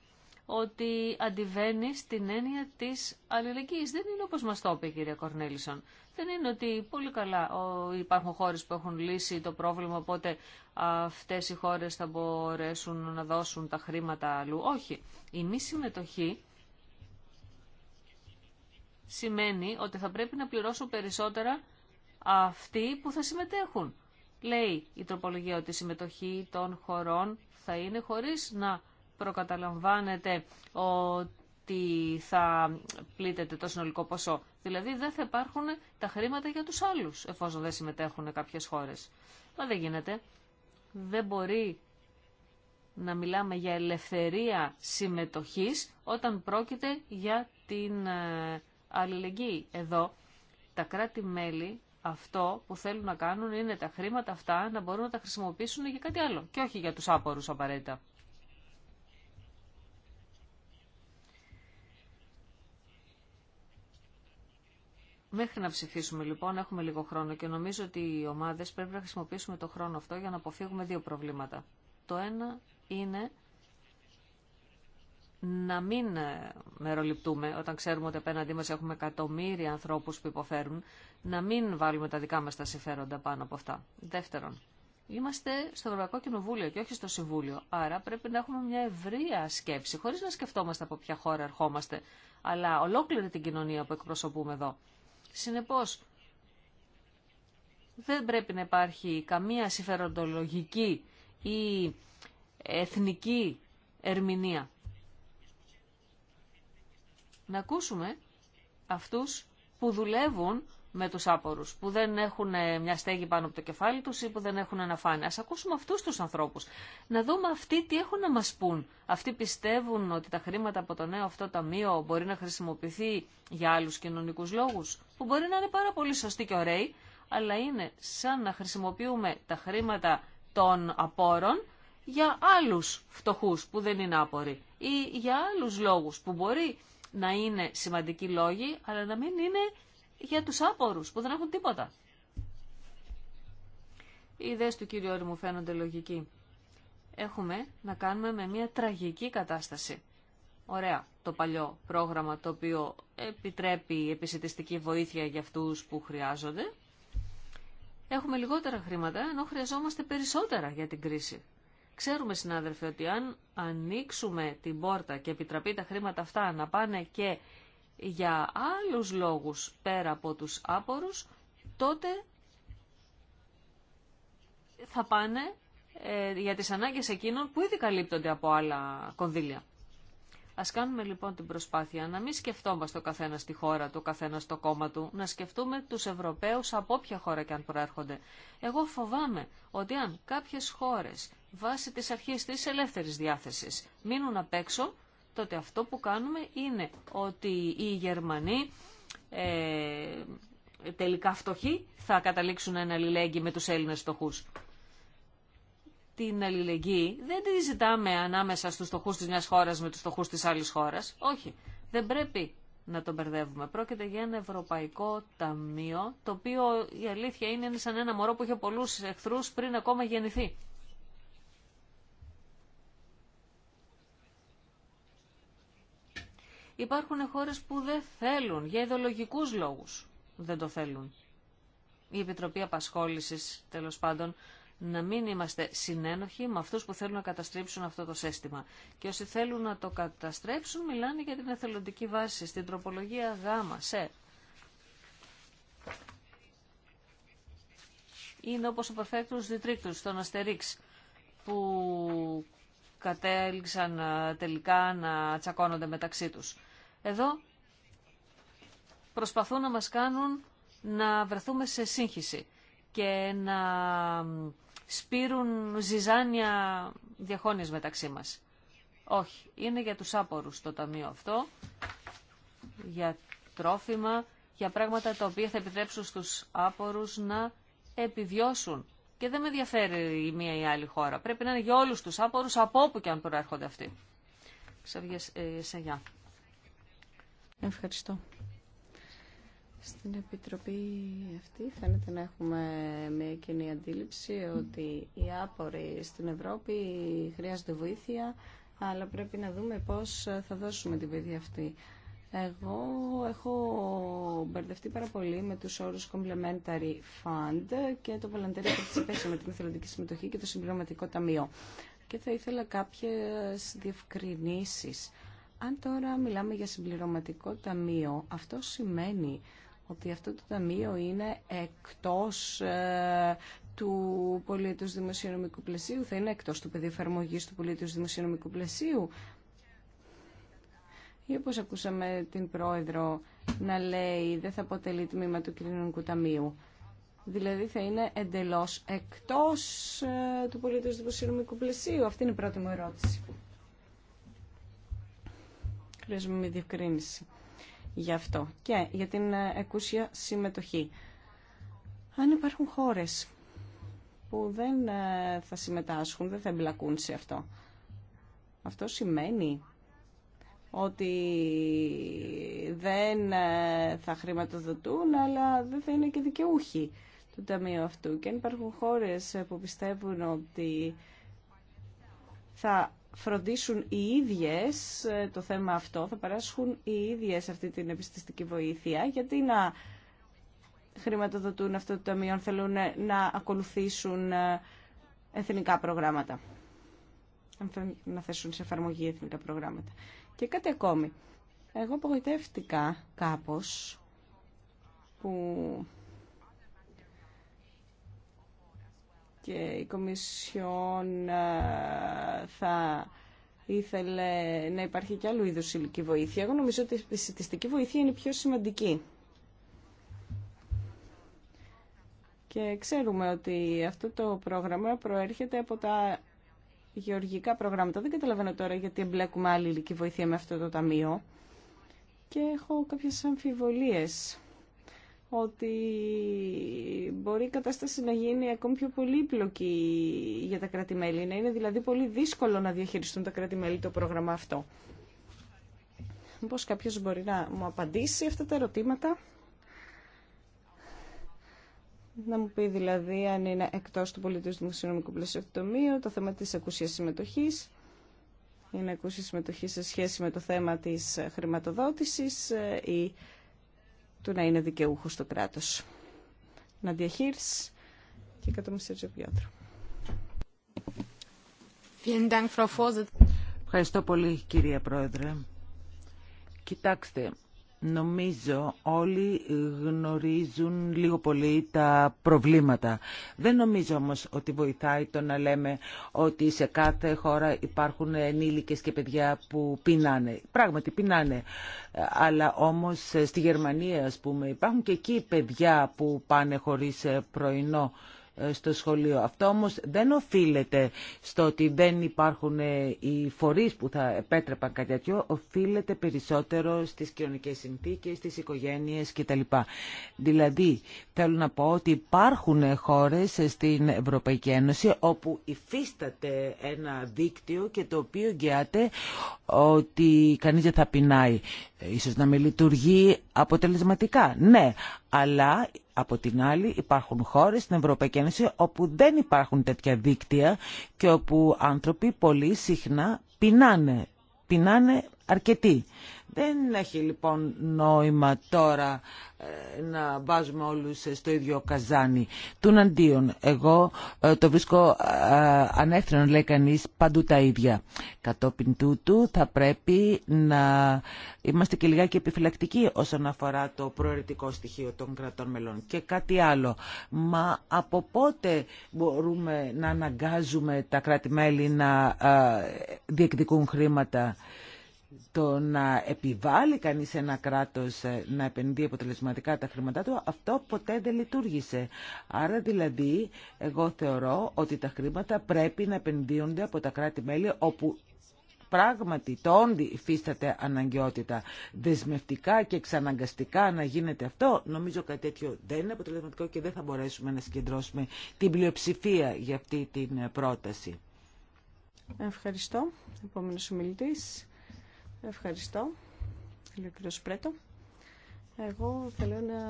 ότι αντιβαίνει στην έννοια της αλληλεγγύης. Δεν είναι όπως μας το είπε η κυρία Κορνέλισον. Δεν είναι ότι πολύ καλά υπάρχουν χώρες που έχουν λύσει το πρόβλημα, οπότε αυτές οι χώρες θα μπορέσουν να δώσουν τα χρήματα αλλού. Όχι. Η μη συμμετοχή σημαίνει ότι θα πρέπει να πληρώσω περισσότερα αυτοί που θα συμμετέχουν. Λέει η τροπολογία ότι η συμμετοχή των χωρών θα είναι χωρίς να προκαταλαμβάνεται ότι θα πλήτεται το συνολικό ποσό. Δηλαδή δεν θα υπάρχουν τα χρήματα για τους άλλους εφόσον δεν συμμετέχουν κάποιες χώρες. Μα δεν γίνεται. Δεν μπορεί να μιλάμε για ελευθερία συμμετοχής όταν πρόκειται για την ε, αλληλεγγύη. Εδώ τα κράτη-μέλη αυτό που θέλουν να κάνουν είναι τα χρήματα αυτά να μπορούν να τα χρησιμοποιήσουν για κάτι άλλο και όχι για τους άπορους απαραίτητα. Μέχρι να ψηφίσουμε λοιπόν έχουμε λίγο χρόνο και νομίζω ότι οι ομάδες πρέπει να χρησιμοποιήσουμε το χρόνο αυτό για να αποφύγουμε δύο προβλήματα. Το ένα είναι να μην ε, μεροληπτούμε όταν ξέρουμε ότι απέναντί μας έχουμε εκατομμύρια ανθρώπους που υποφέρουν, να μην βάλουμε τα δικά μας τα συμφέροντα πάνω από αυτά. Δεύτερον, είμαστε στο Ευρωπαϊκό Κοινοβούλιο και όχι στο Συμβούλιο, άρα πρέπει να έχουμε μια ευρεία σκέψη, χωρίς να σκεφτόμαστε από ποια χώρα ερχόμαστε, αλλά ολόκληρη την κοινωνία που εκπροσωπούμε εδώ. Συνεπώς, δεν πρέπει να υπάρχει καμία συμφεροντολογική ή εθνική ερμηνεία να ακούσουμε αυτούς που δουλεύουν με τους άπορους, που δεν έχουν ε, μια στέγη πάνω από το κεφάλι τους ή που δεν έχουν να φάνε. Ας ακούσουμε αυτούς τους ανθρώπους. Να δούμε αυτοί τι έχουν να μας πούν. Αυτοί πιστεύουν ότι τα χρήματα από το νέο αυτό ταμείο μπορεί να χρησιμοποιηθεί για άλλους κοινωνικούς λόγους, που μπορεί να είναι πάρα πολύ σωστοί και ωραίοι, αλλά είναι σαν να χρησιμοποιούμε τα χρήματα των απόρων για άλλους φτωχούς που δεν είναι άποροι ή για άλλους λόγους που μπορεί να είναι σημαντικοί λόγοι, αλλά να μην είναι για τους άπορους που δεν έχουν τίποτα. Οι ιδέες του κύριου Όρη μου φαίνονται λογικοί. Έχουμε να κάνουμε με μια τραγική κατάσταση. Ωραία το παλιό πρόγραμμα το οποίο επιτρέπει επισητιστική βοήθεια για αυτούς που χρειάζονται. Έχουμε λιγότερα χρήματα ενώ χρειαζόμαστε περισσότερα για την κρίση. Ξέρουμε συνάδελφοι ότι αν ανοίξουμε την πόρτα και επιτραπεί τα χρήματα αυτά να πάνε και για άλλους λόγους πέρα από τους άπορους, τότε θα πάνε ε, για τις ανάγκες εκείνων που ήδη καλύπτονται από άλλα κονδύλια. Ας κάνουμε λοιπόν την προσπάθεια να μην σκεφτόμαστε ο καθένα τη χώρα του, ο καθένας στο κόμμα του, να σκεφτούμε τους Ευρωπαίους από όποια χώρα και αν προέρχονται. Εγώ φοβάμαι ότι αν κάποιες χώρες βάσει της αρχή της ελεύθερης διάθεσης μείνουν απ' έξω, τότε αυτό που κάνουμε είναι ότι οι Γερμανοί ε, τελικά φτωχοί θα καταλήξουν ένα αλληλέγγυο με τους Έλληνε φτωχού την αλληλεγγύη δεν τη ζητάμε ανάμεσα στους στοχούς της μιας χώρας με τους στοχούς της άλλης χώρας. Όχι. Δεν πρέπει να τον μπερδεύουμε. Πρόκειται για ένα ευρωπαϊκό ταμείο, το οποίο η αλήθεια είναι, είναι σαν ένα μωρό που είχε πολλούς εχθρούς πριν ακόμα γεννηθεί. Υπάρχουν χώρες που δεν θέλουν, για ιδεολογικούς λόγους δεν το θέλουν. Η Επιτροπή Απασχόλησης, τέλος πάντων, να μην είμαστε συνένοχοι με αυτούς που θέλουν να καταστρέψουν αυτό το σύστημα. Και όσοι θέλουν να το καταστρέψουν μιλάνε για την εθελοντική βάση, στην τροπολογία Γ, σε. Είναι όπως ο Perfectus Districtus, τον Αστερίξ, που κατέληξαν ε, τελικά να τσακώνονται μεταξύ τους. Εδώ προσπαθούν να μας κάνουν να βρεθούμε σε σύγχυση και να σπείρουν ζυζάνια διαχώνες μεταξύ μας. Όχι, είναι για τους άπορους το ταμείο αυτό, για τρόφιμα, για πράγματα τα οποία θα επιτρέψουν στους άπορους να επιβιώσουν. Και δεν με ενδιαφέρει η μία ή η άλλη χώρα. Πρέπει να είναι για όλους τους άπορους, από όπου και αν προέρχονται αυτοί. Ξαβγές, ε, Ευχαριστώ. Στην Επιτροπή αυτή φαίνεται να έχουμε μια κοινή αντίληψη ότι οι άποροι στην Ευρώπη χρειάζονται βοήθεια, αλλά πρέπει να δούμε πώς θα δώσουμε τη βοήθεια αυτή. Εγώ έχω μπερδευτεί πάρα πολύ με τους όρους Complementary Fund και το Voluntary Participation με την εθελοντική συμμετοχή και το συμπληρωματικό ταμείο. Και θα ήθελα κάποιες διευκρινήσεις. Αν τώρα μιλάμε για συμπληρωματικό ταμείο, αυτό σημαίνει ότι αυτό το ταμείο είναι εκτός ε, του πολίτου δημοσιονομικού πλαισίου, θα είναι εκτός του πεδίου εφαρμογή του πολίτου δημοσιονομικού πλαισίου. Ή όπως ακούσαμε την Πρόεδρο να λέει δεν θα αποτελεί τμήμα του κοινωνικού ταμείου. Δηλαδή θα είναι εντελώς εκτός ε, του πολίτου δημοσιονομικού πλαισίου. Αυτή είναι η πρώτη μου ερώτηση. Χρειάζομαι μια διευκρίνηση αυτό και για την ε, εκούσια συμμετοχή. Αν υπάρχουν χώρες που δεν ε, θα συμμετάσχουν, δεν θα εμπλακούν σε αυτό. Αυτό σημαίνει ότι δεν ε, θα χρηματοδοτούν, αλλά δεν θα είναι και δικαιούχοι του Ταμείου αυτού. Και αν υπάρχουν χώρες που πιστεύουν ότι θα φροντίσουν οι ίδιες ε, το θέμα αυτό, θα παράσχουν οι ίδιες αυτή την επιστηστική βοήθεια, γιατί να χρηματοδοτούν αυτό το ταμείο, θέλουν ε, να ακολουθήσουν ε, εθνικά προγράμματα. Αν να θέσουν σε εφαρμογή εθνικά προγράμματα. Και κάτι ακόμη. Εγώ απογοητεύτηκα κάπως που και η Κομισιόν ε, θα ήθελε να υπάρχει και άλλου είδους υλική βοήθεια. Εγώ νομίζω ότι η επιστημιστική βοήθεια είναι η πιο σημαντική. Και ξέρουμε ότι αυτό το πρόγραμμα προέρχεται από τα γεωργικά προγράμματα. Δεν καταλαβαίνω τώρα γιατί εμπλέκουμε άλλη υλική βοήθεια με αυτό το ταμείο. Και έχω κάποιες αμφιβολίες ότι μπορεί η κατάσταση να γίνει ακόμη πιο πολύπλοκη για τα κράτη-μέλη, να είναι δηλαδή πολύ δύσκολο να διαχειριστούν τα κράτη-μέλη το πρόγραμμα αυτό. Μήπως κάποιος μπορεί να μου απαντήσει αυτά τα ερωτήματα. Να μου πει δηλαδή αν είναι εκτός του πολιτικού δημοσιονομικού πλαισιοκτομείου το θέμα της ακουσίας συμμετοχής. Είναι ακούσια συμμετοχή σε σχέση με το θέμα της χρηματοδότησης ε, ή του να είναι δικαιούχο το κράτο. Να διαχείρισε και σε Τζοπιάτρου. Ευχαριστώ πολύ κυρία Πρόεδρε. Κοιτάξτε, Νομίζω όλοι γνωρίζουν λίγο πολύ τα προβλήματα. Δεν νομίζω όμως ότι βοηθάει το να λέμε ότι σε κάθε χώρα υπάρχουν ενήλικες και παιδιά που πεινάνε. Πράγματι πεινάνε. Αλλά όμως στη Γερμανία ας πούμε υπάρχουν και εκεί παιδιά που πάνε χωρίς πρωινό στο σχολείο. Αυτό όμως δεν οφείλεται στο ότι δεν υπάρχουν ε, οι φορείς που θα επέτρεπαν κάτι τέτοιο, οφείλεται περισσότερο στις κοινωνικές συνθήκες, στις οικογένειες κτλ. Δηλαδή, θέλω να πω ότι υπάρχουν χώρες στην Ευρωπαϊκή Ένωση όπου υφίσταται ένα δίκτυο και το οποίο γκαιάται ότι κανείς δεν θα πεινάει. Ε, ίσως να μην λειτουργεί αποτελεσματικά. Ναι, αλλά από την άλλη υπάρχουν χώρες στην Ευρωπαϊκή Ένωση όπου δεν υπάρχουν τέτοια δίκτυα και όπου άνθρωποι πολύ συχνά πεινάνε, πεινάνε αρκετοί. Δεν έχει λοιπόν νόημα τώρα ε, να βάζουμε όλους στο ίδιο καζάνι. Τουν αντίον, εγώ ε, το βρίσκω ε, να λέει κανείς, παντού τα ίδια. Κατόπιν τούτου θα πρέπει να είμαστε και λιγάκι επιφυλακτικοί όσον αφορά το προαιρετικό στοιχείο των κρατών μελών. Και κάτι άλλο, μα από πότε μπορούμε να αναγκάζουμε τα κράτη-μέλη να διεκδικούν χρήματα το να επιβάλλει κανείς ένα κράτος ε, να επενδύει αποτελεσματικά τα χρήματά του, αυτό ποτέ δεν λειτουργήσε. Άρα δηλαδή εγώ θεωρώ ότι τα χρήματα πρέπει να επενδύονται από τα κράτη-μέλη όπου πράγματι το όντι υφίσταται αναγκαιότητα. Δεσμευτικά και εξαναγκαστικά να γίνεται αυτό, νομίζω κάτι τέτοιο δεν είναι αποτελεσματικό και δεν θα μπορέσουμε να συγκεντρώσουμε την πλειοψηφία για αυτή την πρόταση. Ευχαριστώ. Επόμενος ομιλητής. Ευχαριστώ. κύριο Σπρέτο. Εγώ θέλω να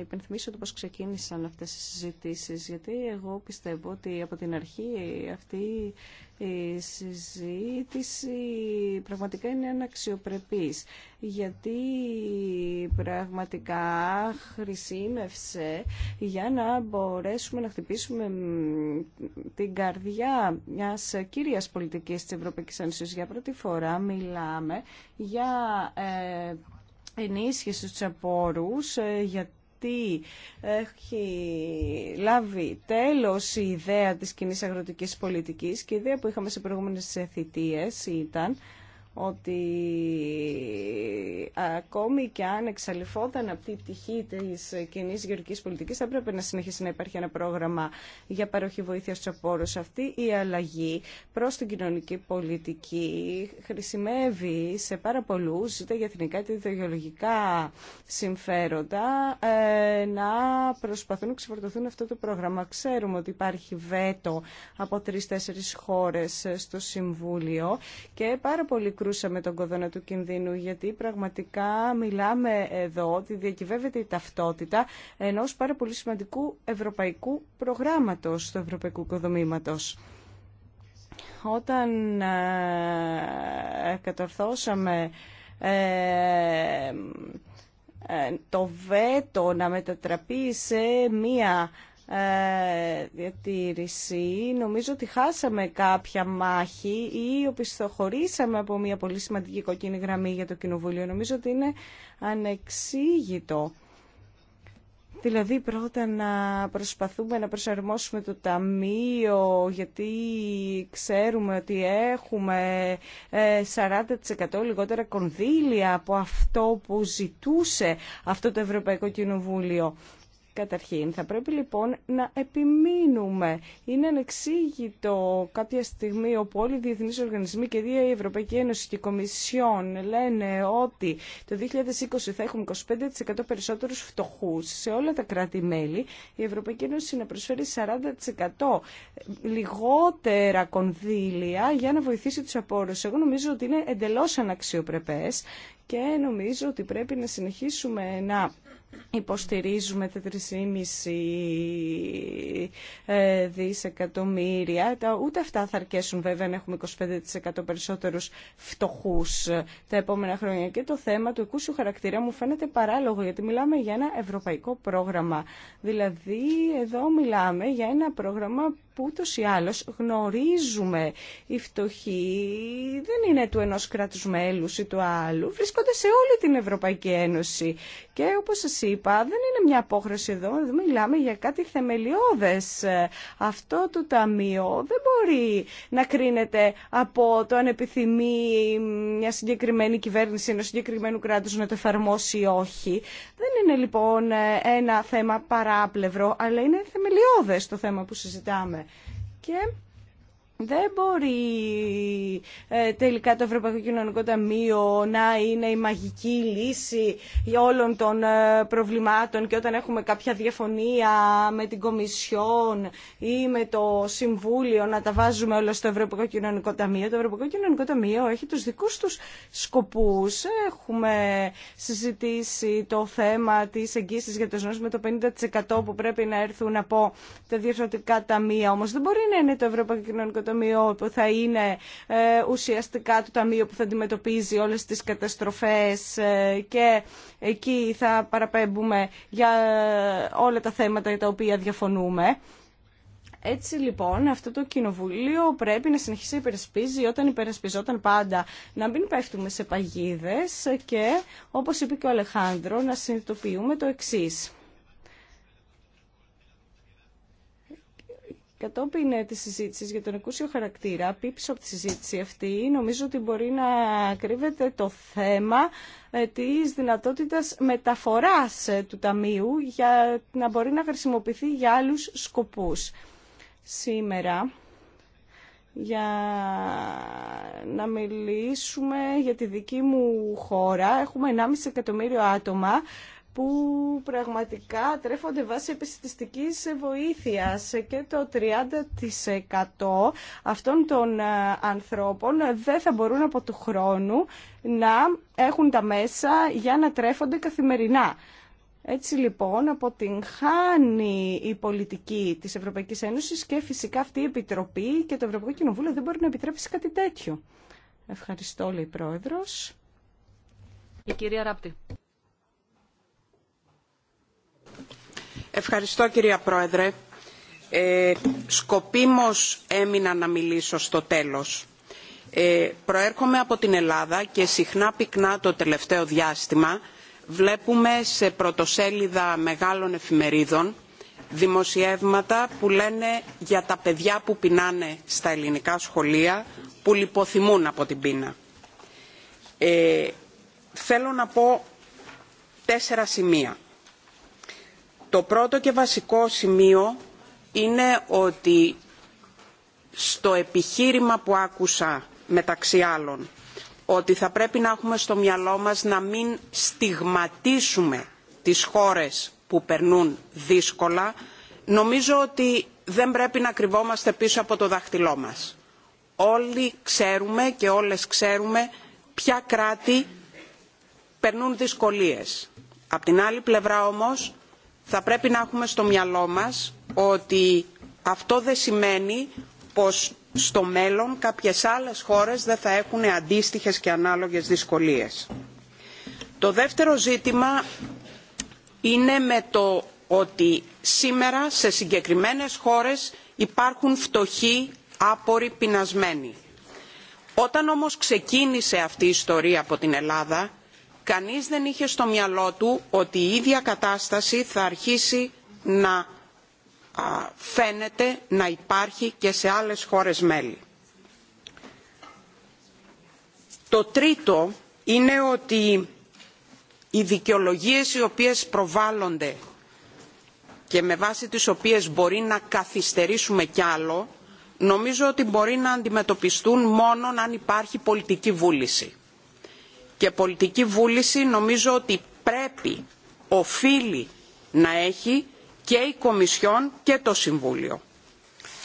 υπενθυμίσω το πώς ξεκίνησαν αυτές οι συζητήσεις, γιατί εγώ πιστεύω ότι από την αρχή αυτή η συζήτηση πραγματικά είναι αναξιοπρεπής, γιατί πραγματικά χρησιμεύσε για να μπορέσουμε να χτυπήσουμε την καρδιά μιας κύριας πολιτικής της Ευρωπαϊκής Ένωσης. Για πρώτη φορά μιλάμε για ε, ενίσχυση στους απόρους ε, γιατί έχει λάβει τέλος η ιδέα της κοινή αγροτικής πολιτικής και η ιδέα που είχαμε σε προηγούμενες θητείες ήταν ότι ακόμη και αν εξαλειφόταν αυτή η πτυχή τη κοινή γεωργική πολιτική, θα έπρεπε να συνεχίσει να υπάρχει ένα πρόγραμμα για παροχή βοήθεια στου απόρου. Αυτή η αλλαγή προ την κοινωνική πολιτική χρησιμεύει σε πάρα πολλού, είτε για εθνικά είτε ιδεολογικά συμφέροντα, ε, να προσπαθούν να ξεφορτωθούν αυτό το πρόγραμμα. Ξέρουμε ότι υπάρχει βέτο από τρει-τέσσερι χώρε στο Συμβούλιο και πάρα πολλοί κρούσαμε τον κοδόνα του κινδύνου, γιατί πραγματικά μιλάμε εδώ ότι διακυβεύεται η ταυτότητα ενό πάρα πολύ σημαντικού ευρωπαϊκού προγράμματο του ευρωπαϊκού Οικοδομήματο. όταν ε, ε, ε, το βέτο να μετατραπεί σε μία ε, διατήρηση. Νομίζω ότι χάσαμε κάποια μάχη ή οπισθοχωρήσαμε από μια πολύ σημαντική κοκκίνη γραμμή για το Κοινοβούλιο. Νομίζω ότι είναι ανεξήγητο. Δηλαδή πρώτα να προσπαθούμε να προσαρμόσουμε το ταμείο γιατί ξέρουμε ότι έχουμε 40% ε, λιγότερα κονδύλια από αυτό που ζητούσε αυτό το Ευρωπαϊκό Κοινοβούλιο. Καταρχήν, θα πρέπει λοιπόν να επιμείνουμε. Είναι ανεξήγητο κάποια στιγμή όπου όλοι οι διεθνείς οργανισμοί και η Ευρωπαϊκή Ένωση και η Κομισιόν λένε ότι το 2020 θα έχουμε 25% περισσότερους φτωχούς σε όλα τα κράτη-μέλη. Η Ευρωπαϊκή Ένωση να προσφέρει 40% λιγότερα κονδύλια για να βοηθήσει τους απόρους. Εγώ νομίζω ότι είναι εντελώς αναξιοπρεπές και νομίζω ότι πρέπει να συνεχίσουμε να Υποστηρίζουμε τα 3,5 ε, δισεκατομμύρια. Ούτε αυτά θα αρκέσουν βέβαια να έχουμε 25% περισσότερους φτωχούς ε, τα επόμενα χρόνια. Και το θέμα του εκούσιου χαρακτήρα μου φαίνεται παράλογο γιατί μιλάμε για ένα ευρωπαϊκό πρόγραμμα. Δηλαδή εδώ μιλάμε για ένα πρόγραμμα που ούτω ή αλλω γνωρίζουμε οι φτωχοί δεν είναι του ενό κράτου μέλου ή του άλλου, βρίσκονται σε όλη την Ευρωπαϊκή Ένωση. Και όπως σας είπα δεν είναι μια απόχρωση εδώ, δεν μιλάμε για κάτι θεμελιώδες. Αυτό το ταμείο δεν μπορεί να κρίνεται από το αν επιθυμεί μια συγκεκριμένη κυβέρνηση ενό συγκεκριμένου κράτου να το εφαρμόσει ή όχι. Δεν είναι λοιπόν ένα θέμα παράπλευρο, αλλά είναι θεμελιώδε το θέμα που συζητάμε. Και δεν μπορεί ε, τελικά το Ευρωπαϊκό Κοινωνικό Ταμείο να είναι η μαγική λύση όλων των ε, προβλημάτων και όταν έχουμε κάποια διαφωνία με την Κομισιόν ή με το Συμβούλιο να τα βάζουμε όλα στο Ευρωπαϊκό Κοινωνικό Ταμείο. Το Ευρωπαϊκό Κοινωνικό Ταμείο έχει τους δικούς τους σκοπούς. Έχουμε συζητήσει το θέμα της εγγύησης για τους νόσους με το 50% που πρέπει να έρθουν από τα διευθυντικά ταμεία. Όμως δεν μπορεί να είναι το Ευρωπαϊκό Κοινωνικό ταμείο που θα είναι ε, ουσιαστικά το ταμείο που θα αντιμετωπίζει όλες τις καταστροφές ε, και εκεί θα παραπέμπουμε για ε, όλα τα θέματα τα οποία διαφωνούμε. Έτσι λοιπόν αυτό το κοινοβούλιο πρέπει να συνεχίσει να υπερασπίζει όταν υπερασπιζόταν πάντα. Να μην πέφτουμε σε παγίδες και όπως είπε και ο Αλεχάνδρο να συνειδητοποιούμε το εξής. Κατόπιν ε, τη συζήτηση για τον εκούσιο χαρακτήρα, πίσω από τη συζήτηση αυτή, νομίζω ότι μπορεί να κρύβεται το θέμα ε, της δυνατότητα μεταφοράς ε, του Ταμείου για να μπορεί να χρησιμοποιηθεί για άλλου σκοπούς. Σήμερα, για να μιλήσουμε για τη δική μου χώρα, έχουμε 1,5 εκατομμύριο άτομα που πραγματικά τρέφονται βάσει επιστημιστικής βοήθειας και το 30% αυτών των ε, ανθρώπων δεν θα μπορούν από του χρόνου να έχουν τα μέσα για να τρέφονται καθημερινά. Έτσι λοιπόν αποτυγχάνει η πολιτική της Ευρωπαϊκής Ένωσης και φυσικά αυτή η Επιτροπή και το Ευρωπαϊκό Κοινοβούλιο δεν μπορεί να επιτρέψει κάτι τέτοιο. Ευχαριστώ λέει η Πρόεδρος. Η κυρία Ράπτη. Ευχαριστώ κυρία Πρόεδρε. Ε, σκοπίμως έμεινα να μιλήσω στο τέλος. Ε, προέρχομαι από την Ελλάδα και συχνά πυκνά το τελευταίο διάστημα βλέπουμε σε πρωτοσέλιδα μεγάλων εφημερίδων δημοσιεύματα που λένε για τα παιδιά που πεινάνε στα ελληνικά σχολεία που λιποθυμούν από την πείνα. Ε, θέλω να πω τέσσερα σημεία. Το πρώτο και βασικό σημείο είναι ότι στο επιχείρημα που άκουσα μεταξύ άλλων ότι θα πρέπει να έχουμε στο μυαλό μας να μην στιγματίσουμε τις χώρες που περνούν δύσκολα νομίζω ότι δεν πρέπει να κρυβόμαστε πίσω από το δάχτυλό μας. Όλοι ξέρουμε και όλες ξέρουμε ποια κράτη περνούν δυσκολίες. Απ' την άλλη πλευρά όμως θα πρέπει να έχουμε στο μυαλό μας ότι αυτό δεν σημαίνει πως στο μέλλον κάποιες άλλες χώρες δεν θα έχουν αντίστοιχες και ανάλογες δυσκολίες. Το δεύτερο ζήτημα είναι με το ότι σήμερα σε συγκεκριμένες χώρες υπάρχουν φτωχοί, άποροι, πεινασμένοι. Όταν όμως ξεκίνησε αυτή η ιστορία από την Ελλάδα κανείς δεν είχε στο μυαλό του ότι η ίδια κατάσταση θα αρχίσει να φαίνεται να υπάρχει και σε άλλες χώρες μέλη. Το τρίτο είναι ότι οι δικαιολογίες οι οποίες προβάλλονται και με βάση τις οποίες μπορεί να καθυστερήσουμε κι άλλο, νομίζω ότι μπορεί να αντιμετωπιστούν μόνο αν υπάρχει πολιτική βούληση και πολιτική βούληση νομίζω ότι πρέπει, οφείλει να έχει και η Κομισιόν και το Συμβούλιο.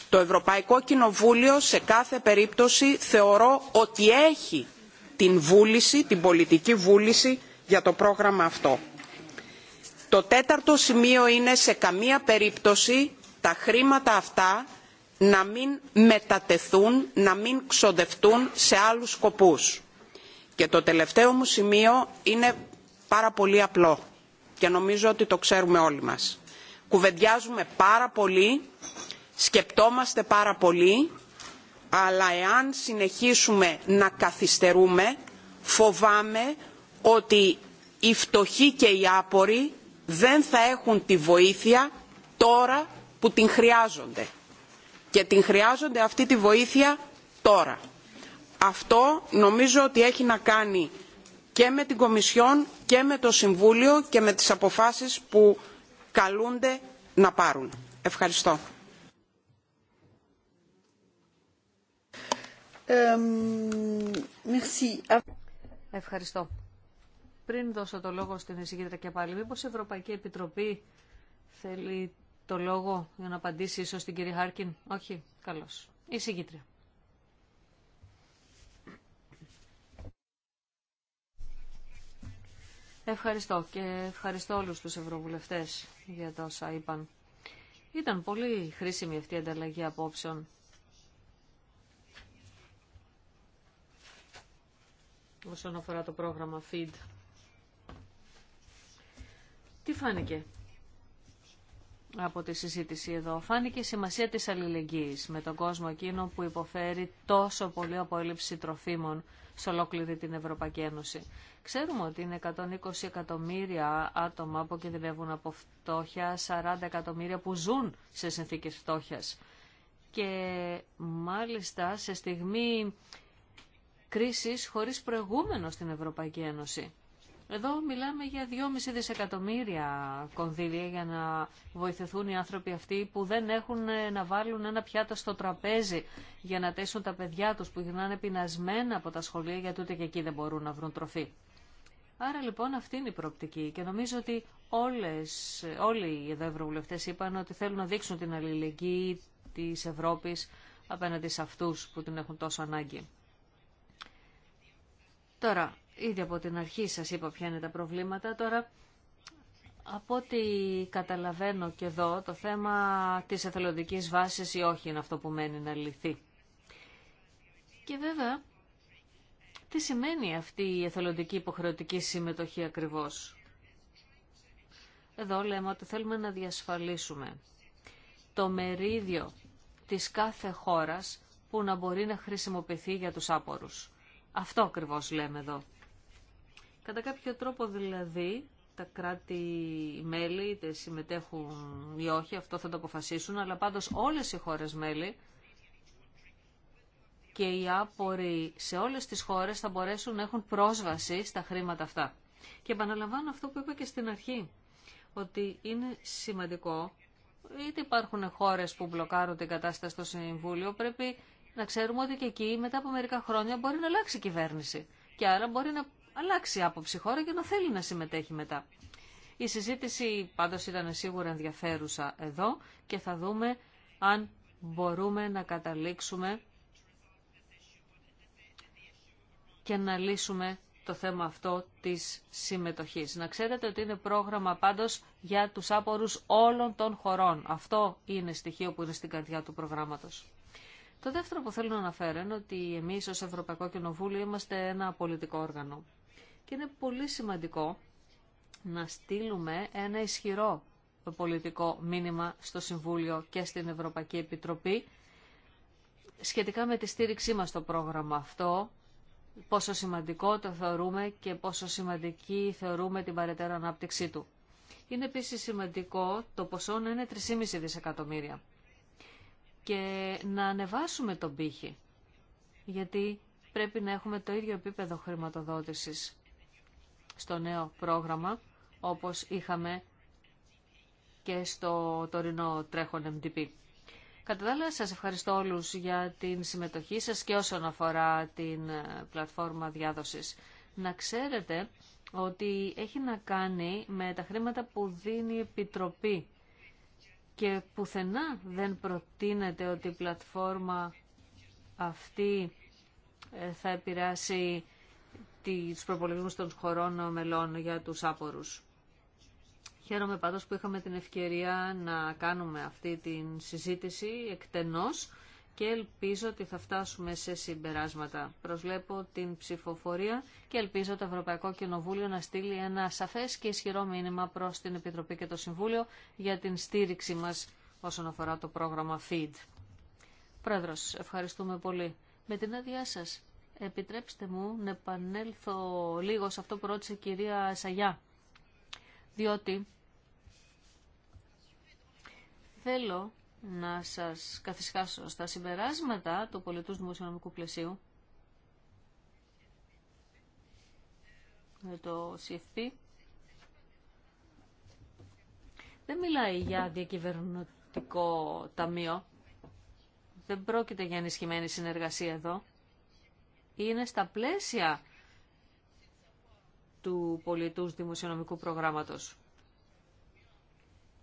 Το Ευρωπαϊκό Κοινοβούλιο σε κάθε περίπτωση θεωρώ ότι έχει την βούληση, την πολιτική βούληση για το πρόγραμμα αυτό. Το τέταρτο σημείο είναι σε καμία περίπτωση τα χρήματα αυτά να μην μετατεθούν, να μην ξοδευτούν σε άλλους σκοπούς. Και το τελευταίο μου σημείο είναι πάρα πολύ απλό και νομίζω ότι το ξέρουμε όλοι μας. Κουβεντιάζουμε πάρα πολύ, σκεπτόμαστε πάρα πολύ, αλλά εάν συνεχίσουμε να καθυστερούμε, φοβάμαι ότι οι φτωχοί και οι άποροι δεν θα έχουν τη βοήθεια τώρα που την χρειάζονται. Και την χρειάζονται αυτή τη βοήθεια τώρα αυτό νομίζω ότι έχει να κάνει και με την Κομισιόν και με το Συμβούλιο και με τις αποφάσεις που καλούνται να πάρουν. Ευχαριστώ. Ευχαριστώ. Πριν δώσω το λόγο στην εισηγήτρια και πάλι, μήπως η Ευρωπαϊκή Επιτροπή θέλει το λόγο για να απαντήσει ίσως την κυρία Χάρκιν. Όχι, καλώς. εισηγήτρια. Ευχαριστώ και ευχαριστώ όλους τους ευρωβουλευτές για τα όσα είπαν. Ήταν πολύ χρήσιμη αυτή η ανταλλαγή απόψεων. όσον αφορά το πρόγραμμα FEED. Τι φάνηκε από τη συζήτηση εδώ. Φάνηκε η σημασία της αλληλεγγύης με τον κόσμο εκείνο που υποφέρει τόσο πολύ από έλλειψη τροφίμων σε ολόκληρη την Ευρωπαϊκή Ένωση. Ξέρουμε ότι είναι 120 εκατομμύρια άτομα που κινδυνεύουν από φτώχεια, 40 εκατομμύρια που ζουν σε συνθήκες φτώχειας. Και μάλιστα σε στιγμή κρίσης χωρίς προηγούμενο στην Ευρωπαϊκή Ένωση. Εδώ μιλάμε για 2,5 δισεκατομμύρια κονδύλια για να βοηθηθούν οι άνθρωποι αυτοί που δεν έχουν ε, να βάλουν ένα πιάτο στο τραπέζι για να τέσουν τα παιδιά τους που γυρνάνε πεινασμένα από τα σχολεία γιατί ούτε και εκεί δεν μπορούν να βρουν τροφή. Άρα λοιπόν αυτή είναι η προοπτική και νομίζω ότι όλες, όλοι οι ευρωβουλευτές είπαν ότι θέλουν να δείξουν την αλληλεγγύη της Ευρώπης απέναντι σε αυτούς που την έχουν τόσο ανάγκη. Τώρα, Ήδη από την αρχή σας είπα ποια είναι τα προβλήματα. Τώρα, από ό,τι καταλαβαίνω και εδώ, το θέμα της εθελοντικής βάσης ή όχι είναι αυτό που μένει να λυθεί. Και βέβαια, τι σημαίνει αυτή η εθελοντική υποχρεωτική συμμετοχή ακριβώς. Εδώ λέμε ότι θέλουμε να διασφαλίσουμε το μερίδιο της κάθε χώρας που να μπορεί να χρησιμοποιηθεί για τους άπορους. Αυτό ακριβώς λέμε εδώ. Κατά κάποιο τρόπο δηλαδή τα κράτη-μέλη είτε συμμετέχουν ή όχι, αυτό θα το αποφασίσουν, αλλά πάντως όλες οι χώρες-μέλη και οι άποροι σε όλες τις χώρες θα μπορέσουν να έχουν πρόσβαση στα χρήματα αυτά. Και επαναλαμβάνω αυτό που είπα και στην αρχή, ότι είναι σημαντικό, είτε υπάρχουν χώρες που μπλοκάρουν την κατάσταση στο Συμβούλιο, πρέπει να ξέρουμε ότι και εκεί μετά από μερικά χρόνια μπορεί να αλλάξει η κυβέρνηση. Και άρα μπορεί να αλλάξει άποψη χώρα και να θέλει να συμμετέχει μετά. Η συζήτηση πάντως ήταν σίγουρα ενδιαφέρουσα εδώ και θα δούμε αν μπορούμε να καταλήξουμε και να λύσουμε το θέμα αυτό της συμμετοχής. Να ξέρετε ότι είναι πρόγραμμα πάντως για τους άπορους όλων των χωρών. Αυτό είναι στοιχείο που είναι στην καρδιά του προγράμματος. Το δεύτερο που θέλω να αναφέρω είναι ότι εμείς ως Ευρωπαϊκό Κοινοβούλιο είμαστε ένα πολιτικό όργανο. Και είναι πολύ σημαντικό να στείλουμε ένα ισχυρό πολιτικό μήνυμα στο Συμβούλιο και στην Ευρωπαϊκή Επιτροπή σχετικά με τη στήριξή μας στο πρόγραμμα αυτό, πόσο σημαντικό το θεωρούμε και πόσο σημαντική θεωρούμε την παρετέρα ανάπτυξή του. Είναι επίσης σημαντικό το ποσό να είναι 3,5 δισεκατομμύρια και να ανεβάσουμε τον πύχη, γιατί πρέπει να έχουμε το ίδιο επίπεδο χρηματοδότησης στο νέο πρόγραμμα, όπως είχαμε και στο τωρινό τρέχον MDP. Κατά τα άλλα, σας ευχαριστώ όλους για την συμμετοχή σας και όσον αφορά την ε, πλατφόρμα διάδοσης. Να ξέρετε ότι έχει να κάνει με τα χρήματα που δίνει η Επιτροπή και πουθενά δεν προτείνεται ότι η πλατφόρμα αυτή ε, θα επηρεάσει τις προπολογισμού των χωρών μελών για τους άπορους. Χαίρομαι πάντως που είχαμε την ευκαιρία να κάνουμε αυτή την συζήτηση εκτενώς και ελπίζω ότι θα φτάσουμε σε συμπεράσματα. Προσλέπω την ψηφοφορία και ελπίζω το Ευρωπαϊκό Κοινοβούλιο να στείλει ένα σαφές και ισχυρό μήνυμα προς την Επιτροπή και το Συμβούλιο για την στήριξη μας όσον αφορά το πρόγραμμα FEED. Πρόεδρος, ευχαριστούμε πολύ. Με την άδειά σας επιτρέψτε μου να επανέλθω λίγο σε αυτό που ρώτησε η κυρία Σαγιά. Διότι θέλω να σας καθισχάσω στα συμπεράσματα του πολιτούς δημοσιονομικού πλαισίου με το CFP δεν μιλάει για διακυβερνητικό ταμείο δεν πρόκειται για ενισχυμένη συνεργασία εδώ είναι στα πλαίσια του πολιτούς δημοσιονομικού προγράμματος.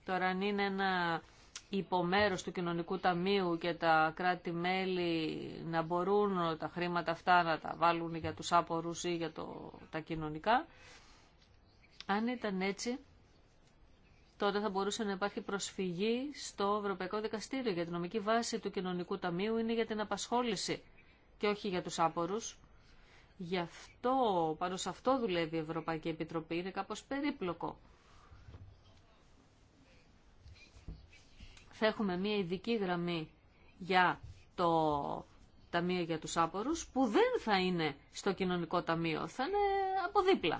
Τώρα αν είναι ένα υπομέρος του κοινωνικού ταμείου και τα κράτη-μέλη να μπορούν τα χρήματα αυτά να τα βάλουν για τους άπορους ή για το, τα κοινωνικά, αν ήταν έτσι, τότε θα μπορούσε να υπάρχει προσφυγή στο Ευρωπαϊκό Δικαστήριο για την νομική βάση του κοινωνικού ταμείου είναι για την απασχόληση και όχι για τους άπορους. Γι' αυτό, πάνω σε αυτό δουλεύει η Ευρωπαϊκή Επιτροπή, είναι κάπως περίπλοκο. Θα έχουμε μία ειδική γραμμή για το Ταμείο για τους Άπορους, που δεν θα είναι στο Κοινωνικό Ταμείο, θα είναι από δίπλα.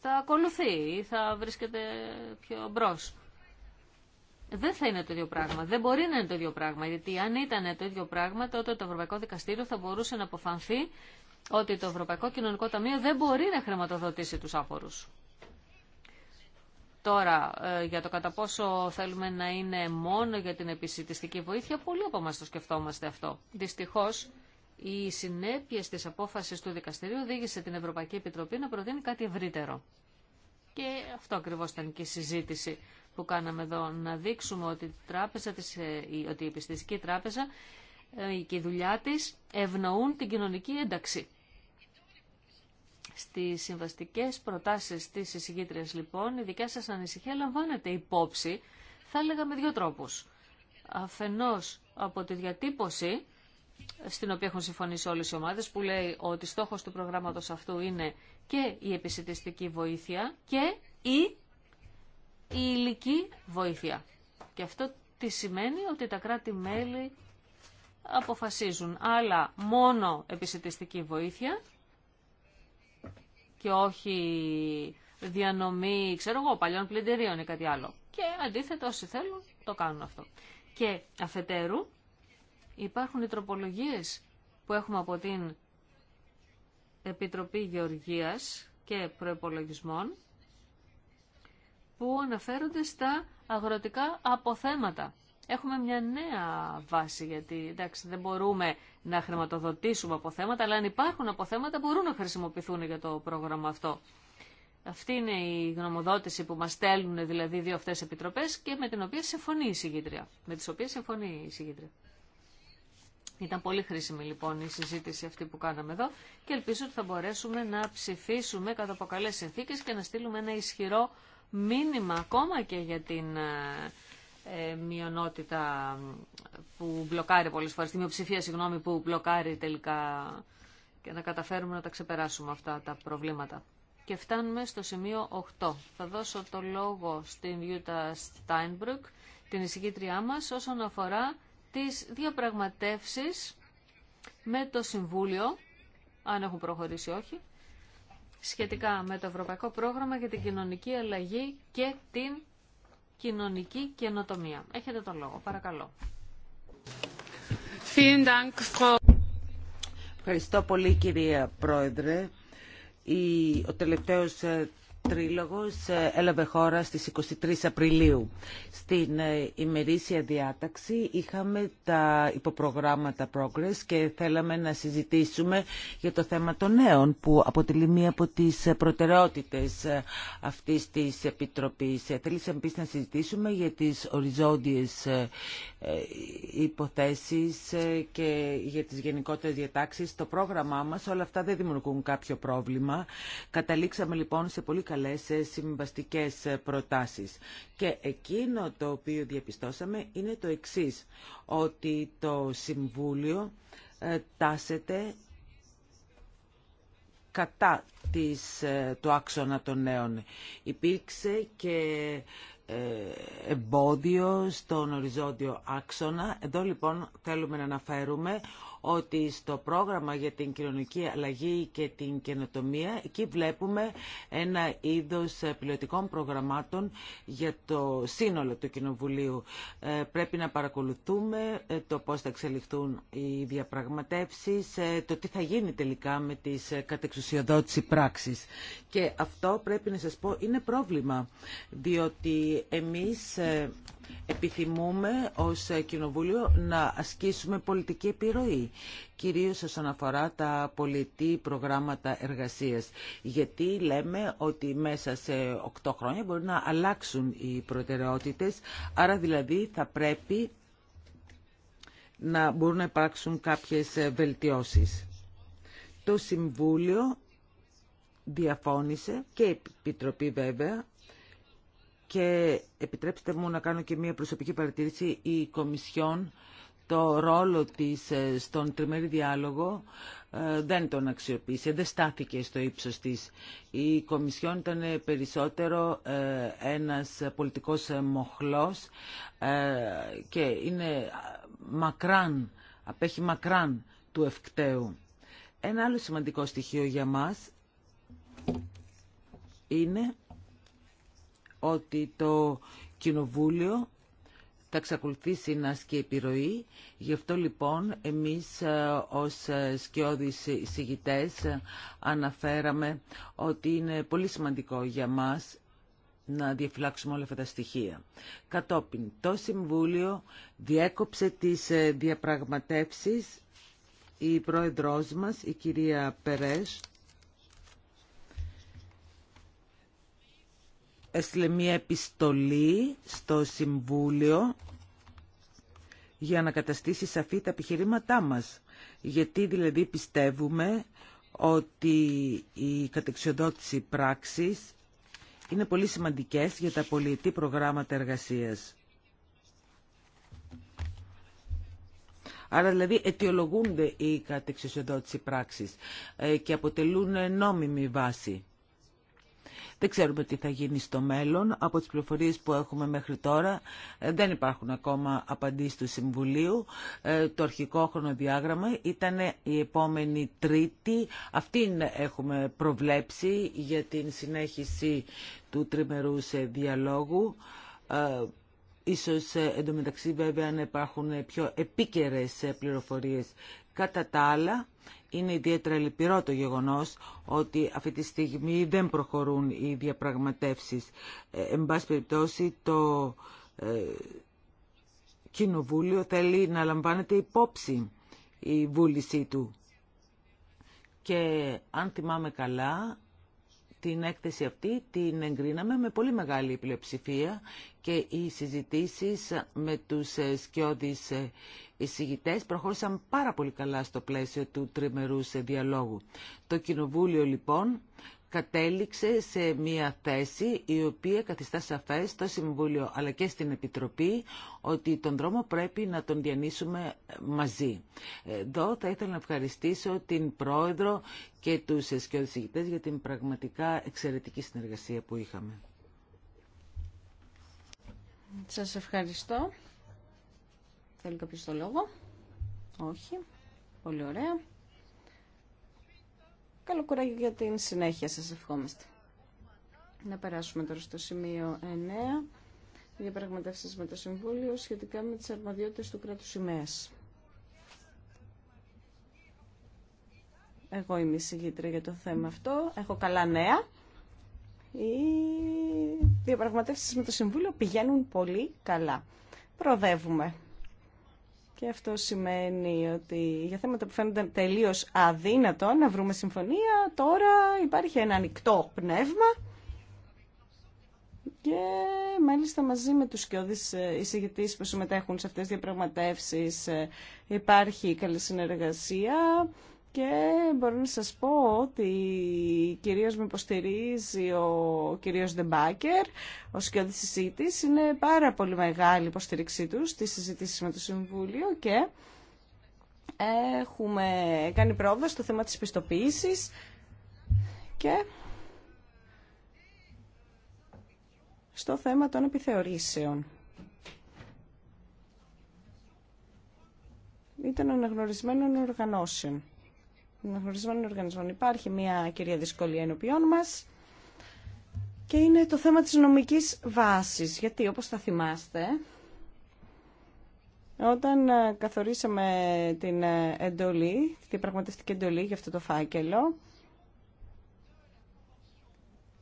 Θα ακολουθεί ή θα βρίσκεται πιο μπρος δεν θα είναι το ίδιο πράγμα. Δεν μπορεί να είναι το ίδιο πράγμα. Γιατί αν ήταν το ίδιο πράγμα, τότε το Ευρωπαϊκό Δικαστήριο θα μπορούσε να αποφανθεί ότι το Ευρωπαϊκό Κοινωνικό Ταμείο δεν μπορεί να χρηματοδοτήσει τους άφορους. Τώρα, ε, για το κατά πόσο θέλουμε να είναι μόνο για την επισητιστική βοήθεια, πολλοί από εμάς το σκεφτόμαστε αυτό. Δυστυχώς, οι συνέπειες της απόφασης του δικαστηρίου οδήγησε την Ευρωπαϊκή Επιτροπή να προτείνει κάτι ευρύτερο. Και αυτό ακριβώς ήταν και η συζήτηση που κάναμε εδώ, να δείξουμε ότι η, τράπεζα της, ε, ότι η τράπεζα ε, και η δουλειά της ευνοούν την κοινωνική ένταξη. Στις συμβαστικές προτάσεις της εισηγήτριας λοιπόν, η δικιά σας ανησυχία λαμβάνεται υπόψη, θα έλεγα με δύο τρόπους. Αφενός από τη διατύπωση, στην οποία έχουν συμφωνήσει όλες οι ομάδες, που λέει ότι στόχος του προγράμματος αυτού είναι και η επισητιστική βοήθεια και η η υλική βοήθεια. Και αυτό τι σημαίνει ότι τα κράτη-μέλη αποφασίζουν άλλα μόνο επισητιστική βοήθεια και όχι διανομή, ξέρω εγώ, παλιών πλυντηρίων ή κάτι άλλο. Και αντίθετα όσοι θέλουν το κάνουν αυτό. Και αφετέρου υπάρχουν οι τροπολογίες που έχουμε από την Επιτροπή Γεωργίας και Προϋπολογισμών που αναφέρονται στα αγροτικά αποθέματα. Έχουμε μια νέα βάση, γιατί εντάξει, δεν μπορούμε να χρηματοδοτήσουμε αποθέματα, αλλά αν υπάρχουν αποθέματα μπορούν να χρησιμοποιηθούν για το πρόγραμμα αυτό. Αυτή είναι η γνωμοδότηση που μας στέλνουν δηλαδή δύο αυτές επιτροπές και με την οποία συμφωνεί η συγκήτρια. Με τις οποίες συμφωνεί η συγκήτρια. Ήταν πολύ χρήσιμη λοιπόν η συζήτηση αυτή που κάναμε εδώ και ελπίζω ότι θα μπορέσουμε να ψηφίσουμε κατά από καλές συνθήκες και να στείλουμε ένα ισχυρό μήνυμα ακόμα και για την ε, ε, μειονότητα που μπλοκάρει πολλές φορές, τη μειοψηφία συγγνώμη που μπλοκάρει τελικά και να καταφέρουμε να τα ξεπεράσουμε αυτά τα προβλήματα. Και φτάνουμε στο σημείο 8. Θα δώσω το λόγο στην Ιούτα Στάινμπρουκ, την εισηγήτριά μας, όσον αφορά τις διαπραγματεύσεις με το Συμβούλιο, αν έχουν προχωρήσει όχι, σχετικά με το Ευρωπαϊκό Πρόγραμμα για την Κοινωνική Αλλαγή και την Κοινωνική Καινοτομία. Έχετε το λόγο, παρακαλώ. Ευχαριστώ πολύ κυρία Πρόεδρε. Ο τελευταίος ε, τρίλογος ε, έλαβε χώρα στις 23 Απριλίου. Στην ε, ημερήσια διάταξη είχαμε τα υποπρογράμματα Progress και θέλαμε να συζητήσουμε για το θέμα των νέων που αποτελεί μία από τις προτεραιότητες ε, αυτής της Επιτροπής. Θέλησαμε επίσης να συζητήσουμε για τις οριζόντιες υποθέσεις και για τις γενικότερες διατάξεις. Το πρόγραμμά μας όλα αυτά δεν δημιουργούν κάποιο πρόβλημα. Καταλήξαμε λοιπόν σε πολύ καλές ε, συμβαστικές ε, προτάσεις. Και εκείνο το οποίο διαπιστώσαμε είναι το εξής, ότι το Συμβούλιο ε, τάσεται κατά της, το άξονα των νέων. Υπήρξε και εμπόδιο στον οριζόντιο άξονα. Εδώ λοιπόν θέλουμε να αναφέρουμε ότι στο πρόγραμμα για την κοινωνική αλλαγή και την καινοτομία εκεί βλέπουμε ένα είδος πιλωτικών προγραμμάτων για το σύνολο του Κοινοβουλίου. Ε, πρέπει να παρακολουθούμε ε, το πώς θα εξελιχθούν οι διαπραγματεύσεις, ε, το τι θα γίνει τελικά με τις κατεξουσιοδότηση πράξεις. Και αυτό πρέπει να σας πω είναι πρόβλημα, διότι εμείς επιθυμούμε ως Κοινοβούλιο να ασκήσουμε πολιτική επιρροή, κυρίως όσον αφορά τα πολιτή προγράμματα εργασίας. Γιατί λέμε ότι μέσα σε 8 χρόνια μπορεί να αλλάξουν οι προτεραιότητες, άρα δηλαδή θα πρέπει να μπορούν να υπάρξουν κάποιες βελτιώσεις. Το Συμβούλιο διαφώνησε και η Επιτροπή βέβαια και επιτρέψτε μου να κάνω και μία προσωπική παρατήρηση. Η Κομισιόν το ρόλο της ε, στον τριμερή διάλογο ε, δεν τον αξιοποίησε, δεν στάθηκε στο ύψος της. Η Κομισιόν ήταν περισσότερο ε, ένας πολιτικός μοχλός και είναι μακράν, απέχει μακράν του ευκταίου. Ένα άλλο σημαντικό στοιχείο για μας είναι ότι το Κοινοβούλιο θα εξακολουθήσει να ασκεί επιρροή. Γι' αυτό λοιπόν εμείς ε, ως ε, σκιώδεις εισηγητές ε, αναφέραμε ότι είναι πολύ σημαντικό για μας να διαφυλάξουμε όλα αυτά τα στοιχεία. Κατόπιν, το Συμβούλιο διέκοψε τις διαπραγματεύσεις η πρόεδρός μας, η κυρία Περές, έστειλε μία επιστολή στο Συμβούλιο για να καταστήσει σαφή τα επιχειρήματά μας. Γιατί δηλαδή πιστεύουμε ότι η κατεξιοδότηση πράξεις είναι πολύ σημαντικές για τα πολιετή προγράμματα εργασίας. Άρα δηλαδή αιτιολογούνται οι κατεξιοδότηση πράξεις ε, και αποτελούν νόμιμη βάση. Δεν ξέρουμε τι θα γίνει στο μέλλον. Από τις πληροφορίες που έχουμε μέχρι τώρα ε, δεν υπάρχουν ακόμα απαντήσεις του Συμβουλίου. Ε, το αρχικό χρονοδιάγραμμα ήταν η επόμενη Τρίτη. Αυτήν έχουμε προβλέψει για την συνέχιση του τριμερούς διαλόγου. Ε, ίσως εντωμεταξύ βέβαια να υπάρχουν πιο επίκαιρες πληροφορίες. Κατά τα άλλα, είναι ιδιαίτερα λυπηρό το γεγονός ότι αυτή τη στιγμή δεν προχωρούν οι διαπραγματεύσεις. Ε, εν πάση περιπτώσει, το ε, Κοινοβούλιο θέλει να λαμβάνεται υπόψη η βούλησή του. Και αν θυμάμαι καλά, την έκθεση αυτή την εγκρίναμε με πολύ μεγάλη πλειοψηφία και οι συζητήσεις με τους ε, σκιώδεις ε, οι εισηγητές προχώρησαν πάρα πολύ καλά στο πλαίσιο του τριμερούς διαλόγου. Το Κοινοβούλιο λοιπόν κατέληξε σε μια θέση η οποία καθιστά σαφές στο Συμβούλιο αλλά και στην Επιτροπή ότι τον δρόμο πρέπει να τον διανύσουμε μαζί. Εδώ θα ήθελα να ευχαριστήσω την Πρόεδρο και τους εσκιοδησηγητές για την πραγματικά εξαιρετική συνεργασία που είχαμε. Σας ευχαριστώ. Θέλει κάποιο το λόγο. Όχι. Πολύ ωραία. Καλό κουράγιο για την συνέχεια σας ευχόμαστε. Να περάσουμε τώρα στο σημείο 9. Διαπραγματεύσεις με το Συμβούλιο σχετικά με τις αρμαδιότητες του κράτου σημαίας. Εγώ είμαι η για το θέμα αυτό. Έχω καλά νέα. Οι διαπραγματεύσεις με το Συμβούλιο πηγαίνουν πολύ καλά. Προδεύουμε. Και αυτό σημαίνει ότι για θέματα που φαίνονται τελείως αδύνατο να βρούμε συμφωνία, τώρα υπάρχει ένα ανοιχτό πνεύμα και μάλιστα μαζί με τους σκιώδεις ε, εισηγητής που συμμετέχουν σε αυτές τις διαπραγματεύσεις ε, υπάρχει καλή συνεργασία και μπορώ να σας πω ότι κυρίως με υποστηρίζει ο κυρίος Δεμπάκερ, ο σκιώδης συζήτης. Είναι πάρα πολύ μεγάλη υποστήριξή του στη συζήτηση με το Συμβούλιο και έχουμε κάνει πρόοδο στο θέμα της πιστοποίησης και στο θέμα των επιθεωρήσεων. Ήταν αναγνωρισμένων οργανώσεων οργανισμών. Υπάρχει μια κυρία δυσκολία ενωπιών μας και είναι το θέμα της νομικής βάσης. Γιατί όπως θα θυμάστε, όταν ε, καθορίσαμε την ε, εντολή, την πραγματευτική εντολή για αυτό το φάκελο,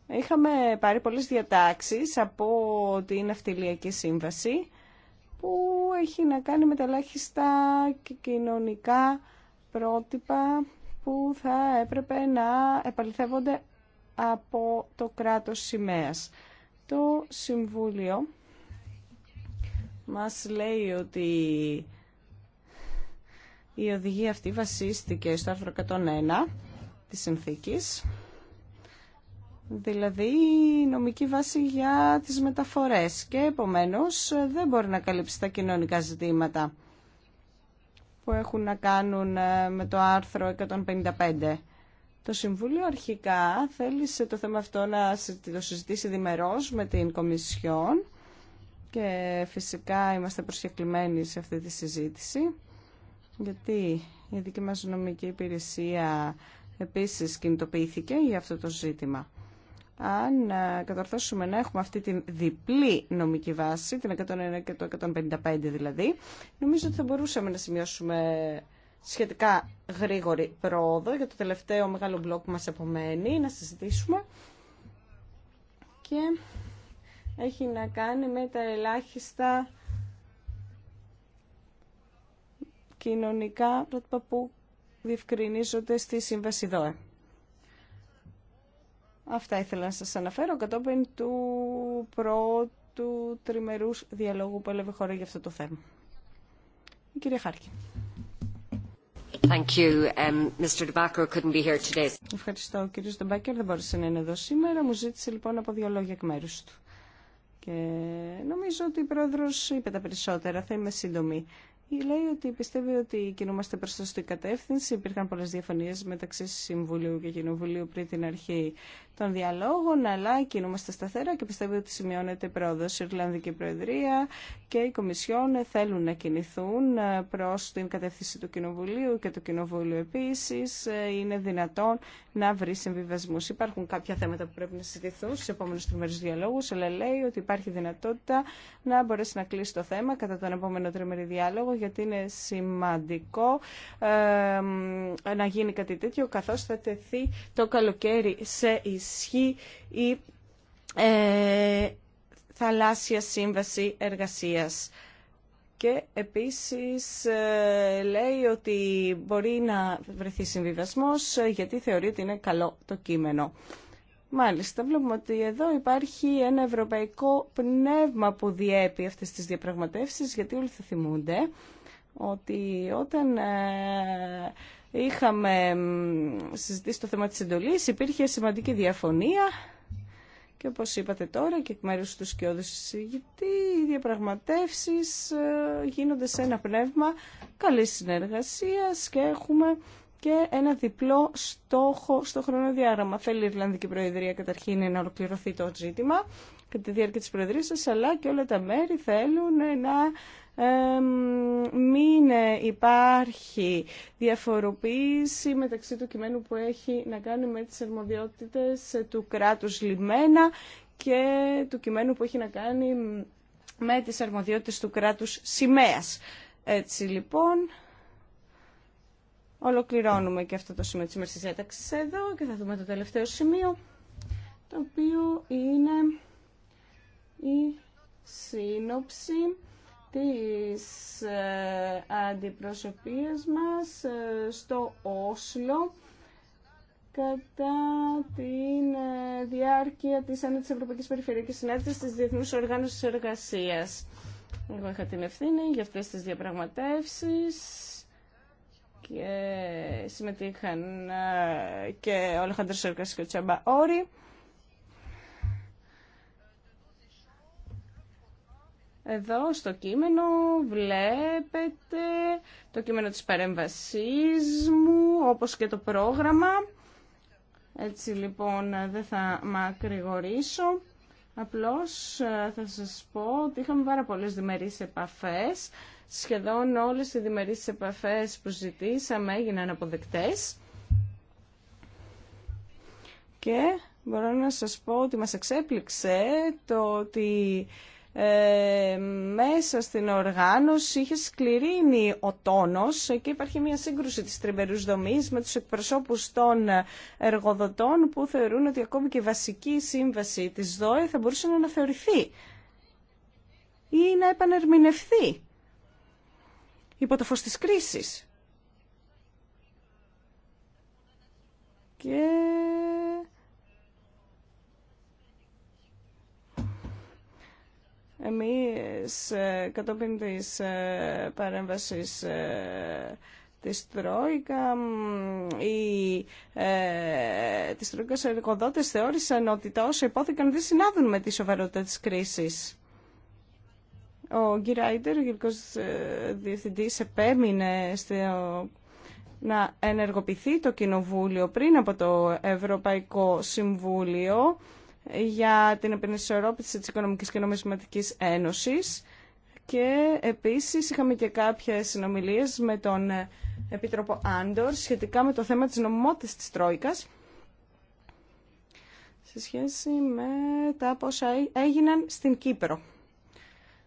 είχαμε πάρει πολλές διατάξεις από την Αυτιλιακή Σύμβαση, που έχει να κάνει με τα ελάχιστα κοινωνικά πρότυπα που θα έπρεπε να επαληθεύονται από το κράτος σημαίας. Το Συμβούλιο μας λέει ότι η οδηγία αυτή βασίστηκε στο άρθρο 101 της συνθήκης, δηλαδή νομική βάση για τις μεταφορές και επομένως δεν μπορεί να καλύψει τα κοινωνικά ζητήματα που έχουν να κάνουν ε, με το άρθρο 155. Το Συμβούλιο αρχικά θέλησε το θέμα αυτό να το συζητήσει διμερώς με την Κομισιόν και φυσικά είμαστε προσκεκλημένοι σε αυτή τη συζήτηση γιατί η δική μας νομική υπηρεσία επίσης κινητοποιήθηκε για αυτό το ζήτημα αν ε, κατορθώσουμε να έχουμε αυτή την διπλή νομική βάση, την 101 και το 155 δηλαδή, νομίζω ότι θα μπορούσαμε να σημειώσουμε σχετικά γρήγορη πρόοδο για το τελευταίο μεγάλο μπλοκ που μας επομένει να συζητήσουμε και έχει να κάνει με τα ελάχιστα κοινωνικά πρότυπα που διευκρινίζονται στη Σύμβαση ΔΟΕ. Αυτά ήθελα να σας αναφέρω κατόπιν του πρώτου τριμερούς διαλόγου που έλαβε χώρα για αυτό το θέμα. Η κυρία Χάρκη. Thank you. Um, Mr. Couldn't be here today. Ευχαριστώ. Ο κύριος Ντεμπάκερ δεν μπόρεσε να είναι εδώ σήμερα. Μου ζήτησε λοιπόν από δύο λόγια εκ μέρους του. Και νομίζω ότι η πρόεδρος είπε τα περισσότερα. Θα είμαι σύντομη. Λέει ότι πιστεύει ότι κινούμαστε προς τη κατεύθυνση. Υπήρχαν πολλές διαφωνίες μεταξύ Συμβουλίου και Κοινοβουλίου πριν την αρχή των διαλόγων, αλλά κινούμαστε σταθερά και πιστεύω ότι σημειώνεται πρόοδο. Η Ιρλανδική Προεδρία και οι Κομισιόν θέλουν να κινηθούν ε, προ την κατεύθυνση του Κοινοβουλίου και το Κοινοβούλιο επίση ε, είναι δυνατόν να βρει συμβιβασμού. Υπάρχουν κάποια θέματα που πρέπει να συζητηθούν στου επόμενου τριμερεί διαλόγου, αλλά λέει ότι υπάρχει δυνατότητα να μπορέσει να κλείσει το θέμα κατά τον επόμενο τριμερή διάλογο, γιατί είναι σημαντικό ε, να γίνει κάτι τέτοιο, καθώ θα τεθεί το καλοκαίρι σε ισχύ ισχύ η ε, θαλάσσια σύμβαση εργασίας. Και επίσης ε, λέει ότι μπορεί να βρεθεί συμβιβασμός ε, γιατί θεωρεί ότι είναι καλό το κείμενο. Μάλιστα, βλέπουμε ότι εδώ υπάρχει ένα ευρωπαϊκό πνεύμα που διέπει αυτές τις διαπραγματεύσεις, γιατί όλοι θα θυμούνται ότι όταν είχαμε συζητήσει το θέμα της εντολής, υπήρχε σημαντική διαφωνία και όπως είπατε τώρα και εκ μέρους του σκιώδους συζητητή, οι διαπραγματεύσεις ε, γίνονται σε ένα πνεύμα καλής συνεργασίας και έχουμε και ένα διπλό στόχο στο χρονοδιάγραμμα. Θέλει η Ιρλανδική Προεδρία καταρχήν να ολοκληρωθεί το ζήτημα κατά τη διάρκεια της Προεδρίας σας, αλλά και όλα τα μέρη θέλουν να μην υπάρχει διαφοροποίηση μεταξύ του κειμένου που έχει να κάνει με τις αρμοδιότητες του κράτους λιμένα και του κειμένου που έχει να κάνει με τις αρμοδιότητες του κράτους σημαία. Έτσι λοιπόν, ολοκληρώνουμε και αυτό το σημείο της ημερής ένταξη εδώ και θα δούμε το τελευταίο σημείο, το οποίο είναι η σύνοψη της ε, αντιπροσωπείας μας ε, στο Όσλο κατά την ε, διάρκεια της Ένωσης Ευρωπαϊκής Περιφερειακής τη της Διεθνούς Οργάνωσης Εργασίας. Εγώ είχα την ευθύνη για αυτές τις διαπραγματεύσεις και συμμετείχαν και ο Αλεχάνδρος Σέρκας και ο Τσαμπα Όρη. Εδώ στο κείμενο βλέπετε το κείμενο της παρέμβασής μου, όπως και το πρόγραμμα. Έτσι λοιπόν δεν θα μακρηγορήσω. Απλώς ε, θα σας πω ότι είχαμε πάρα πολλές διμερείς επαφές. Σχεδόν όλες οι διμερείς επαφές που ζητήσαμε έγιναν αποδεκτές. Και μπορώ να σας πω ότι μας εξέπληξε το ότι ε, μέσα στην οργάνωση είχε σκληρύνει ο τόνος και υπάρχει μια σύγκρουση της τριμπερούς δομής με τους εκπροσώπους των εργοδοτών που θεωρούν ότι ακόμη και η βασική σύμβαση της ΔΟΕ θα μπορούσε να αναθεωρηθεί ή να επανερμηνευθεί υπό το φως της κρίσης. Και Εμείς ε, κατόπιν της ε, παρέμβασης ε, της Τρόικα, οι, ε, της Τρόικας εργοδότες θεώρησαν ότι τα όσα υπόθηκαν δεν συνάδουν με τη σοβαρότητα της κρίσης. Ο Γκί Άιντερ, ο γενικός διευθυντής, επέμεινε να ενεργοποιηθεί το Κοινοβούλιο πριν από το Ευρωπαϊκό Συμβούλιο για την επενισορρόπηση της Οικονομικής και Νομισματικής Ένωσης και επίσης είχαμε και κάποιες συνομιλίες με τον Επίτροπο Άντορ σχετικά με το θέμα της νομιμότητας της Τρόικας σε σχέση με τα πόσα έγιναν στην Κύπρο.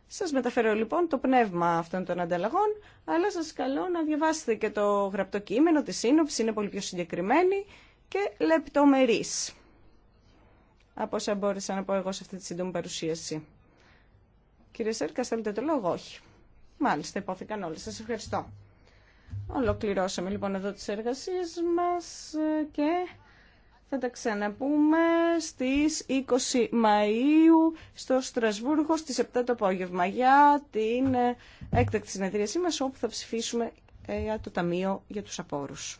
Σας μεταφέρω λοιπόν το πνεύμα αυτών των ανταλλαγών, αλλά σας καλώ να διαβάσετε και το γραπτό κείμενο, τη σύνοψη είναι πολύ πιο συγκεκριμένη και λεπτομερής από όσα μπόρεσα να πω εγώ σε αυτή τη σύντομη παρουσίαση. Κύριε Σέρκα, θέλετε το λόγο, όχι. Μάλιστα, υπόθηκαν όλοι. Σας ευχαριστώ. Ολοκληρώσαμε λοιπόν εδώ τις εργασίες μας ε, και θα τα ξαναπούμε στις 20 Μαΐου στο Στρασβούργο στις 7 το απόγευμα για την ε, έκτακτη συνεδρίασή μας όπου θα ψηφίσουμε ε, για το Ταμείο για τους Απόρους.